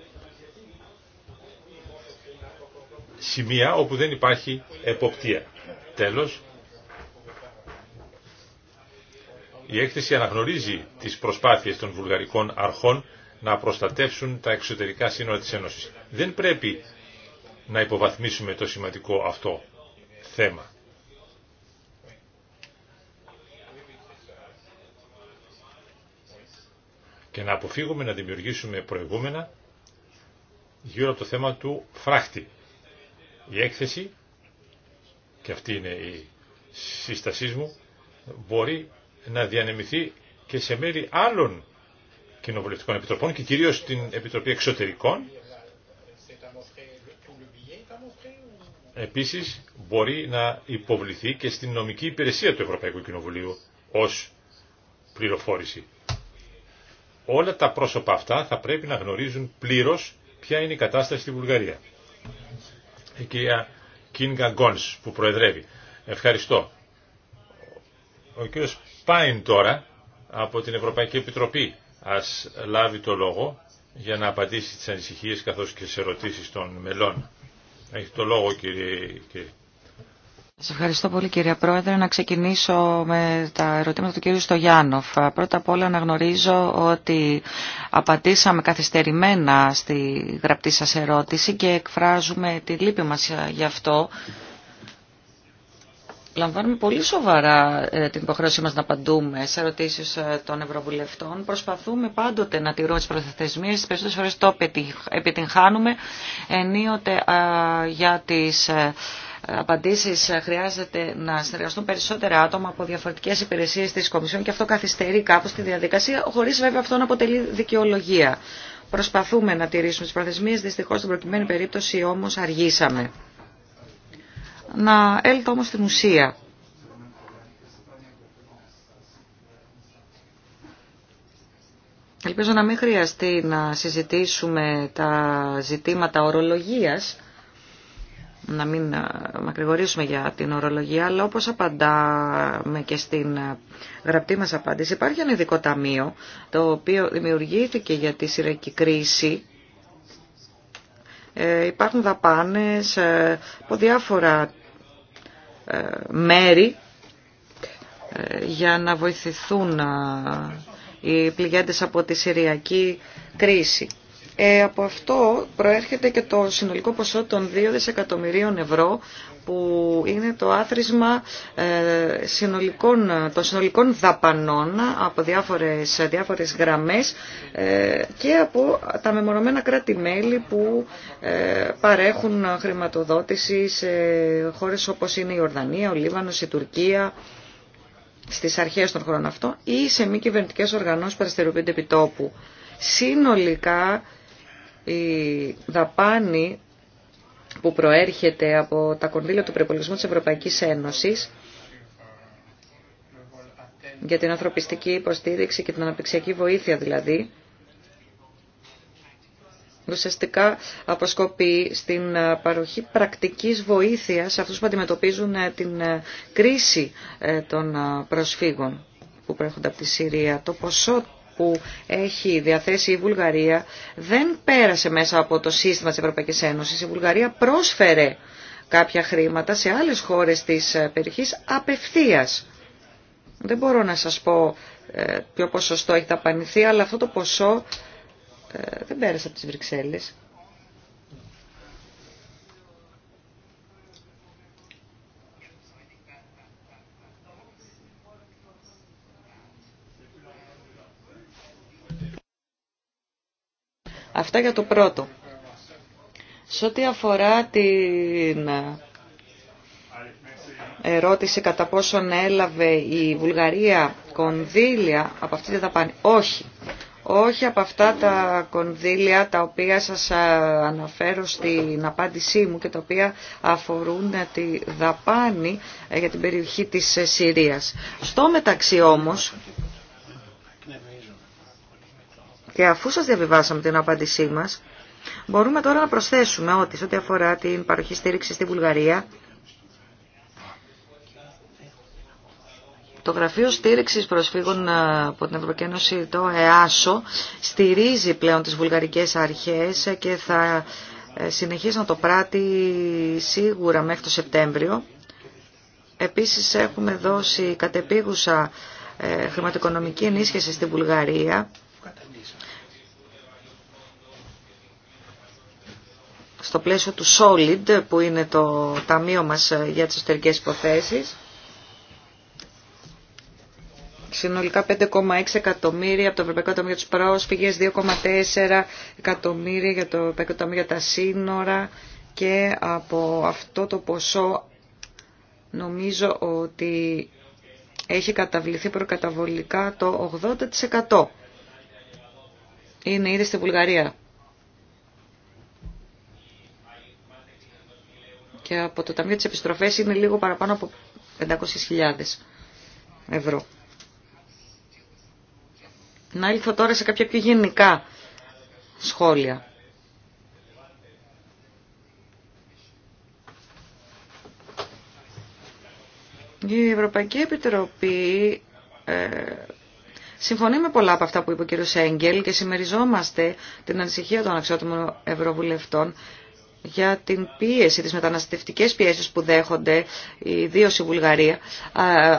σημεία όπου δεν υπάρχει εποπτεία. Τέλος, Η έκθεση αναγνωρίζει τις προσπάθειες των βουλγαρικών αρχών να προστατεύσουν τα εξωτερικά σύνορα της Ένωσης. Δεν πρέπει να υποβαθμίσουμε το σημαντικό αυτό θέμα. Και να αποφύγουμε να δημιουργήσουμε προηγούμενα γύρω από το θέμα του φράχτη. Η έκθεση, και αυτή είναι η σύστασή μου, μπορεί να διανεμηθεί και σε μέρη άλλων κοινοβουλευτικών επιτροπών και κυρίως στην Επιτροπή Εξωτερικών. Επίσης μπορεί να υποβληθεί και στην νομική υπηρεσία του Ευρωπαϊκού Κοινοβουλίου ως πληροφόρηση. Όλα τα πρόσωπα αυτά θα πρέπει να γνωρίζουν πλήρως ποια είναι η κατάσταση στη Βουλγαρία. Η κυρία Κίνγκα Γκόνς που προεδρεύει. Ευχαριστώ. Ο κύριος Πάει τώρα από την Ευρωπαϊκή Επιτροπή ας λάβει το λόγο για να απαντήσει τις ανησυχίες καθώς και τις ερωτήσεις των μελών. Έχει το λόγο κύριε. κύριε. Σας ευχαριστώ πολύ κύριε Πρόεδρε. Να ξεκινήσω με τα ερωτήματα του κύριου Στογιάννοφ. Πρώτα απ' όλα αναγνωρίζω ότι απαντήσαμε καθυστερημένα στη γραπτή σας ερώτηση και εκφράζουμε τη λύπη μας γι' αυτό. Λαμβάνουμε πολύ σοβαρά ε, την υποχρέωσή μας να απαντούμε σε ερωτήσεις ε, των Ευρωβουλευτών. Προσπαθούμε πάντοτε να τηρούμε τις προθεσμίες. τι περισσότερες φορές το επιτυγχάνουμε. Ενίοτε για τις ε, απαντήσεις χρειάζεται να συνεργαστούν περισσότερα άτομα από διαφορετικές υπηρεσίες της Κομισιόν και αυτό καθυστερεί κάπως τη διαδικασία, χωρίς βέβαια αυτό να αποτελεί δικαιολογία. Προσπαθούμε να τηρήσουμε τις προθεσμίες, δυστυχώς στην προκειμένη περίπτωση όμως αργήσαμε. Να έλθω όμως στην ουσία. Ελπίζω να μην χρειαστεί να συζητήσουμε τα ζητήματα ορολογίας, να μην ε, μακρηγορήσουμε για την ορολογία, αλλά όπως απαντάμε και στην ε, γραπτή μας απάντηση, υπάρχει ένα ειδικό ταμείο, το οποίο δημιουργήθηκε για τη σειρακή κρίση. Ε, υπάρχουν δαπάνες ε, από διάφορα μέρη ε, για να βοηθηθούν ε, οι πληγέντες από τη Συριακή κρίση. Ε, από αυτό προέρχεται και το συνολικό ποσό των 2 δισεκατομμυρίων ευρώ που είναι το άθροισμα ε, συνολικών, των συνολικών δαπανών από διάφορες, διάφορες γραμμές ε, και από τα μεμονωμένα κράτη-μέλη που ε, παρέχουν χρηματοδότηση σε χώρες όπως είναι η Ορδανία, ο Λίβανος, η Τουρκία στις αρχές των χρόνων αυτών ή σε μη κυβερνητικέ οργανώσεις που επί Συνολικά η δαπάνη που προέρχεται από τα κονδύλια του προπολογισμού της Ευρωπαϊκής Ένωσης για την ανθρωπιστική υποστήριξη και την αναπτυξιακή βοήθεια δηλαδή, ουσιαστικά αποσκοπεί στην ε, παροχή πρακτικής βοήθειας σε αυτούς που αντιμετωπίζουν ε, την ε, κρίση των προσφύγων που προέρχονται από τη Συρία. Το ποσό που έχει διαθέσει η Βουλγαρία δεν πέρασε μέσα από το σύστημα της Ευρωπαϊκής Ένωσης. Η Βουλγαρία πρόσφερε κάποια χρήματα σε άλλες χώρες της ε, περιοχής απευθείας. Δεν μπορώ να σας πω ε, ποιο ποσοστό έχει ταπανηθεί, αλλά αυτό το ποσό ε, δεν πέρασε από τις Βρυξέλλες. Αυτά για το πρώτο. Σε ό,τι αφορά την ερώτηση κατά πόσον έλαβε η Βουλγαρία κονδύλια από αυτή τη δαπάνη. Όχι. Όχι από αυτά τα κονδύλια τα οποία σας αναφέρω στην απάντησή μου και τα οποία αφορούν τη δαπάνη ε, για την περιοχή της Συρίας. Στο μεταξύ όμως, και αφού σας διαβιβάσαμε την απάντησή μας, μπορούμε τώρα να προσθέσουμε ότι σε ό,τι αφορά την παροχή στήριξη στη Βουλγαρία, Το Γραφείο Στήριξης Προσφύγων ε, από την Ευρωπαϊκή Ένωση, το ΕΑΣΟ, στηρίζει πλέον τις βουλγαρικές αρχές και θα ε, συνεχίσει να το πράττει σίγουρα μέχρι το Σεπτέμβριο. Επίσης έχουμε δώσει κατεπίγουσα ε, χρηματοοικονομική ενίσχυση στην Βουλγαρία στο πλαίσιο του SOLID που είναι το ταμείο μας ε, για τις εσωτερικές υποθέσεις. Συνολικά 5,6 εκατομμύρια από το Ευρωπαϊκό Ταμείο για τους Πρόσφυγες, 2,4 εκατομμύρια για το Ευρωπαϊκό Ταμείο για τα Σύνορα και από αυτό το ποσό νομίζω ότι έχει καταβληθεί προκαταβολικά το 80%. Είναι ήδη στη Βουλγαρία και από το Ταμείο της Επιστροφής είναι λίγο παραπάνω από 500.000 ευρώ. Να ήλθω τώρα σε κάποια πιο γενικά σχόλια. Η Ευρωπαϊκή Επιτροπή ε, συμφωνεί με πολλά από αυτά που είπε ο κ. Σέγγελ και συμμεριζόμαστε την ανησυχία των αξιότιμων ευρωβουλευτών για την πίεση, τις μεταναστευτικές πιέσεις που δέχονται, ιδίω η Βουλγαρία,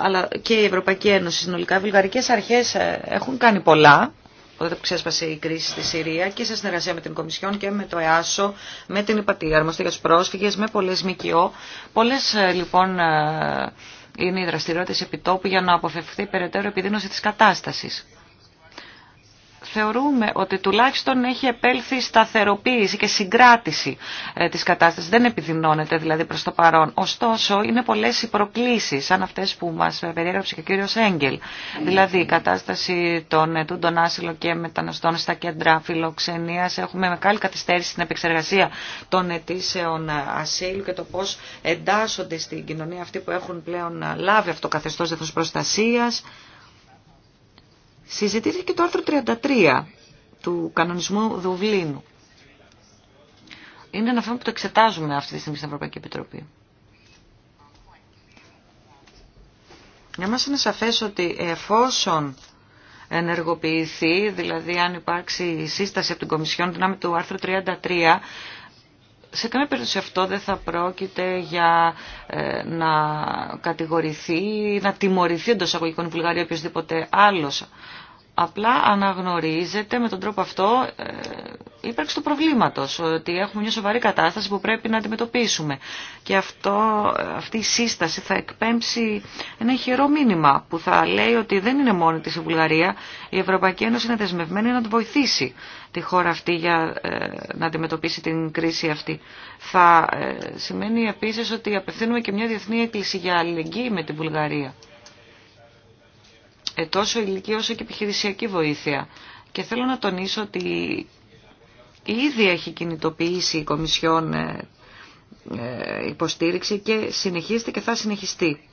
αλλά και η Ευρωπαϊκή Ένωση συνολικά. Οι βουλγαρικές αρχές ε, έχουν κάνει πολλά, όταν ξέσπασε η κρίση στη Συρία και σε συνεργασία με την Κομισιόν και με το ΕΑΣΟ, με την Υπατή Αρμοστή για τους πρόσφυγες, με πολλές ΜΚΟ. Πολλές ε, λοιπόν ε, είναι οι δραστηριότητες επιτόπου για να αποφευχθεί περαιτέρω επιδείνωση της κατάστασης θεωρούμε ότι τουλάχιστον έχει επέλθει σταθεροποίηση και συγκράτηση ε, της κατάστασης. Δεν επιδεινώνεται δηλαδή προς το παρόν. Ωστόσο, είναι πολλές οι προκλήσεις, σαν αυτές που μας ε, περιέγραψε και ο κύριος Έγγελ. Δηλαδή, η κατάσταση των ετούντων άσυλων και μεταναστών στα κέντρα φιλοξενίας. Έχουμε μεγάλη καθυστέρηση στην επεξεργασία των αιτήσεων ε, ασύλου και το πώς εντάσσονται στην κοινωνία αυτοί που έχουν πλέον λάβει αυτό καθεστώς προστασίας συζητήθηκε και το άρθρο 33 του κανονισμού Δουβλίνου. Είναι ένα θέμα που το εξετάζουμε αυτή τη στιγμή στην Ευρωπαϊκή Επιτροπή. Για μας είναι σαφές ότι εφόσον ενεργοποιηθεί, δηλαδή αν υπάρξει σύσταση από την Κομισιόν δυνάμει του άρθρου 33, σε κανένα περίπτωση αυτό δεν θα πρόκειται για ε, να κατηγορηθεί, να τιμωρηθεί εντό αγωγικών η Βουλγαρία οποιοδήποτε άλλο. Απλά αναγνωρίζεται με τον τρόπο αυτό η ε, ύπαρξη του προβλήματος, ότι έχουμε μια σοβαρή κατάσταση που πρέπει να αντιμετωπίσουμε. Και αυτό, ε, αυτή η σύσταση θα εκπέμψει ένα χειρό μήνυμα που θα λέει ότι δεν είναι μόνη της η Βουλγαρία, η Ευρωπαϊκή Ένωση είναι δεσμευμένη να βοηθήσει τη χώρα αυτή για ε, να αντιμετωπίσει την κρίση αυτή. Θα σημαίνει επίσης ότι απευθύνουμε και μια διεθνή έκκληση για αλληλεγγύη με την Βουλγαρία. Ε, τόσο ηλικία όσο και επιχειρησιακή βοήθεια. Και θέλω να τονίσω ότι ήδη έχει κινητοποιήσει η Κομισιόν ε, ε, υποστήριξη και συνεχίζεται και θα συνεχιστεί.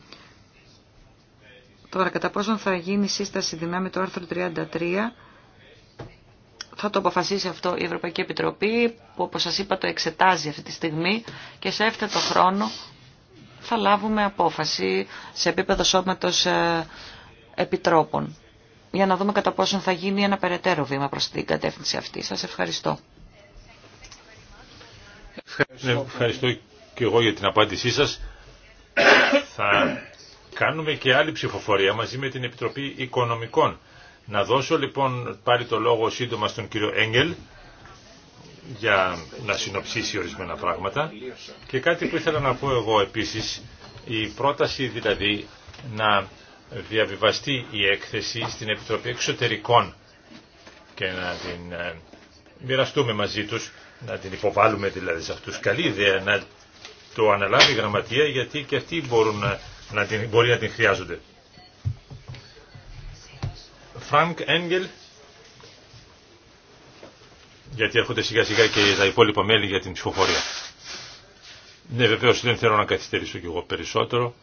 Τώρα, κατά πόσον θα γίνει σύσταση δυνάμει το άρθρο 33, θα το αποφασίσει αυτό η Ευρωπαϊκή Επιτροπή, που όπως σας είπα το εξετάζει αυτή τη στιγμή και σε έφτατο χρόνο θα λάβουμε απόφαση σε επίπεδο σώματος επιτρόπων για να δούμε κατά πόσον θα γίνει ένα περαιτέρω βήμα προς την κατεύθυνση αυτή. Σας ευχαριστώ. Ευχαριστώ, ευχαριστώ και εγώ για την απάντησή σας. θα κάνουμε και άλλη ψηφοφορία μαζί με την Επιτροπή Οικονομικών. Να δώσω λοιπόν πάλι το λόγο σύντομα στον κύριο Έγγελ για να συνοψίσει ορισμένα πράγματα και κάτι που ήθελα να πω εγώ επίσης η πρόταση δηλαδή να διαβιβαστεί η έκθεση στην Επιτροπή Εξωτερικών και να την ε, μοιραστούμε μαζί τους, να την υποβάλουμε δηλαδή σε αυτούς. Καλή ιδέα να το αναλάβει η γραμματεία γιατί και αυτοί μπορούν να, την, μπορεί να την χρειάζονται. Φρανκ Έγγελ, γιατί έρχονται σιγά σιγά και τα υπόλοιπα μέλη για την ψηφοφορία. Ναι βεβαίως δεν θέλω να καθυστερήσω κι εγώ περισσότερο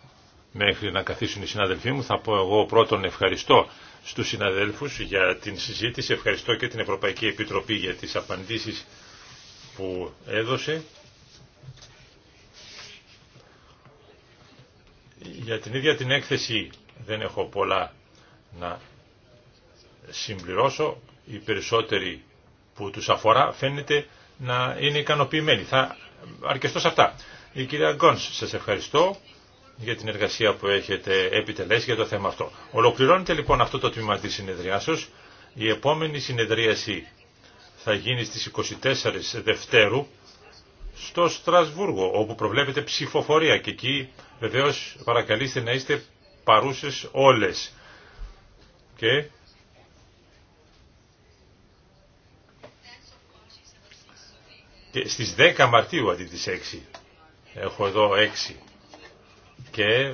μέχρι να καθίσουν οι συνάδελφοί μου. Θα πω εγώ πρώτον ευχαριστώ στους συναδέλφους για την συζήτηση. Ευχαριστώ και την Ευρωπαϊκή Επιτροπή για τις απαντήσεις που έδωσε. Για την ίδια την έκθεση δεν έχω πολλά να συμπληρώσω. Οι περισσότεροι που τους αφορά φαίνεται να είναι ικανοποιημένοι. Θα αρκεστώ σε αυτά. Η κυρία Γκόνς, σας ευχαριστώ για την εργασία που έχετε επιτελέσει για το θέμα αυτό. Ολοκληρώνεται λοιπόν αυτό το τμήμα της συνεδριάσεως. Η επόμενη συνεδρίαση θα γίνει στις 24 Δευτέρου στο Στρασβούργο, όπου προβλέπεται ψηφοφορία και εκεί βεβαίως παρακαλείστε να είστε παρούσες όλες. Και... και στις 10 Μαρτίου αντί τις 6. Έχω εδώ 6 και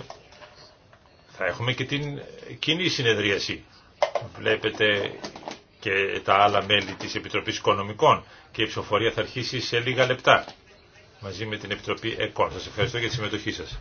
θα έχουμε και την κοινή συνεδρίαση. Βλέπετε και τα άλλα μέλη της Επιτροπής Οικονομικών και η ψηφοφορία θα αρχίσει σε λίγα λεπτά μαζί με την Επιτροπή ΕΚΟΝ. Σας ευχαριστώ για τη συμμετοχή σας.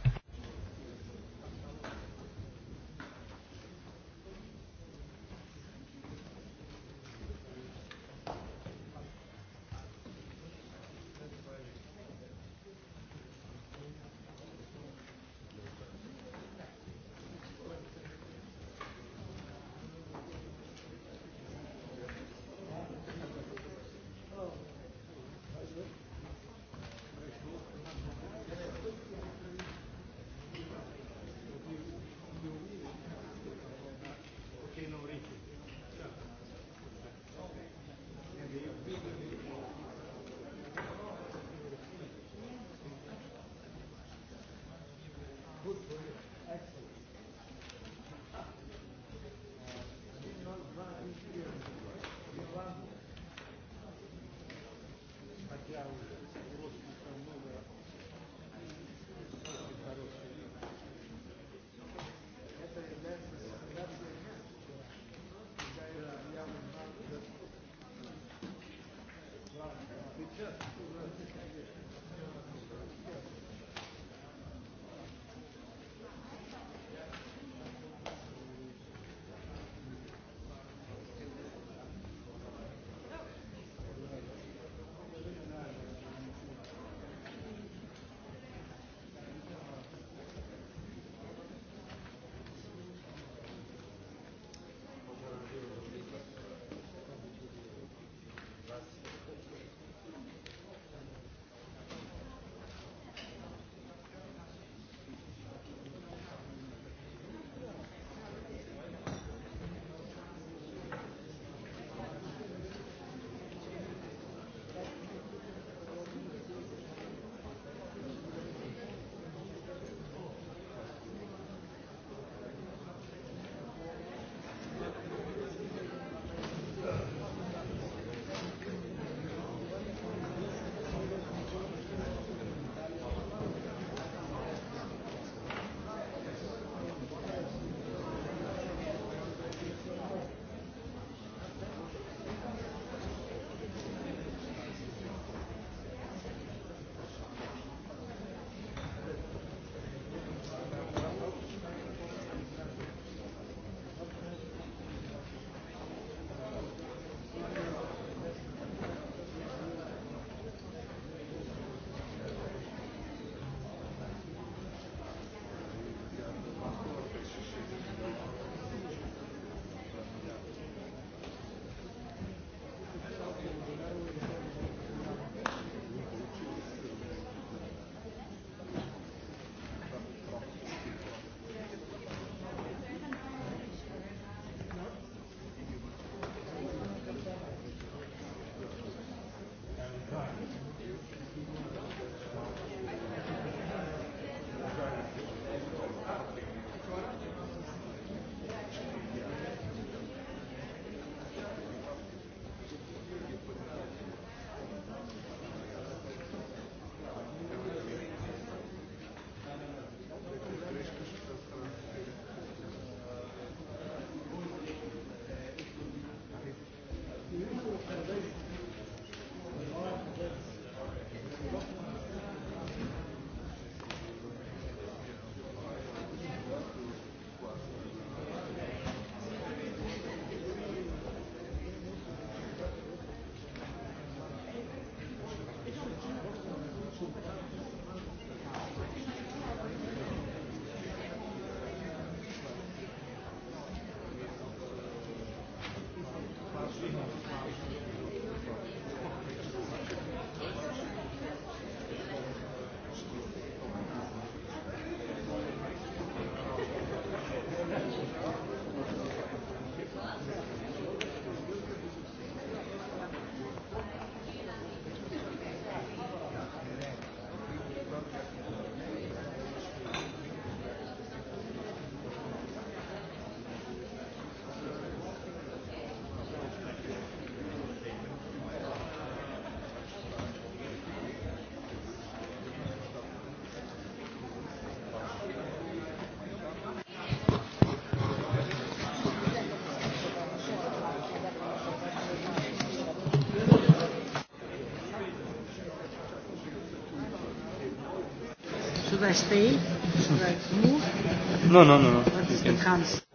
stay? Move? No, no, no. no.